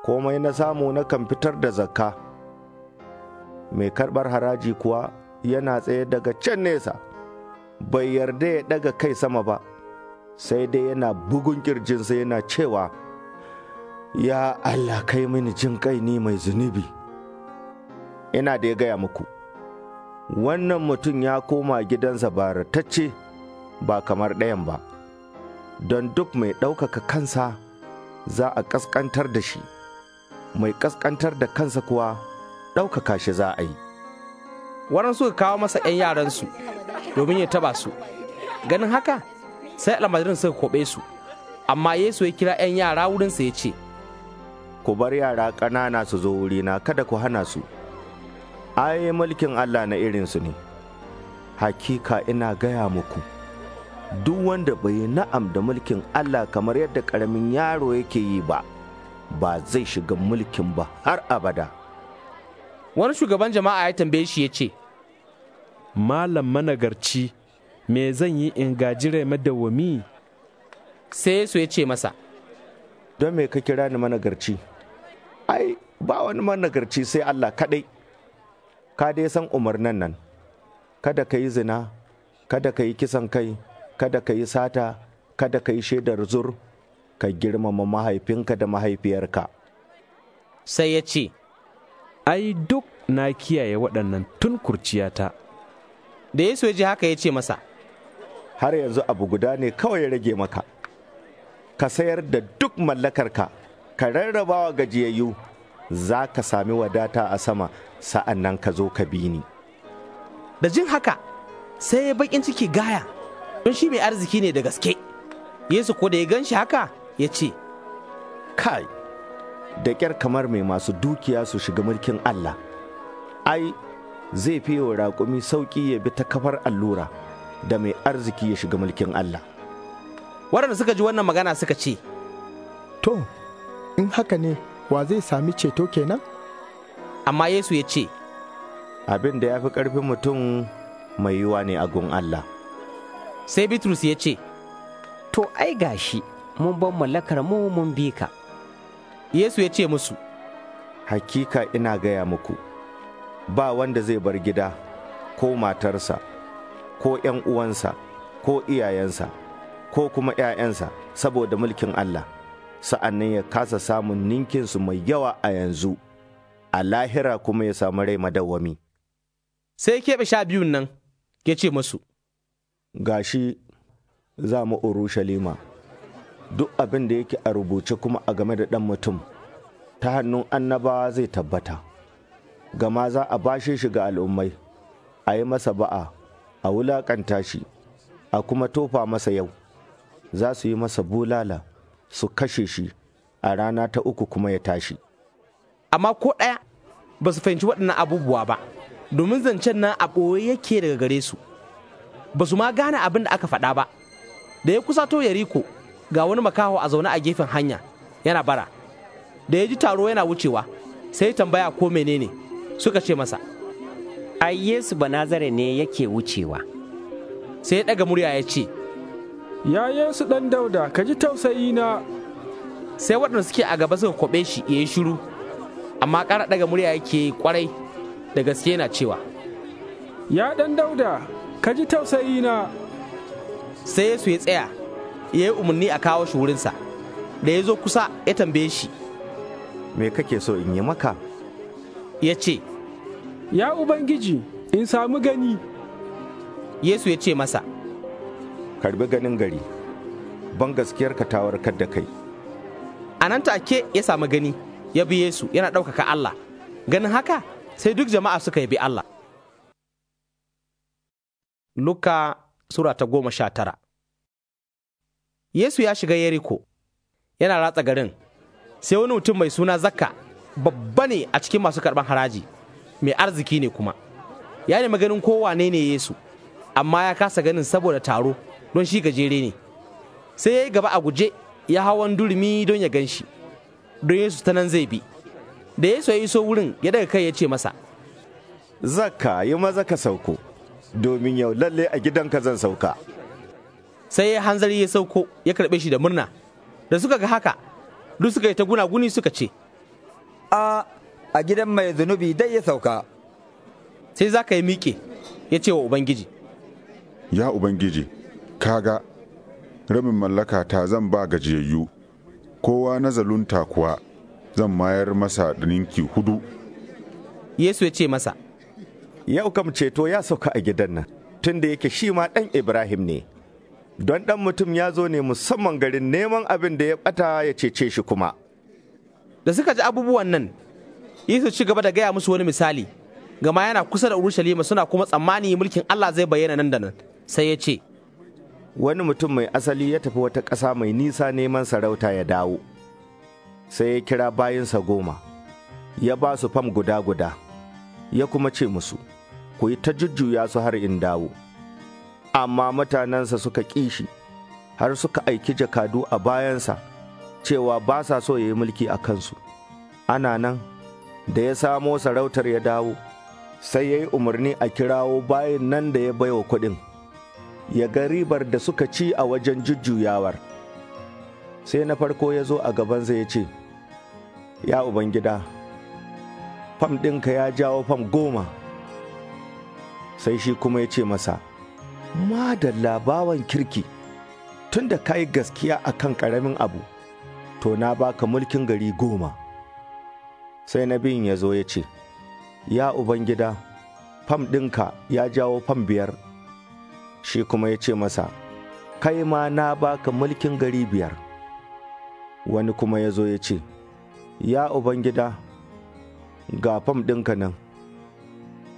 komai na samu na kan fitar da zakka mai karɓar haraji kuwa yana tsaye daga can nesa bai yarda ya daga kai sama ba sai dai yana bugun kirjinsa yana cewa ya Allah kai mini jin kai ni mai zunubi ina da ya gaya muku wannan mutum ya koma gidansa baratacce ba kamar ɗayan ba, don duk mai ɗaukaka kansa za a ƙasƙantar da shi, mai ƙasƙantar da kansa kuwa ɗaukaka shi za a yi. Waransu suka kawo masa ‘yan yaransu domin ya taba su, ganin haka sai almajirin suka koɓe su, amma Yesu ya kira ‘yan yara wurinsa ya ce, Ku bar yara ƙanana su zo wurina kada ku hana su, ai mulkin Allah na irinsu ne, hakika ina gaya muku. duk wanda bai yi na'am da mulkin Allah kamar yadda ƙaramin yaro yake yi ba, ba zai shiga mulkin ba har abada. Wani shugaban jama'a ya tambaye shi ya ce, Malam managarci, me zan yi in gaji rai madawami? Sai Yesu ya ce masa, Don me ka kira ni managarci? Ai, ba wani managarci sai Allah kaɗai. Ka dai san umarnan nan, kada ka yi zina, kada ka yi kisan kai. kada ka yi sata kada ka yi shaidar zur ka girmama mahaifinka da mahaifiyarka sai ya ce ai duk na kiyaye waɗannan tun kurciyata da yesu ya ji haka ya ce masa har yanzu abu guda ne kawai rage maka ka sayar da duk mallakarka ka rarraba wa gajiyayyu za ka sami wadata a sama sa'an nan ka zo ka bi ni da jin haka sai ya bakin ciki gaya don shi mai arziki ne da gaske yesu ko da ya gan shi haka ya ce kai da ƙyar kamar mai masu dukiya su shiga mulkin allah ai zai fi wa raƙumi sauƙi ya bi ta kafar allura da mai arziki ya shiga mulkin allah waɗanda suka ji wannan magana suka ce to in haka ne wa zai sami ceto kenan amma yesu ya ce abin da ya fi ƙarfin mutum mai yiwa ne a gun allah sai Bitrus ya ce, To, ai gashi, mun ban mallakar mu mun bi ka. Yesu ya ce musu, Hakika ina gaya muku, ba wanda zai bar gida, ko matarsa, ko ’yan uwansa, ko iyayensa, ko kuma ’ya'yansa, saboda mulkin Allah, sa'an nan ya kasa samun ninkinsu mai yawa a yanzu, a lahira kuma ya samu rai madawwami. Sai keɓe sha biyun nan, ya ce musu, gashi za mu Urushalima, duk abin da yake a rubuce kuma a game da ɗan mutum, ta hannun annabawa zai tabbata, gama za a bashe shi ga al'ummai, a yi masa ba'a, a wulaƙanta shi, a kuma tofa masa yau, za su yi masa bulala, su kashe shi, a rana ta uku kuma ya tashi. Amma ko ɗaya ba su fahimci waɗannan abubuwa ba, domin zancen nan a ɓoye yake daga gare su. ba su ma gane abin da aka faɗa ba da ya kusa to ya riko ga wani makaho a zaune a gefen hanya yana bara da ya ji taro yana wucewa sai tambaya ko menene suka ce masa ai yesu banazare ne yake wucewa sai ya ɗaga murya ya ce ya yesu ɗan dauda ka ji tausayi na sai waɗanda suke a gaba suka kwaɓe shi ya yi shiru amma ƙara ɗaga murya yake kwarai da gaske yana cewa ya ɗan dauda ka ji tausayi na sai yesu ya tsaya ya yi umarni a kawo shi wurinsa da ya zo kusa ya tambaye shi me kake so in yi maka ya ce ya ubangiji in samu gani yesu ya ce masa karbi ganin gari ban gaskiyarka ta warkar da kai a nan take ya samu gani ya bi yesu yana ɗaukaka allah ganin haka sai duk jama'a suka yabi allah Luka Sura ta goma sha tara Yesu ya shiga Yeriko, yana ratsa garin, sai wani mutum mai suna zakka babba ne a cikin masu karɓar haraji, mai arziki ne kuma. Ya nemi ganin kowane ne Yesu, amma ya kasa ganin saboda taro don shi gajere ne. Sai ya yi gaba a guje ya hawan durmi don ya gan shi, don Yesu ta nan zai bi. Da Yesu ya iso wurin ya daga kai ya ce masa, Zakka yi maza ka sauko. domin yau lalle a gidanka zan sauka. Sai ya hanzari ya sauko ya karɓe shi da murna, da suka ga haka duk suka yi ta gunaguni suka ce, A a gidan mai zunubi dai ya sauka. Sai za ka yi miƙe ya ce wa Ubangiji. Ya Ubangiji, kaga rabin mallaka ta zan ba gajiyayyu, kowa na zalunta kuwa zan mayar masa da ninki hudu. Yesu ya ce masa, yau kam ceto ya sauka a gidan nan tun da yake shi ma ɗan Ibrahim ne. Don ɗan mutum ya zo ne musamman garin neman abin da ya ɓata ya cece shi kuma. Da suka ji abubuwan nan, Yesu ci gaba da gaya musu wani misali, gama yana kusa da Urushalima suna kuma tsammani mulkin Allah zai bayyana nan da nan, sai ya ce. Wani mutum mai asali ya tafi wata ƙasa mai nisa neman sarauta ya dawo, sai ya kira bayinsa goma, ya ba su fam guda-guda, ya kuma ce musu. ku yi ta jujjuya su har in dawo. Amma mutanensa suka ƙi har suka aiki jakadu a bayansa, cewa ba sa so ya yi mulki a kansu. Ana nan, da ya samo sarautar ya dawo, sai ya yi umarni a kirawo bayan nan da ya baiwa kuɗin, ya ga ribar da suka ci a wajen jujjuyawar. Sai na farko ya zo a gabansa ya ce, Ya Ubangida, fam ɗinka ya jawo fam goma. sai shi kuma ya ce masa ma da labawan kirki tun da ka yi gaskiya a kan ƙaramin abu to na baka mulkin gari goma sai na biyun ya zo ya ce ya ubangida fam ɗinka ya jawo fam biyar shi kuma ya ce masa kai ma na baka mulkin gari biyar wani kuma ya zo ya ce ya ubangida ga fam ɗinka nan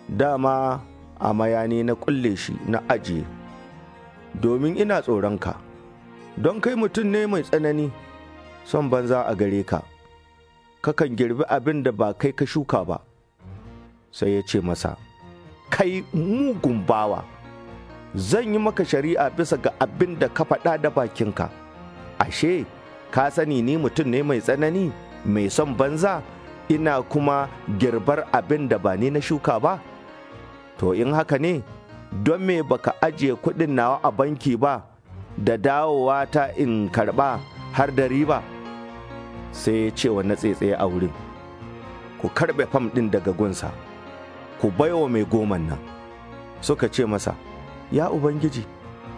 dama a mayani na kulle shi na ajiye, domin ina tsoronka, don kai mutum ne mai tsanani, son banza a gare ka, kakan girbi abin da ba kai ka shuka ba, sai ya ce masa, kai mugun bawa, zan yi maka shari'a bisa ga abin da ka faɗa da bakinka, ashe, ka sani ni mutum ne mai tsanani, mai son banza, ina kuma girbar abin da ba ni na shuka ba. to in haka ne don me baka ajiye kuɗin nawa a banki ba da dawowa ta in karɓa har da riba sai ya ce wa na a wurin ku karɓe fam ɗin daga gunsa ku baiwa mai goman nan suka ce masa ya ubangiji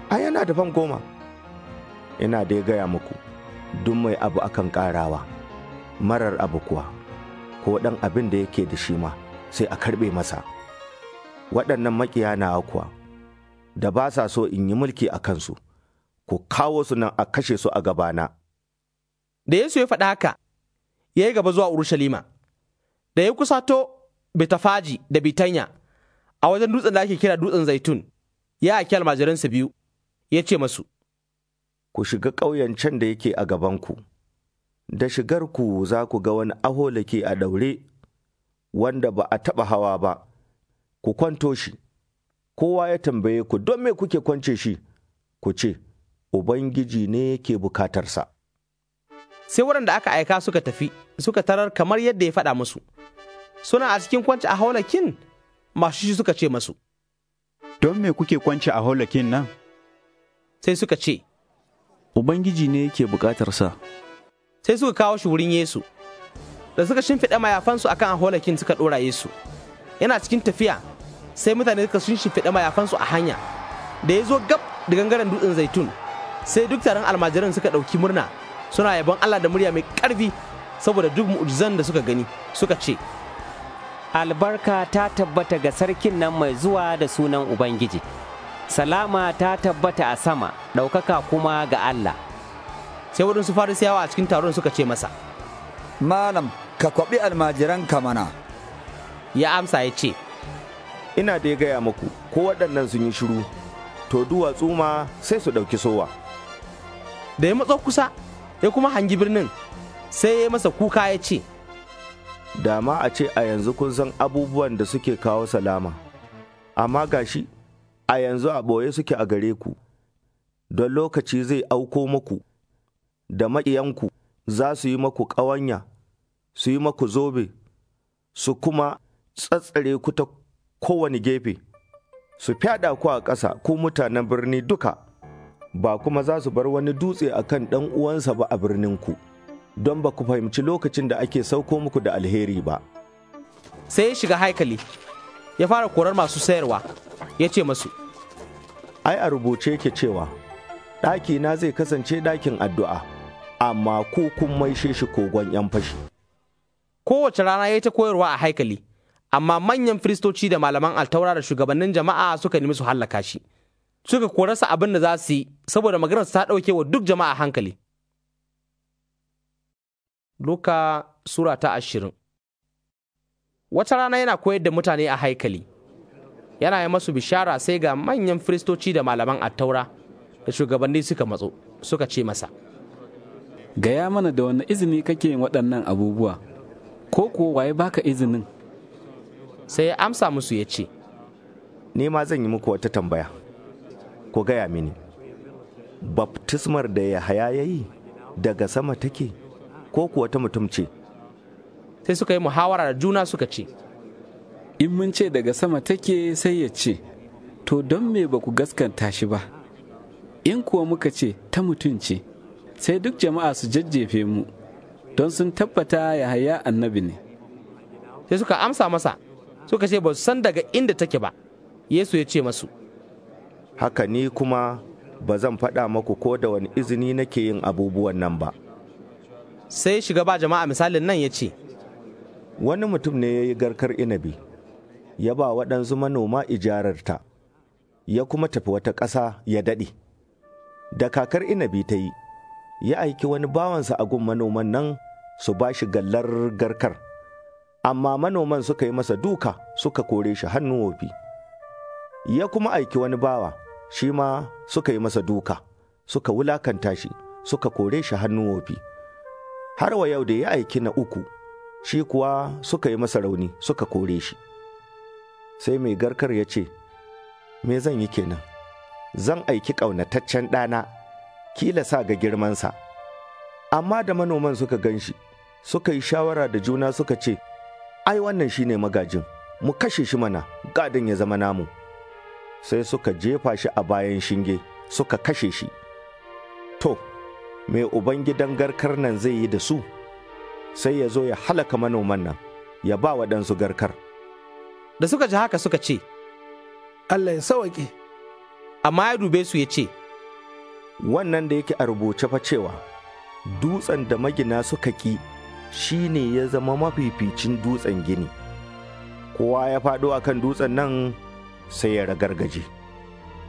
a yana da fam goma ina da ya gaya muku duk mai abu akan karawa, marar abu kuwa ko ɗan abin da yake da shi ma sai a karɓe masa waɗannan makiya na kuwa da ba sa so in yi mulki a kansu, ku kawo su nan a kashe su a gabana. Da Yesu ya faɗa haka, ya yi gaba zuwa Urushalima, da ya kusato Betafaji da Bitanya a wajen dutsen da ake kira dutsen zaitun, ya aki almajiransa biyu, ya ce masu, Ku shiga ƙauyen can da yake a gabanku, da shigarku za ku ga wani aholake a daure. wanda ba a taɓa hawa ba. ku kwanto shi, kowa ya tambaye ku don me kuke kwance shi, ku ce, Ubangiji ne yake bukatarsa. Sai waɗanda aka aika suka tafi, suka tarar kamar yadda ya faɗa musu, suna a cikin kwance a haulakin masu shi suka ce masu. Don me kuke kwance a haulakin nan? Sai suka ce, Ubangiji ne yake bukatarsa. Sai suka kawo shi wurin Yesu, da suka shimfiɗa mayafansu akan holakin suka ɗora Yesu. Yana cikin tafiya sai mutane suka sun shifiɗa mayafansu a hanya da ya zo gab da gangaren dutsen zaitun sai duk taron almajiran suka ɗauki murna suna yabon allah da murya mai ƙarfi saboda duk mu'ujizan da suka gani suka ce albarka ta tabbata ga sarkin nan mai zuwa da sunan ubangiji salama ta tabbata a sama ɗaukaka kuma ga allah sai waɗansu farisiyawa a cikin taron suka ce masa malam ka kwaɓi almajiran kamana ya amsa ya ce ina da ya gaya muku ko waɗannan sun yi shiru to duwatsu ma sai su ɗauki sowa da ya matsa kusa ya kuma hangi birnin sai ya masa kuka ya ce Dama a ce a yanzu kun san abubuwan da suke kawo salama amma gashi a yanzu a ɓoye suke a gare ku don lokaci zai auko muku da maƙiyanku za su yi maku ƙawanya su yi maku zobe su kuma tsatsare ku ta kowane gefe, su fyaɗa ku a ƙasa ko mutanen birni duka, ba kuma za su bar wani dutse a kan ɗan uwansa ba a birninku, don ba ku fahimci lokacin da ake sauko muku da alheri ba. Sai ya shiga haikali, ya fara korar masu sayarwa, ya ce masu. Ai a rubuce yake cewa, ɗakina zai kasance ɗakin addu'a, amma ko kun maishe shi kogon 'yan fashi. Kowace rana ya ta koyarwa a haikali. amma manyan firistoci da malaman altaura da shugabannin jama'a suka nemi su hallaka shi suka korasa abin da za su yi saboda maganar ta ɗauke wa duk jama'a hankali Luka Sura ta ashirin Wata rana yana koyar da mutane a haikali, yana yi masu bishara sai ga manyan firistoci da malaman attaura da shugabanni suka matso suka ce masa. Gaya mana da wani izini kake yin waɗannan abubuwa, ko kuwa waye baka izinin? sai ya amsa musu ya ce ni ma zan yi muku wata tambaya ku gaya mini Baptismar da yahaya ya yi daga sama take ko kuwa ta mutum ce sai suka yi muhawara da juna suka ce in mun ce daga sama take sai ya ce to don me ba ku gaskanta shi ba in kuwa muka ce ta mutum ce sai duk jama'a su jajjefe mu don sun tabbata yahaya annabi ne sai suka amsa masa suka ce ba su san daga inda take ba yesu ya ce masu haka ni kuma ba zan faɗa maku ko da wani izini nake yin abubuwan nan ba sai shiga ba jama'a misalin nan ya ce wani mutum ne ya yi garkar inabi ya ba waɗansu manoma ijararta ya kuma tafi wata ƙasa ya daɗe da kakar inabi ta yi ya aiki wani bawansa a gun manoman nan su ba shi gallar garkar amma manoman suka yi masa duka suka kore shi hannu wofi. Ya kuma aiki wani bawa, shi ma suka yi masa duka, suka wulakanta shi, suka kore shi hannu wofi. Har wa yau da ya aiki na uku, shi kuwa suka yi masa rauni suka kore shi. Sai mai garkar ya ce, Me zan yi kenan, zan aiki ƙaunataccen ɗana, kila sa ga girmansa. Amma da manoman suka gan shi, suka yi shawara da juna suka ce, ai wannan shine magajin mu kashe shi mana gadon ya zama namu sai suka jefa shi a bayan shinge suka kashe shi to mai ubangidan garkar nan zai yi da su sai ya zo ya halaka manoman nan ya ba waɗansu garkar da suka ji haka suka ce allah ya sawaƙe amma ya dube su ya ce wannan da yake a rubuce fa cewa dutsen da magina suka ki shi ne ya zama mafificin dutsen gini kowa ya faɗo a kan dutsen nan sai ya ragargaje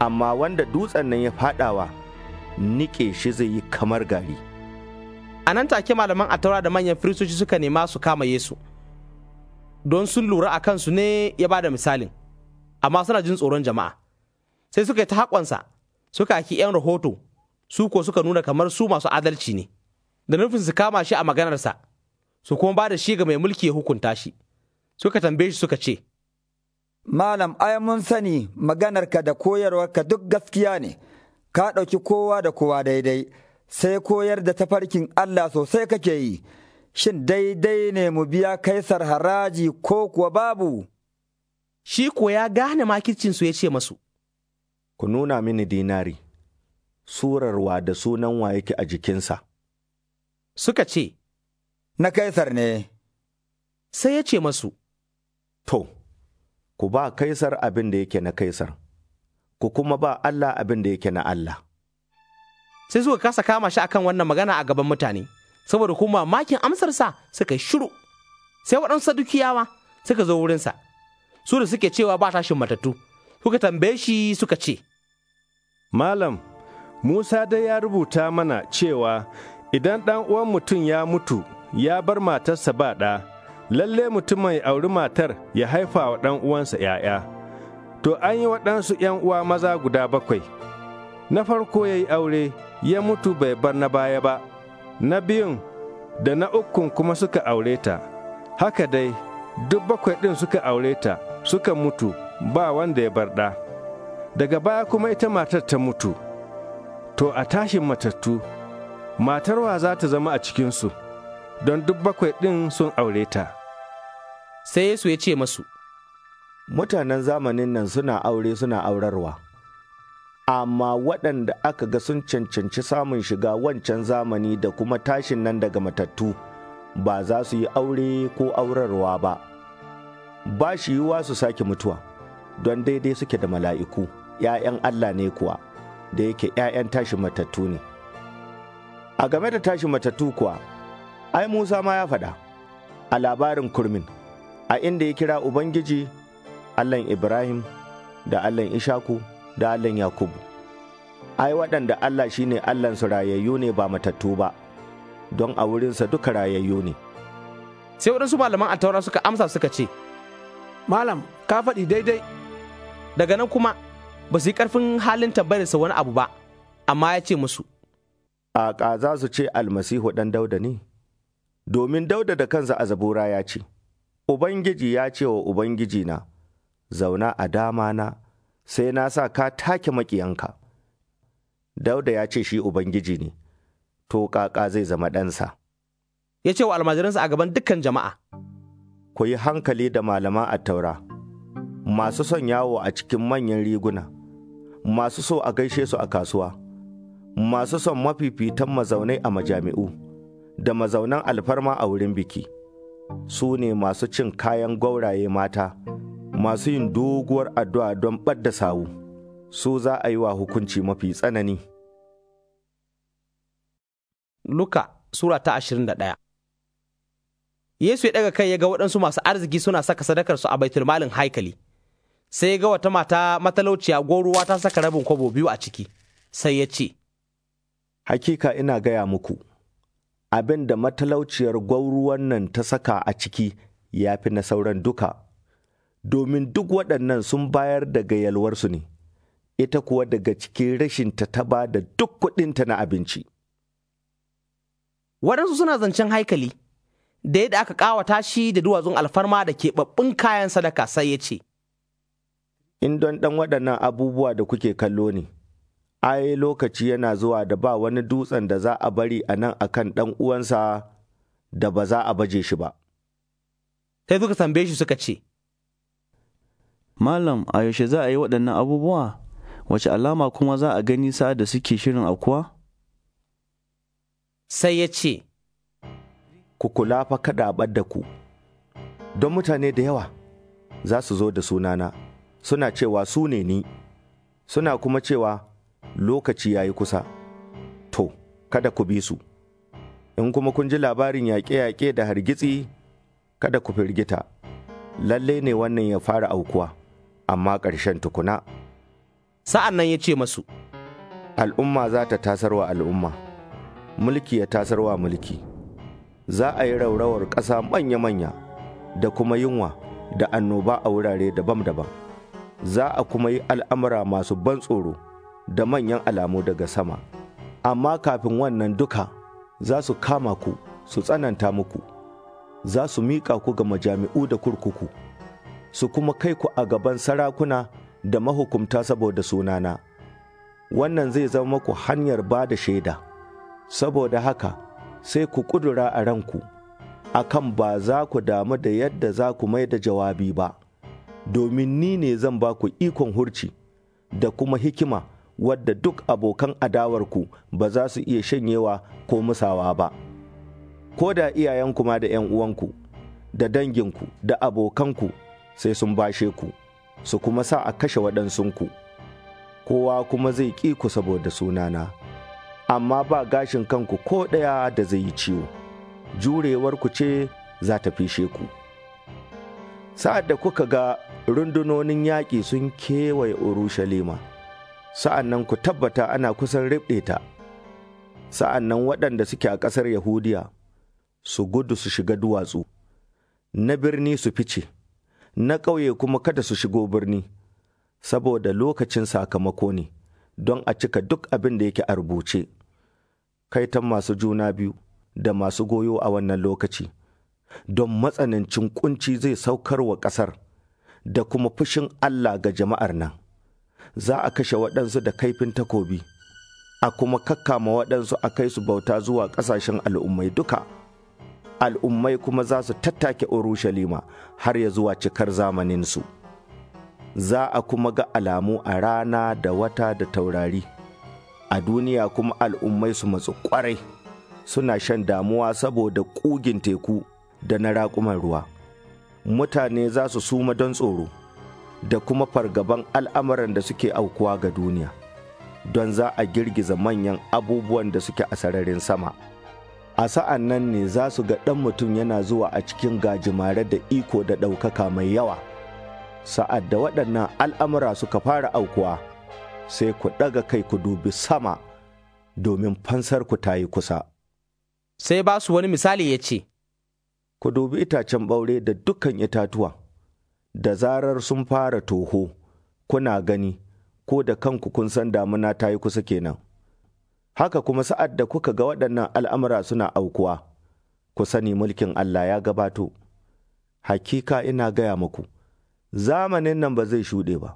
amma wanda dutsen nan ya faɗawa niƙe shi zai yi kamar gari a nan take malaman a taura da manyan firistoci suka nema su kama yesu don sun lura a kansu ne ya ba da misalin amma suna jin tsoron jama'a sai suka yi ta haƙonsa suka haƙi 'yan rahoto su ko suka nuna kamar su masu adalci ne da nufin su kama shi a maganarsa su kuma ba da shi ga mai mulki ya hukunta shi suka tambaye shi suka ce malam ai mun sani maganarka da koyarwarka duk gaskiya ne ka ɗauki kowa da kowa daidai sai koyar da tafarkin Allah sosai kake yi shin daidai ne mu biya kaisar haraji ko kuwa babu shi ko ya gane makircinsu ya ce masu ku nuna mini dinari surarwa da sunan wa yake a jikinsa suka ce na Kaisar ne. Sai ya ce masu, To, ku ba Kaisar abin da yake na Kaisar, ku kuma ba Allah abin da yake na Allah. Sai suka kasa kama shi akan wannan magana a gaban mutane, saboda kuma makin amsarsa suka shiru. Sai waɗansu sadukiyawa suka zo wurinsa, su da suke cewa ba tashin matattu, suka tambaye shi suka ce, Malam, Musa dai ya rubuta mana cewa idan ɗan uwan mutum ya mutu ya bar matarsa ba ɗa, lalle mutum mai auri matar ya haifa wa ɗan uwansa ‘ya'ya. To an yi waɗansu ‘yan uwa maza guda bakwai, na farko ya yi aure ya mutu bai bar na baya ba, na biyun da na ukun kuma suka aure ta, haka dai duk bakwai ɗin suka aure ta suka mutu ba wanda ya bar ɗa. Daga baya kuma ita matar ta mutu, to a tashin matattu, matar za ta zama a cikinsu. don duk bakwai ɗin sun aure ta. Sai Yesu ya ce masu, Mutanen zamanin nan suna aure suna aurarwa, amma waɗanda aka ga sun cancanci samun shiga wancan zamani da kuma tashin nan daga matattu ba za su yi aure ko aurarwa ba, ba shi yiwuwa su sake mutuwa, don daidai suke da mala'iku, ‘ya'yan Allah ne kuwa, da yake ‘ya'yan tashin matattu ne. A game da tashin matattu kuwa, ai Musa ma ya faɗa a labarin kurmin a inda ya kira Ubangiji Allahn Ibrahim da Allahn Ishaku da Allahn Yakubu. Ai waɗanda Allah shi ne Allahnsu rayayyu ne ba matattu ba, don a wurinsa duka rayayyu ne. Sai waɗansu malaman a taura suka amsa suka ce, Malam, ka faɗi daidai. Daga nan kuma ba su yi ƙarfin halin tambayarsa wani abu ba, amma ya ce musu. A ƙaza su ce almasihu ɗan dauda ne? domin dauda da kansa a zabura ya ce, Ubangiji ya ce wa na, zauna a dama na, sai na sa ka take maƙiyanka. Dauda ya ce shi Ubangiji ne, to ƙaƙa zai zama ɗansa. Ya ce wa almajiransa a gaban dukkan jama'a. Ku yi hankali da a attaura, masu son yawo a cikin manyan riguna, masu so a gaishe su a kasuwa, masu son mafifitan mazaunai a majami'u. da mazaunan alfarma a wurin biki. Su ne masu cin kayan gwauraye mata, masu yin doguwar addu'a don ɓadda sawu, su za a yi wa hukunci mafi tsanani. Luka Sura ta ashirin da ɗaya Yesu ya ɗaga kai ya ga waɗansu masu arziki suna saka sadakarsu a baitulmalin haikali, sai ya ga wata mata matalauciya goruwa ta saka rabin kwabo biyu a ciki, sai ya ce, Hakika ina gaya muku. abin da matalauciyar gwauruwan nan ta saka a ciki ya fi na sauran duka, domin duk waɗannan sun bayar daga yalwarsu ne, ita kuwa daga cikin rashin ta taba da duk kuɗinta na abinci. Waɗansu suna zancen haikali, da yadda aka ƙawata shi da duwatsun alfarma da keɓaɓɓun kayan sadaka sai ya ce. In don ɗan waɗannan abubuwa da kuke kallo ne. ai lokaci yana zuwa da ba wani dutsen da za a bari a nan akan ɗan uwansa da ba za a baje shi ba. Sai suka tambaye shi suka ce, Malam a yaushe za a yi waɗannan abubuwa, wace alama kuma za a gani sa da suke shirin akuwa? Sai ya ce, Ku kula fa kada da ku, don mutane da yawa za su zo da sunana, suna cewa su ne ni, suna kuma cewa lokaci ya yi kusa, to, kada ku bi su, in kuma kun ji labarin yaƙe-yaƙe da hargitsi, kada ku firgita, lalle ne wannan ya fara aukuwa, amma ƙarshen tukuna. Sa'an nan ya ce masu, Al'umma za ta tasarwa al'umma, mulki ya tasarwa mulki, za a yi raurawar ƙasa manya-manya da kuma yunwa da annoba a wurare daban daban za a kuma yi al'amura masu ban tsoro. da manyan alamu daga sama, amma kafin wannan duka za su kama ku su tsananta muku, za su miƙa ku ga majami'u da kurkuku, su kuma kai ku a gaban sarakuna da mahukumta saboda sunana. Wannan zai zama muku hanyar ba da shaida, saboda haka sai ku ƙudura a ranku, a kan ba za ku damu da yadda za ku mai da jawabi ba, domin ni ne zan ba ku ikon hurci da kuma hikima. wadda duk abokan adawarku ba za su iya shanyewa ko musawa ba. Ko da iyayenku ma da ‘yan uwanku, da danginku, da abokanku sai sun bashe ku, su kuma sa a kashe waɗansunku, kowa kuma zai ƙi ku saboda sunana, amma ba gashin kanku ko ɗaya da zai yi ciwo, jurewarku ce za ta fishe ku. Sa'ad da kuka ga rundunonin yaƙi sun kewaye Urushalima. sa'an nan ku tabbata ana kusan riɓe ta, sa'an nan waɗanda suke a ƙasar Yahudiya su gudu su shiga duwatsu, na birni su fice, na ƙauye kuma kada su shigo birni, saboda lokacin sakamako ne don a cika duk abin da yake a rubuce. Kaitan masu juna biyu da masu goyo a wannan lokaci, don matsanancin kunci zai saukar wa ƙasar da kuma fushin Allah ga jama'ar nan. za a kashe waɗansu da kaifin takobi, a kuma kakkama waɗansu a kai su bauta zuwa ƙasashen al'ummai duka. Al'ummai kuma za su tattake Urushalima har ya zuwa cikar zamaninsu. Za a kuma ga alamu a rana da wata da taurari, a duniya kuma al'ummai su matsu ƙwarai, suna shan damuwa saboda ƙugin teku da na raƙuman ruwa. Mutane za su suma don tsoro. da kuma fargaban al'amuran da suke aukuwa ga duniya, don za a girgiza manyan abubuwan da suke a sararin sama. A sa'an nan ne za su ga ɗan mutum yana zuwa a cikin gajimare da iko da ɗaukaka mai yawa. Sa'ad da waɗannan al'amura suka fara aukuwa, sai ku ɗaga kai ku dubi sama domin fansar ku ta yi kusa. Sai ba su wani misali ya ce, Ku dubi itacen ɓaure da dukkan itatuwa. da zarar sun fara toho, kuna gani, ko da kanku kun san damuna ta yi kusa kenan. Haka kuma sa'ad da kuka ga waɗannan al'amura suna aukuwa, ku sani mulkin Allah ya gabato. Hakika ina gaya muku, zamanin nan ba zai shuɗe ba,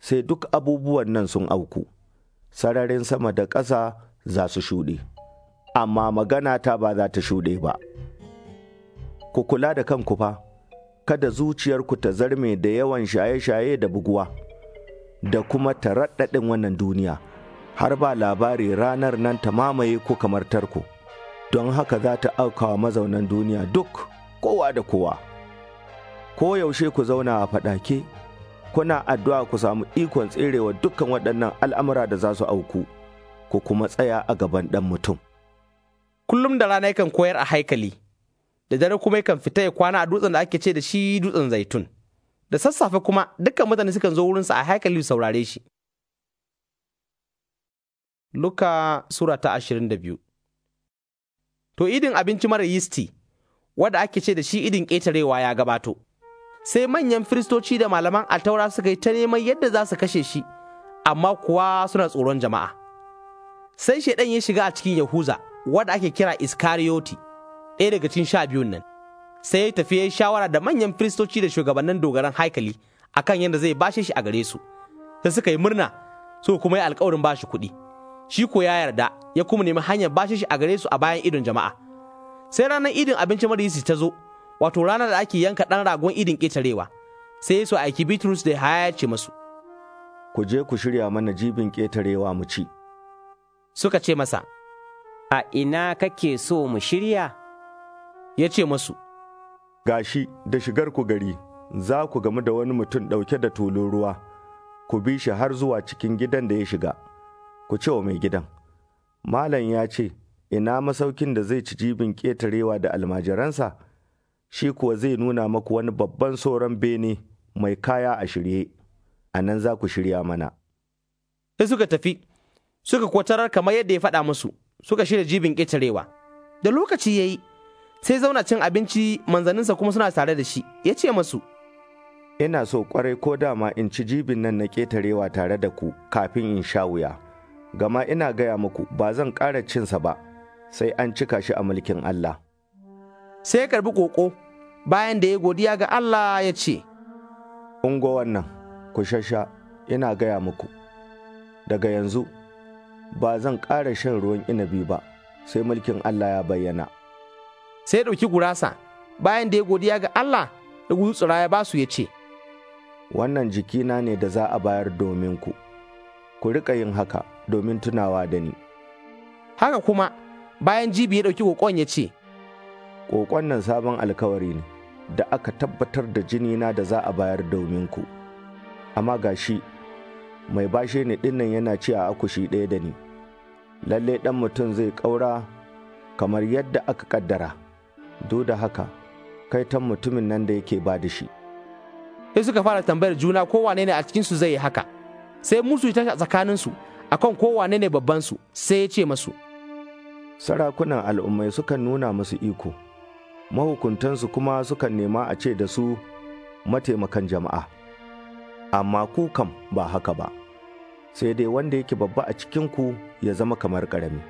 sai duk abubuwan nan sun auku, sararin sama da ƙasa za su shuɗe, amma magana ta ba za ta shuɗe ba. Ku kula da kanku fa. kada zuciyarku ta zarme da yawan shaye-shaye da buguwa, da kuma ta raɗaɗin wannan duniya, har ba labari ranar nan ta mamaye ku kamar tarko, don haka za ta aukawa mazaunan duniya duk kowa da kowa. Ko yaushe ku zauna a faɗake, kuna addu'a ku samu ikon tserewa dukkan waɗannan al'amura da za su auku, ku kuma tsaya a gaban ɗan mutum. Kullum da rana yakan koyar a haikali. da dare kuma yakan fita ya kwana a dutsen da ake ce da shi dutsen zaitun da sassafe kuma dukkan mutane sukan zo wurinsa a haikali saurare shi Luka Sura ta ashirin da biyu To idin abinci mara yisti, wadda ake ce da shi idin ƙetarewa ya gabato. Sai manyan firistoci da malaman altaura suka yi ta neman yadda za su kashe shi, amma kuwa suna tsoron jama'a. Sai shaidan ya shiga a cikin Yahuza, wadda ake kira Iskarioti. ɗaya daga cikin sha biyun nan sai ya tafi ya yi shawara da manyan firistoci da shugabannin dogaran haikali akan yadda zai bashe shi a gare su sai suka yi murna so kuma yi alkawarin bashi kuɗi shi ko ya yarda ya kuma nemi hanyar bashe shi a gare su a bayan idon jama'a sai ranar idin abincin maraisu ta zo wato ranar da ake yanka ɗan ragon idin ƙetarewa sai ya so aiki bitrus da ya ce masu ku je ku shirya mana jibin ƙetarewa mu ci suka ce masa a ina kake so mu shirya ya ce masu, Gashi da shigar ku gari, za ku gamu da wani mutum ɗauke da tulun ruwa, ku bi shi har zuwa cikin gidan da ya shiga, ku ce wa mai gidan. Malam ya ce, Ina masaukin da zai ci jibin ƙetarewa da almajiransa, shi kuwa zai nuna maku wani babban sauran bene mai kaya a shirye, a nan za ku shirya mana. Sai suka tafi, suka kwatarar kamar yadda ya faɗa musu, suka shirya jibin ƙetarewa. Da lokaci ya yi, sai zauna cin abinci manzaninsa kuma suna tare da shi ya ce masu ina so kwarai ko dama in ci jibin nan na ƙetarewa tare da ku kafin in sha wuya gama ina gaya muku ba zan ƙara cinsa ba sai an cika shi a mulkin Allah sai ya karbi ƙoƙo bayan da ya godiya ga Allah ya ce ungo wannan ku shasha ina gaya muku daga yanzu ba zan ƙara shan ruwan inabi ba sai mulkin Allah ya bayyana sai ya ɗauki gurasa bayan da ya godiya ga Allah da gutsura ya ba su ya ce, Wannan jikina ne da za a bayar domin ku, ku riƙa yin haka domin tunawa da ni. Haka kuma bayan jibi ya ɗauki kokon ya ce, Ƙoƙon nan sabon alkawari ne da aka tabbatar da jinina da za a bayar domin ku, amma ga shi mai bashe ni ɗinnan yana ci a akushi ɗaya da ni, lalle ɗan mutum zai ƙaura kamar yadda aka ƙaddara. do da haka kai tan mutumin nan da yake ba da shi sai suka fara tambayar juna ko wane ne a cikinsu zai yi haka sai musu ta tsakaninsu akan wane ne babbansu sai ya ce masu sarakunan al'ummai suka nuna musu iko mahukuntansu kuma suka nema a ce da su mataimakan jama'a amma ku kam ba haka ba sai dai wanda yake babba a cikinku ya zama kamar ƙarami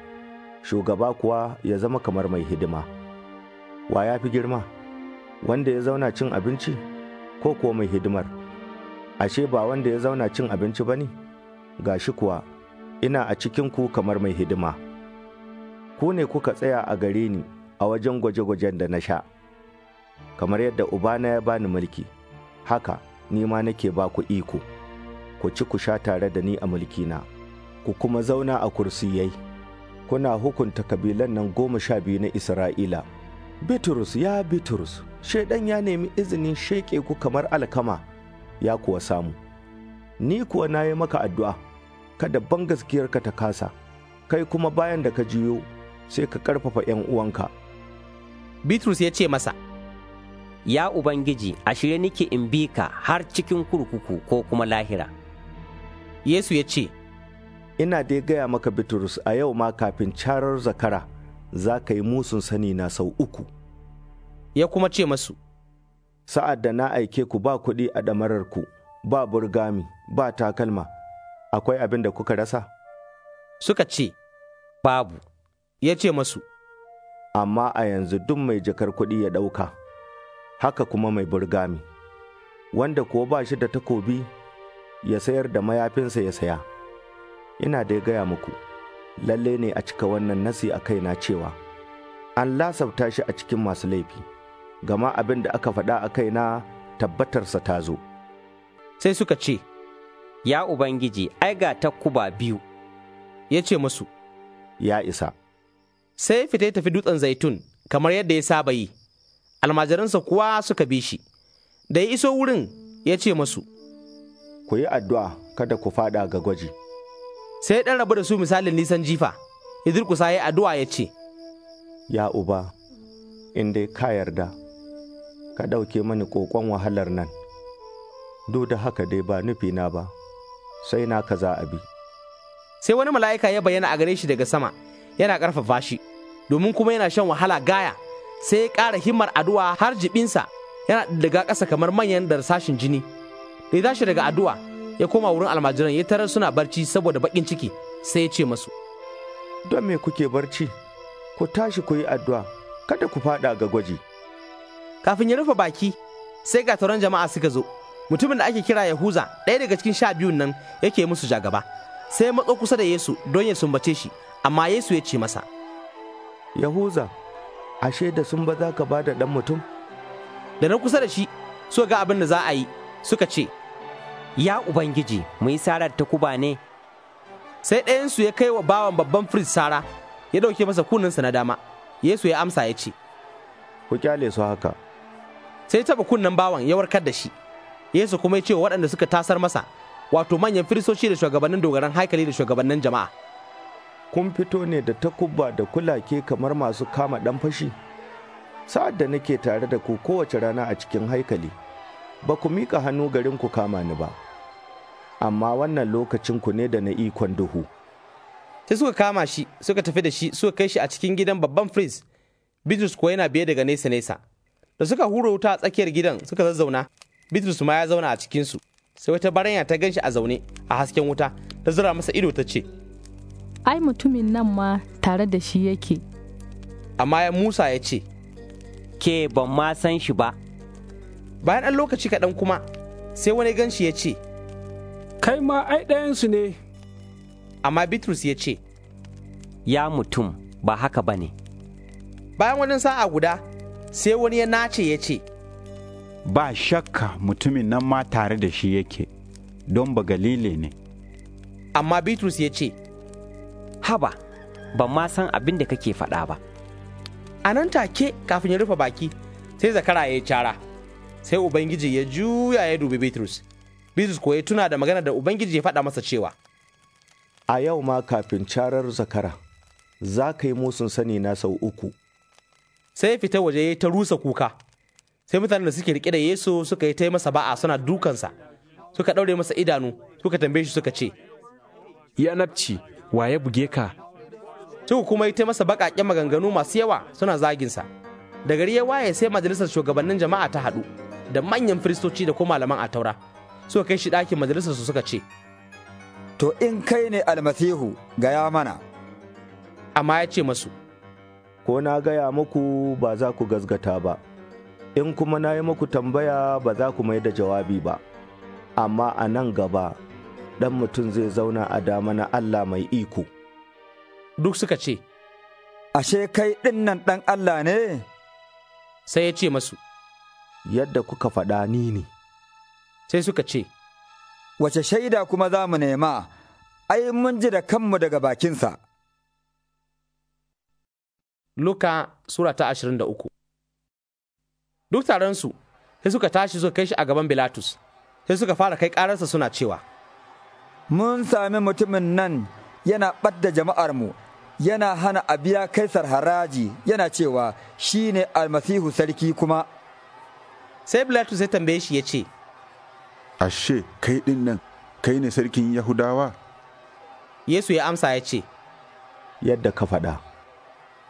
shugaba kuwa ya zama kamar mai hidima. wa ya fi girma wanda ya zauna cin abinci ko kuwa mai hidimar ashe ba wanda ya zauna cin abinci ba ne Ga shi kuwa ina a cikinku kamar mai hidima ku ne kuka tsaya a gare ni a wajen gwaje-gwajen da na sha kamar yadda ubana ya bani mulki haka ni ma nake ba ku iko ku ci ku sha tare da ni a mulkina ku kuma zauna a kursiyai kuna hukunta kabilan nan goma sha biyu na isra'ila Bitrus ya Bitrus, shaidan ya nemi izinin sheƙe ku kamar alkama, ya kuwa samu. Ni kuwa na yi maka addu'a, kada ban gaskiyarka ta kasa, kai kuma bayan da ka jiyo sai ka ƙarfafa ‘yan uwanka. Bitrus ya ce masa, Ya Ubangiji, a shirye nike in bi ka har cikin kurkuku ko kuma lahira. Yesu ya ce, Ina dai gaya maka Bitrus a yau ma kafin carar zakara. za ka yi musun sani na sau uku. Ya kuma ce masu, Sa'ad da na aike ku ba kuɗi a ɗamararku, ba burgami, ba takalma, akwai abin da kuka rasa? Suka ce, Babu, ya ce masu, Amma a yanzu duk mai jakar kuɗi ya ɗauka, haka kuma mai burgami, wanda kuwa ba shi da takobi ya sayar da mayafinsa ya saya, ina dai gaya muku. lalle ne a cika wannan nasi a kaina cewa, An lasafta shi a cikin masu laifi, gama abin da aka faɗa a kaina tabbatarsa ta zo. Sai suka ce, Ya Ubangiji, ai ga takuba biyu, ya ce musu, Ya isa. Sai fita ya tafi dutsen zaitun, kamar yadda ya saba yi, almajiransa kuwa suka bi shi, da ya iso wurin ya ce musu, Ku yi addu'a kada ku faɗa ga gwaji. sai ɗan rabu da su misalin nisan jifa ya durkusa ya addu'a ya ce ya uba in dai ka yarda ka ɗauke mani ƙoƙon wahalar nan duk da haka dai ba nufina ba sai na kaza a bi sai wani mala'ika ya bayyana a gare shi daga sama yana ƙarfafa shi domin kuma yana shan wahala gaya sai ya ƙara himmar addu'a har jibinsa yana daga ƙasa kamar manyan darsashin jini da ya tashi daga addu'a ya koma wurin almajiran ya tarar suna barci saboda bakin ciki sai ya ce masu don me kuke barci ku tashi ku yi addu'a kada ku fada ga gwaji kafin ya rufe baki sai ga taron jama'a suka zo mutumin da ake kira yahuza ɗaya daga cikin sha biyun nan yake musu jagaba sai ya matso kusa da yesu don ya sumbace shi amma yesu ya ce masa yahuza ashe da sun ba za ka ba da ɗan mutum da na kusa da shi so ga abin da za a yi suka ce ya Ubangiji mu yi sarar ta kuba ne sai ɗayansu ya kai wa bawan babban firist sara ya ɗauke masa sa na dama yesu ya amsa ya ce ku kyale su haka sai taba kunnan bawan ya warkar da shi yesu kuma ya ce wa waɗanda suka tasar masa wato manyan firistoci da shugabannin dogaran haikali da shugabannin jama'a kun fito ne da takuba da kulake kamar masu kama ɗan fashi sa'ad da nake tare da ku kowace rana a cikin haikali ba ku miƙa hannu garin ku kama ni ba amma wannan lokacin ku ne da na ikon duhu. Sai suka kama shi suka tafi da shi suka kai shi a cikin gidan babban fris Bitrus kuwa yana biye daga nesa-nesa. Da suka hura wuta a tsakiyar gidan suka zazzauna, Bitrus ma ya zauna a cikinsu. Sai wata baranya ta gan shi a zaune a hasken wuta ta zura masa ido ta ce, Ai mutumin nan ma tare da shi yake. Amma ya Musa ya ce, Ke ban ma san shi ba. Bayan ɗan lokaci kaɗan kuma sai wani gan shi ya ce, kai ma ai ɗayansu ne. Amma Bitrus ya ce, Ya mutum ba haka ba ne. Bayan wani sa'a guda, sai wani ya nace ya ce, Ba shakka mutumin nan ma tare da shi yake, don ba galile ne. Amma Bitrus ya ce, Haba, ban ma san abin da kake faɗa ba. A nan take kafin ya rufe baki, sai zakara ya yi cara, sai Ubangiji ya juya ya dubi Bitrus. Bitrus kuwa tuna da magana da Ubangiji ya faɗa masa cewa. A yau ma kafin carar zakara, za ka yi musun sani na sau uku. Sai ya fita waje ya ta rusa kuka, sai mutanen da suke riƙe da Yesu suka yi ta yi masa ba'a suna dukansa, suka ɗaure masa idanu, suka tambaye shi suka ce. Yanabci, wa ya buge ka? Suka kuma yi ta masa baƙaƙen maganganu masu yawa suna zaginsa. Da gari ya waye sai majalisar shugabannin jama'a ta haɗu, da manyan firistoci da kuma malaman a taura. suka kai shi ɗakin majalisar su suka ce, To in kai ne almasihu gaya mana. Amma ya ce masu, Ko na gaya muku ba za ku gazgata ba, in kuma na yi muku tambaya ba za ku mai da jawabi ba, amma a nan gaba ɗan mutum zai zauna a dama na Allah mai iko. Duk suka ce, Ashe kai ɗin nan ɗan Allah ne? Sai ya ce masu, Yadda kuka faɗa ni ne. sai suka ce, Wace shaida kuma za mu nema, ai mun ji da kanmu daga bakinsa. Luka Sura ta ashirin da Duk taronsu sai suka tashi zo kai shi a gaban Bilatus, sai suka fara kai ƙararsa suna cewa, Mun sami mutumin nan yana ɓadda jama'armu, yana hana a biya kaisar haraji, yana cewa shi ne almasihu sarki kuma. Sai Bilatus ya tambaye shi ya ce, ashe kai ɗin nan kai ne sarkin yahudawa yesu ya amsa ya ce yadda ka faɗa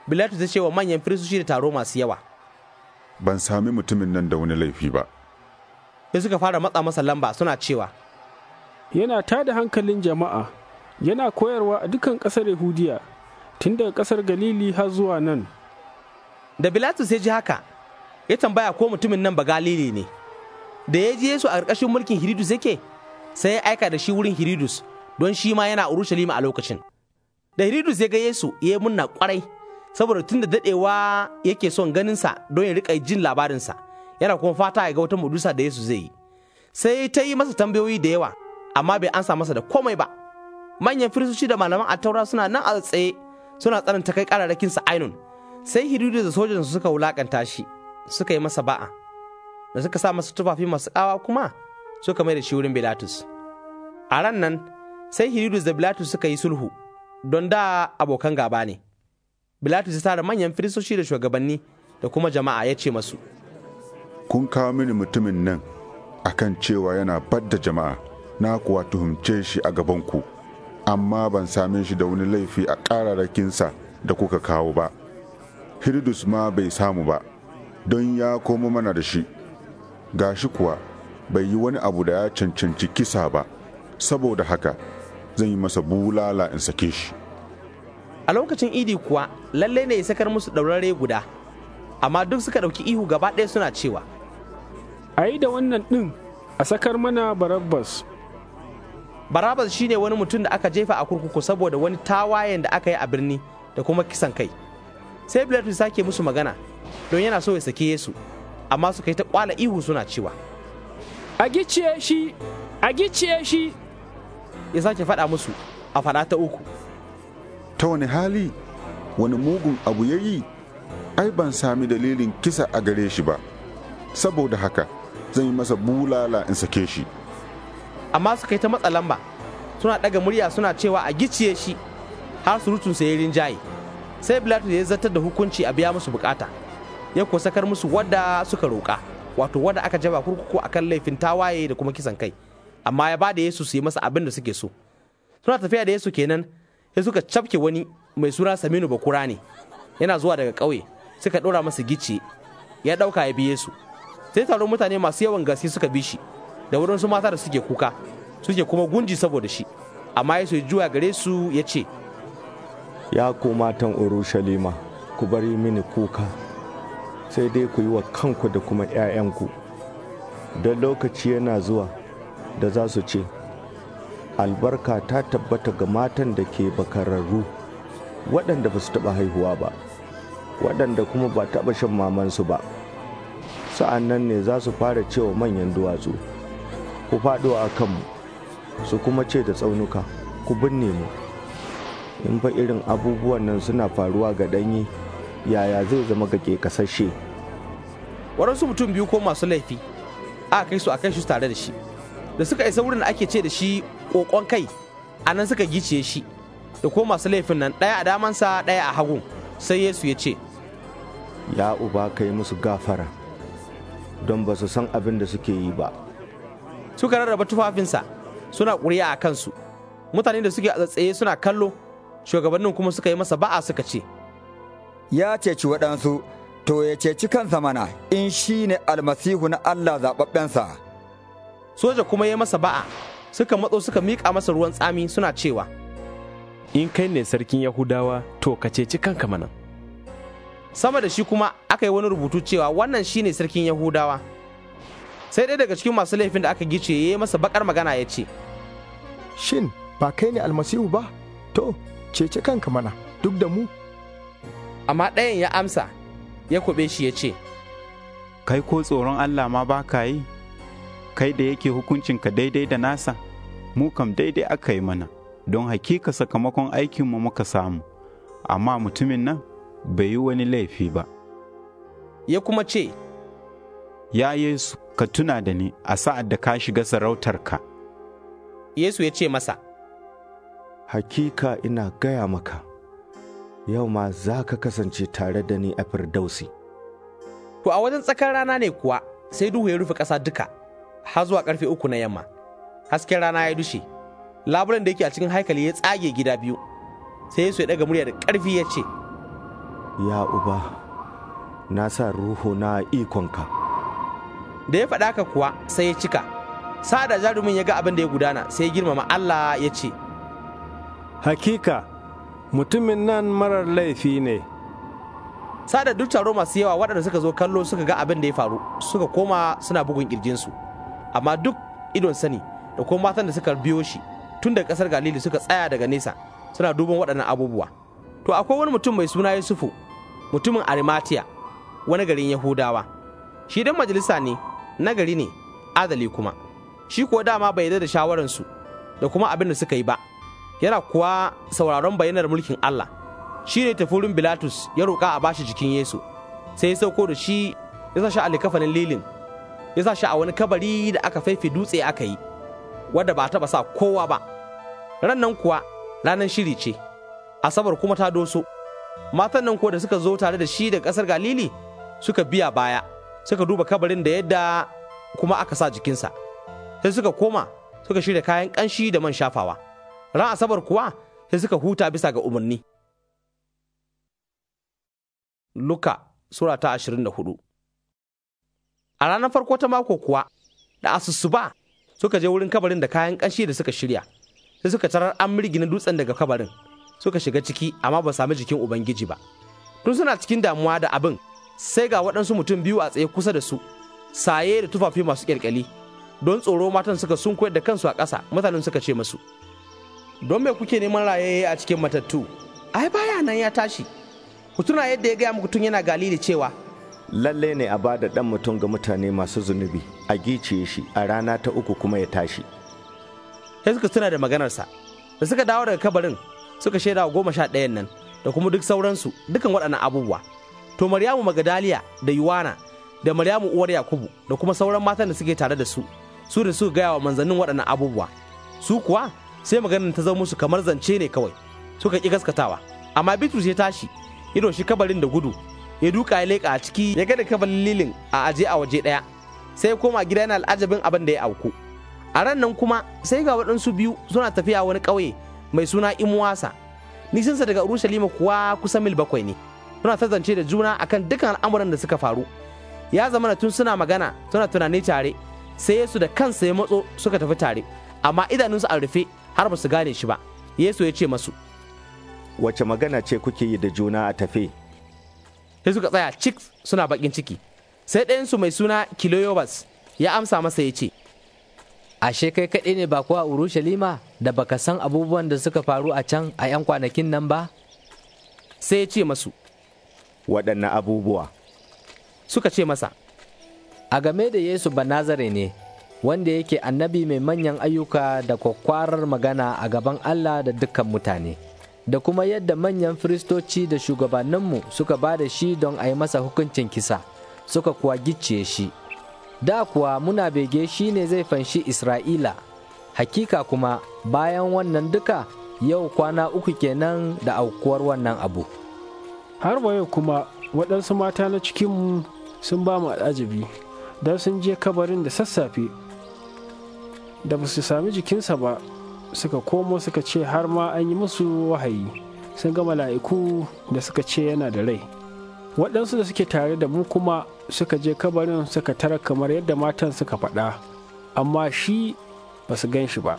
bilatu ta ce wa manyan firistoci da taro masu yawa ban sami mutumin nan da wani laifi ba sai suka fara matsa masa lamba suna cewa yana ta da hankalin jama'a yana koyarwa a dukan ƙasar yahudiya tun daga ƙasar galili har zuwa nan da bilatus ya ji haka ya tambaya ko mutumin nan ba galili ne da ya ji Yesu a ƙarƙashin mulkin hiridus yake sai ya aika da shi wurin hiridus don shi ma yana urushalima a lokacin da hiridus ya ga yesu ya yi munna kwarai saboda tun da daɗewa yake son ganinsa don ya riƙa jin labarinsa yana kuma fata ya ga wata mudusa da yesu zai yi sai ta yi masa tambayoyi da yawa amma bai ansa masa da komai ba manyan firistoci da malaman a taura suna nan a tsaye suna tsananta kai kararrakin sa ainun sai hiridus da sojansu suka wulakanta shi suka yi masa ba'a da suka sa masu tufafi masu ƙawa kuma suka mai da shi wurin Bilatus. A ran nan sai Hiridus da Bilatus suka yi sulhu don da abokan gaba ne. Bilatus ya tara manyan firistoci da shugabanni da kuma jama'a ya ce masu. Kun kawo mini mutumin nan akan cewa yana badda jama'a na kuwa tuhumce shi a gaban ku. amma ban same shi da wani laifi a kararrakinsa da kuka kawo ba. Hiridus ma bai samu ba, don ya komo mana da shi. gashi kuwa bai yi wani abu da ya cancanci kisa ba saboda haka zan yi masa bulala in sake shi a lokacin idi kuwa lallai ne ya sakar musu daurare guda amma duk suka ɗauki ihu gaba ɗaya suna cewa a yi da wannan ɗin a sakar mana barabbas barabbas shine wani mutum da aka jefa a kurkuku saboda wani tawayen da aka yi a birni da kuma kisan kai sai bilatus sake musu magana don yana so ya sake yesu amma suka yi ta kwala ihu suna cewa a gicciye shi a gicciye shi ya sake faɗa musu a faɗa ta uku ta wani hali wani mugun abu ya yi ai ban sami dalilin kisa a gare shi ba saboda haka zan yi masa bulala in sake shi amma suka yi ta matsa lamba suna ɗaga murya suna cewa a gicciye shi har surutun ya rinjaye sai da ya zartar da hukunci a biya musu bukata ya kuwa sakar musu wadda suka roƙa wato wadda aka jaba kurkuku a kan laifin tawaye da kuma kisan kai amma ya bada Yesu su yi masa abin da suke so suna tafiya da Yesu kenan sai suka cafke wani mai suna Saminu Bakura ne yana zuwa daga ƙauye suka ɗora masa gici ya ɗauka ya bi Yesu sai taron mutane masu yawan gaske suka bi shi da wurin su mata da suke kuka suke kuma gunji saboda shi amma Yesu ya juya gare su ya ce ya ku matan Urushalima ku bari mini kuka sai dai ku yi wa kanku da kuma 'ya'yanku da lokaci yana zuwa da za su ce albarka ta tabbata ga matan da ke bakararru waɗanda ba su taɓa haihuwa ba waɗanda kuma ba taɓa shan mamansu ba sa'an nan ne za su fara cewa manyan duwatsu ku faɗo a kanmu su kuma ce da tsaunuka ku binne mu in fa irin abubuwan nan suna faruwa ga ɗanyi yaya zai zama gage kasashe waɗansu mutum biyu ko masu laifi a kai su a kai shi tare da shi da suka isa wurin da ake ce da shi kokon kai a nan suka giciye shi da ko masu laifin nan ɗaya a damansa ɗaya a hagun sai yesu ya ce ya uba kai musu gafara don ba su san abin da suke yi ba suka rarraba tufafinsa suna ƙuri'a a kansu mutane da suke a tsatsaye suna kallo shugabannin kuma suka yi masa ba'a suka ce ya ceci waɗansu, to ya ceci kansa mana in shi ne almasihu na Allah zaɓaɓɓensa. Soja kuma ya masa ba'a, suka matso suka miƙa masa ruwan tsami suna cewa, In kai ne sarkin Yahudawa, to ka ceci kanka mana. Sama da shi kuma aka yi wani rubutu cewa wannan shi ne sarkin Yahudawa. Sai ɗaya daga cikin masu laifin da aka gice ya yi masa baƙar magana ya ce, Shin, ba kai ne almasihu ba? To, cece kanka mana, duk da mu amma ɗayan ya amsa ya kuɓe shi ya ce, Kai ko tsoron Allah ma ba ka yi, kai da yake hukuncin ka daidai da nasa, mu kam daidai aka yi mana, don hakika sakamakon aikinmu muka samu, amma mutumin nan bai yi wani laifi ba. Ya kuma ce, Ya Yesu, ka tuna da ni a sa'ad da ka shiga sarautar ka. Yesu ya ce masa, Hakika ina gaya maka. yau ma za ka kasance tare da ni a firdausi. To a wajen tsakar rana ne kuwa sai duhu ya rufe ƙasa duka har zuwa ƙarfe uku na yamma. Hasken rana ya dushe, labulen da yake a cikin haikali ya tsage gida biyu. Sai Yesu ya ɗaga murya da ƙarfi ya ce, Ya Uba, na sa ruhu na ikonka. Da ya faɗa haka kuwa sai ya cika, da jarumin ya ga abin da ya gudana sai ya girmama Allah ya ce, Hakika, mutumin nan marar laifi ne sada duk taro masu yawa waɗanda suka zo kallo suka ga abin da ya faru suka koma suna bugun kirjinsu amma duk idon sani da kuma matan da suka biyo shi tun daga ƙasar galili suka tsaya daga nesa suna duban waɗannan abubuwa to akwai wani mutum mai suna yusufu mutumin arimatiya wani garin yahudawa shi dan majalisa ne nagari ne adali kuma shi kuwa dama bai yarda da shawararsu da kuma abin da suka yi ba yana kuwa sauraron bayanar mulkin Allah shi ne tafi Bilatus ya roƙa a bashi jikin Yesu sai ya sauko da shi ya sa shi a likafanin lilin ya sa shi a wani kabari da aka faife dutse aka yi wadda ba taɓa sa kowa ba ran kuwa ranar shiri ce asabar kuma ta doso matan nan kuwa da suka zo tare da shi da ƙasar Galili suka biya baya suka duba kabarin da yadda kuma aka sa jikinsa sai suka koma suka shirya kayan ƙanshi da man shafawa ran asabar kuwa sai suka huta bisa ga umarni luka sura ta hudu. a ranar farko ta mako kuwa da asusu ba suka je wurin kabarin da kayan ƙanshi da suka shirya sai suka tarar an mirgina dutsen daga kabarin suka shiga ciki amma ba sami jikin ubangiji ba tun suna cikin damuwa da abin sai ga waɗansu mutum biyu a tsaye kusa da su saye da tufafi masu ƙyalƙyali don tsoro matan suka sun da kansu a ƙasa mutanen suka ce masu don me kuke neman rayayye a cikin matattu ai baya nan ya tashi ku tuna yadda ya gaya muku tun yana galili cewa lalle ne a ba da ɗan mutum ga mutane masu zunubi a giciye shi a rana ta uku kuma ya tashi sai suka tuna da maganarsa da suka dawo daga kabarin suka shaida wa goma sha ɗayan nan da kuma duk sauransu dukan waɗannan abubuwa to maryamu magadaliya da yuwana da maryamu uwar yakubu da kuma sauran matan da suke tare da su su da suka gaya wa manzannin waɗannan abubuwa su kuwa sai magana ta zama musu kamar zance ne kawai suka ƙi gaskatawa amma bitrus ya tashi ya doshi kabarin da gudu ya duka ya leƙa a ciki ya gada kabarin lilin a aje a waje ɗaya sai koma gida yana al'ajabin abin da ya auku a ran nan kuma sai ga waɗansu biyu suna tafiya wani ƙauye mai suna imuwasa nisansa daga urushalima kuwa kusan mil bakwai ne suna ta zance da juna akan dukkan al'amuran da suka faru ya zama tun suna magana suna tunani tare sai yesu da kansa ya matso suka tafi tare amma idanunsu a rufe har ba su gane shi ba yesu ya ce masu wace magana ce kuke yi da juna a tafe sai suka tsaya cik suna bakin ciki sai ɗayansu mai suna kiloyobas ya amsa masa ya ce ashe kai kaɗai ne ba kuwa urushalima da baka san abubuwan da suka faru a can a 'yan kwanakin nan ba sai ya ce masu waɗanne abubuwa suka ce masa a game da yesu ba nazare ne wanda yake annabi mai manyan ayyuka da kwakwarar magana a gaban Allah da dukkan mutane, da kuma yadda manyan firistoci da shugabanninmu suka ba da shi don a yi masa hukuncin kisa, suka kuwa gicciye shi. Da kuwa muna bege shi ne zai fanshi Isra'ila, hakika kuma bayan wannan duka yau kwana uku kenan da aukuwar wannan abu. Har wa yau kuma waɗansu mata na cikinmu sun ba mu al'ajabi. don sun je kabarin da sassafe da ba su sami jikinsa ba suka komo suka ce har ma an yi musu wahayi sun ga mala'iku da suka ce yana da rai waɗansu da suke tare da mu kuma suka je kabarin suka tara kamar yadda matan suka faɗa amma shi ba su gan shi ba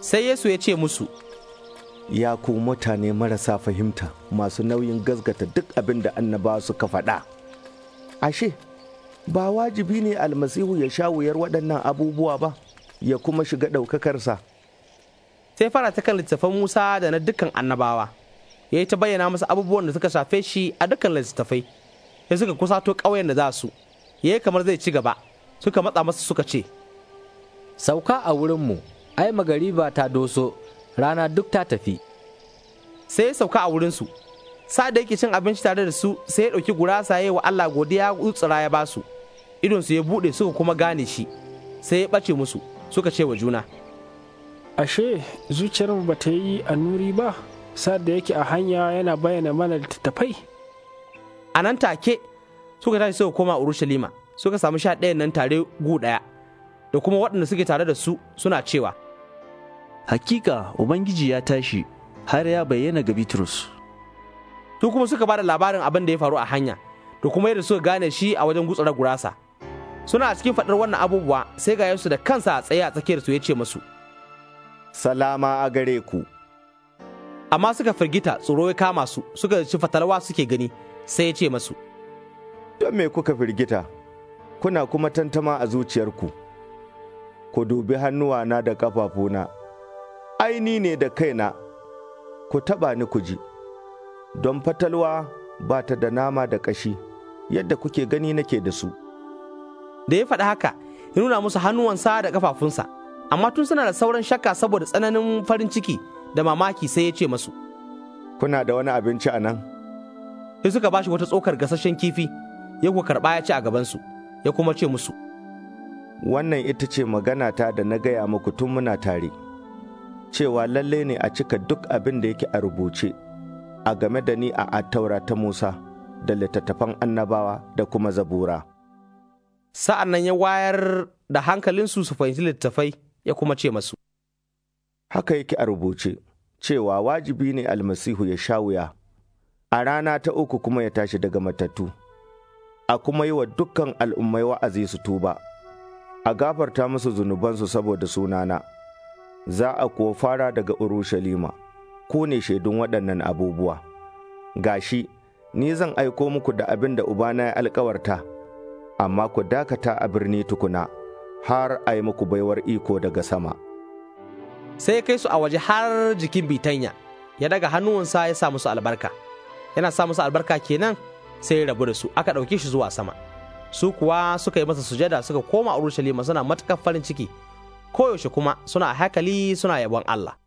sai yesu ya ce musu ya ku mutane marasa fahimta masu nauyin gasgata duk abin da annaba suka faɗa ashe ba wajibi ne almasihu ya sha wuyar waɗannan abubuwa ba ya kuma shiga ɗaukakarsa. Sai fara ta kan littattafan Musa da na dukkan annabawa, ya yi ta bayyana masa abubuwan da suka shafe shi a dukkan littattafai, sai suka kusato ƙauyen da za su, ya yi kamar zai ci gaba, suka matsa masa suka ce. Sauka a wurinmu, ai magari ba ta doso, rana duk ta tafi. Sai ya sauka a wurinsu, sa da yake cin abinci tare da su sai ya ɗauki gurasa ya wa Allah godiya ya ba ya basu idonsu ya buɗe suka kuma gane shi sai ya ɓace musu suka ce wa juna ashe zuciyarmu ba ta yi Nuri ba sa da yake a hanya yana bayyana mana littattafai a nan take suka tashi suka koma urushalima suka samu sha ɗaya nan tare gu ɗaya da kuma waɗanda suke tare da su suna cewa hakika ubangiji ya tashi har ya bayyana ga bitrus su kuma suka ba da labarin abin da ya faru a hanya da kuma yadda suka gane shi a wajen gutsara gurasa suna a cikin faɗar wannan abubuwa sai ga da kansa a tsaye a tsakiyar su ya ce masu salama a gare ku amma suka firgita tsoro ya kama su suka ci fatalwa suke gani sai ya ce masu don me kuka firgita kuna kuma tantama a zuciyarku ku dubi hannuwana da ƙafafuna aini ne da kaina ku taɓa ni ku ji don fatalwa ba ta da nama da ƙashi yadda kuke gani nake da su da ya faɗi haka ya nuna musu hannuwansa da ƙafafunsa amma tun suna da sauran shakka saboda tsananin farin ciki da mamaki sai ya ce masu kuna da wani abinci a nan sai suka bashi wata tsokar gasasshen kifi ya kuwa karɓa ya ci a gabansu ya kuma ce musu wannan ita ce magana ta da na gaya muku tun muna tare cewa lalle ne a cika duk abin da yake a rubuce a game da ni a attaura ta Musa da littattafan annabawa da kuma zabura. sa'an nan ya wayar da hankalinsu su fahimci littattafai ya kuma ce masu. Haka yake a rubuce, cewa wajibi ne almasihu ya sha wuya, a rana ta uku kuma ya tashi daga matattu, a kuma yi wa dukkan al'ummai wa'azi su tuba, a gafarta musu zunubansu saboda sunana, za a kuwa fara daga Urushalima, ku ne shaidun waɗannan abubuwa. Gashi, ni zan aiko muku da abin da Ubana ya alkawarta. amma ku dakata a birni tukuna har a yi muku baiwar iko daga sama. Sai ya kai su a waje har jikin bitanya, ya daga hannuwansa ya sa musu albarka. Yana sa musu albarka kenan sai ya rabu da su, aka ɗauki shi zuwa sama. Su kuwa suka yi masa sujada suka koma Urushalima suna matuƙar farin ciki, koyaushe kuma suna haikali suna yabon Allah.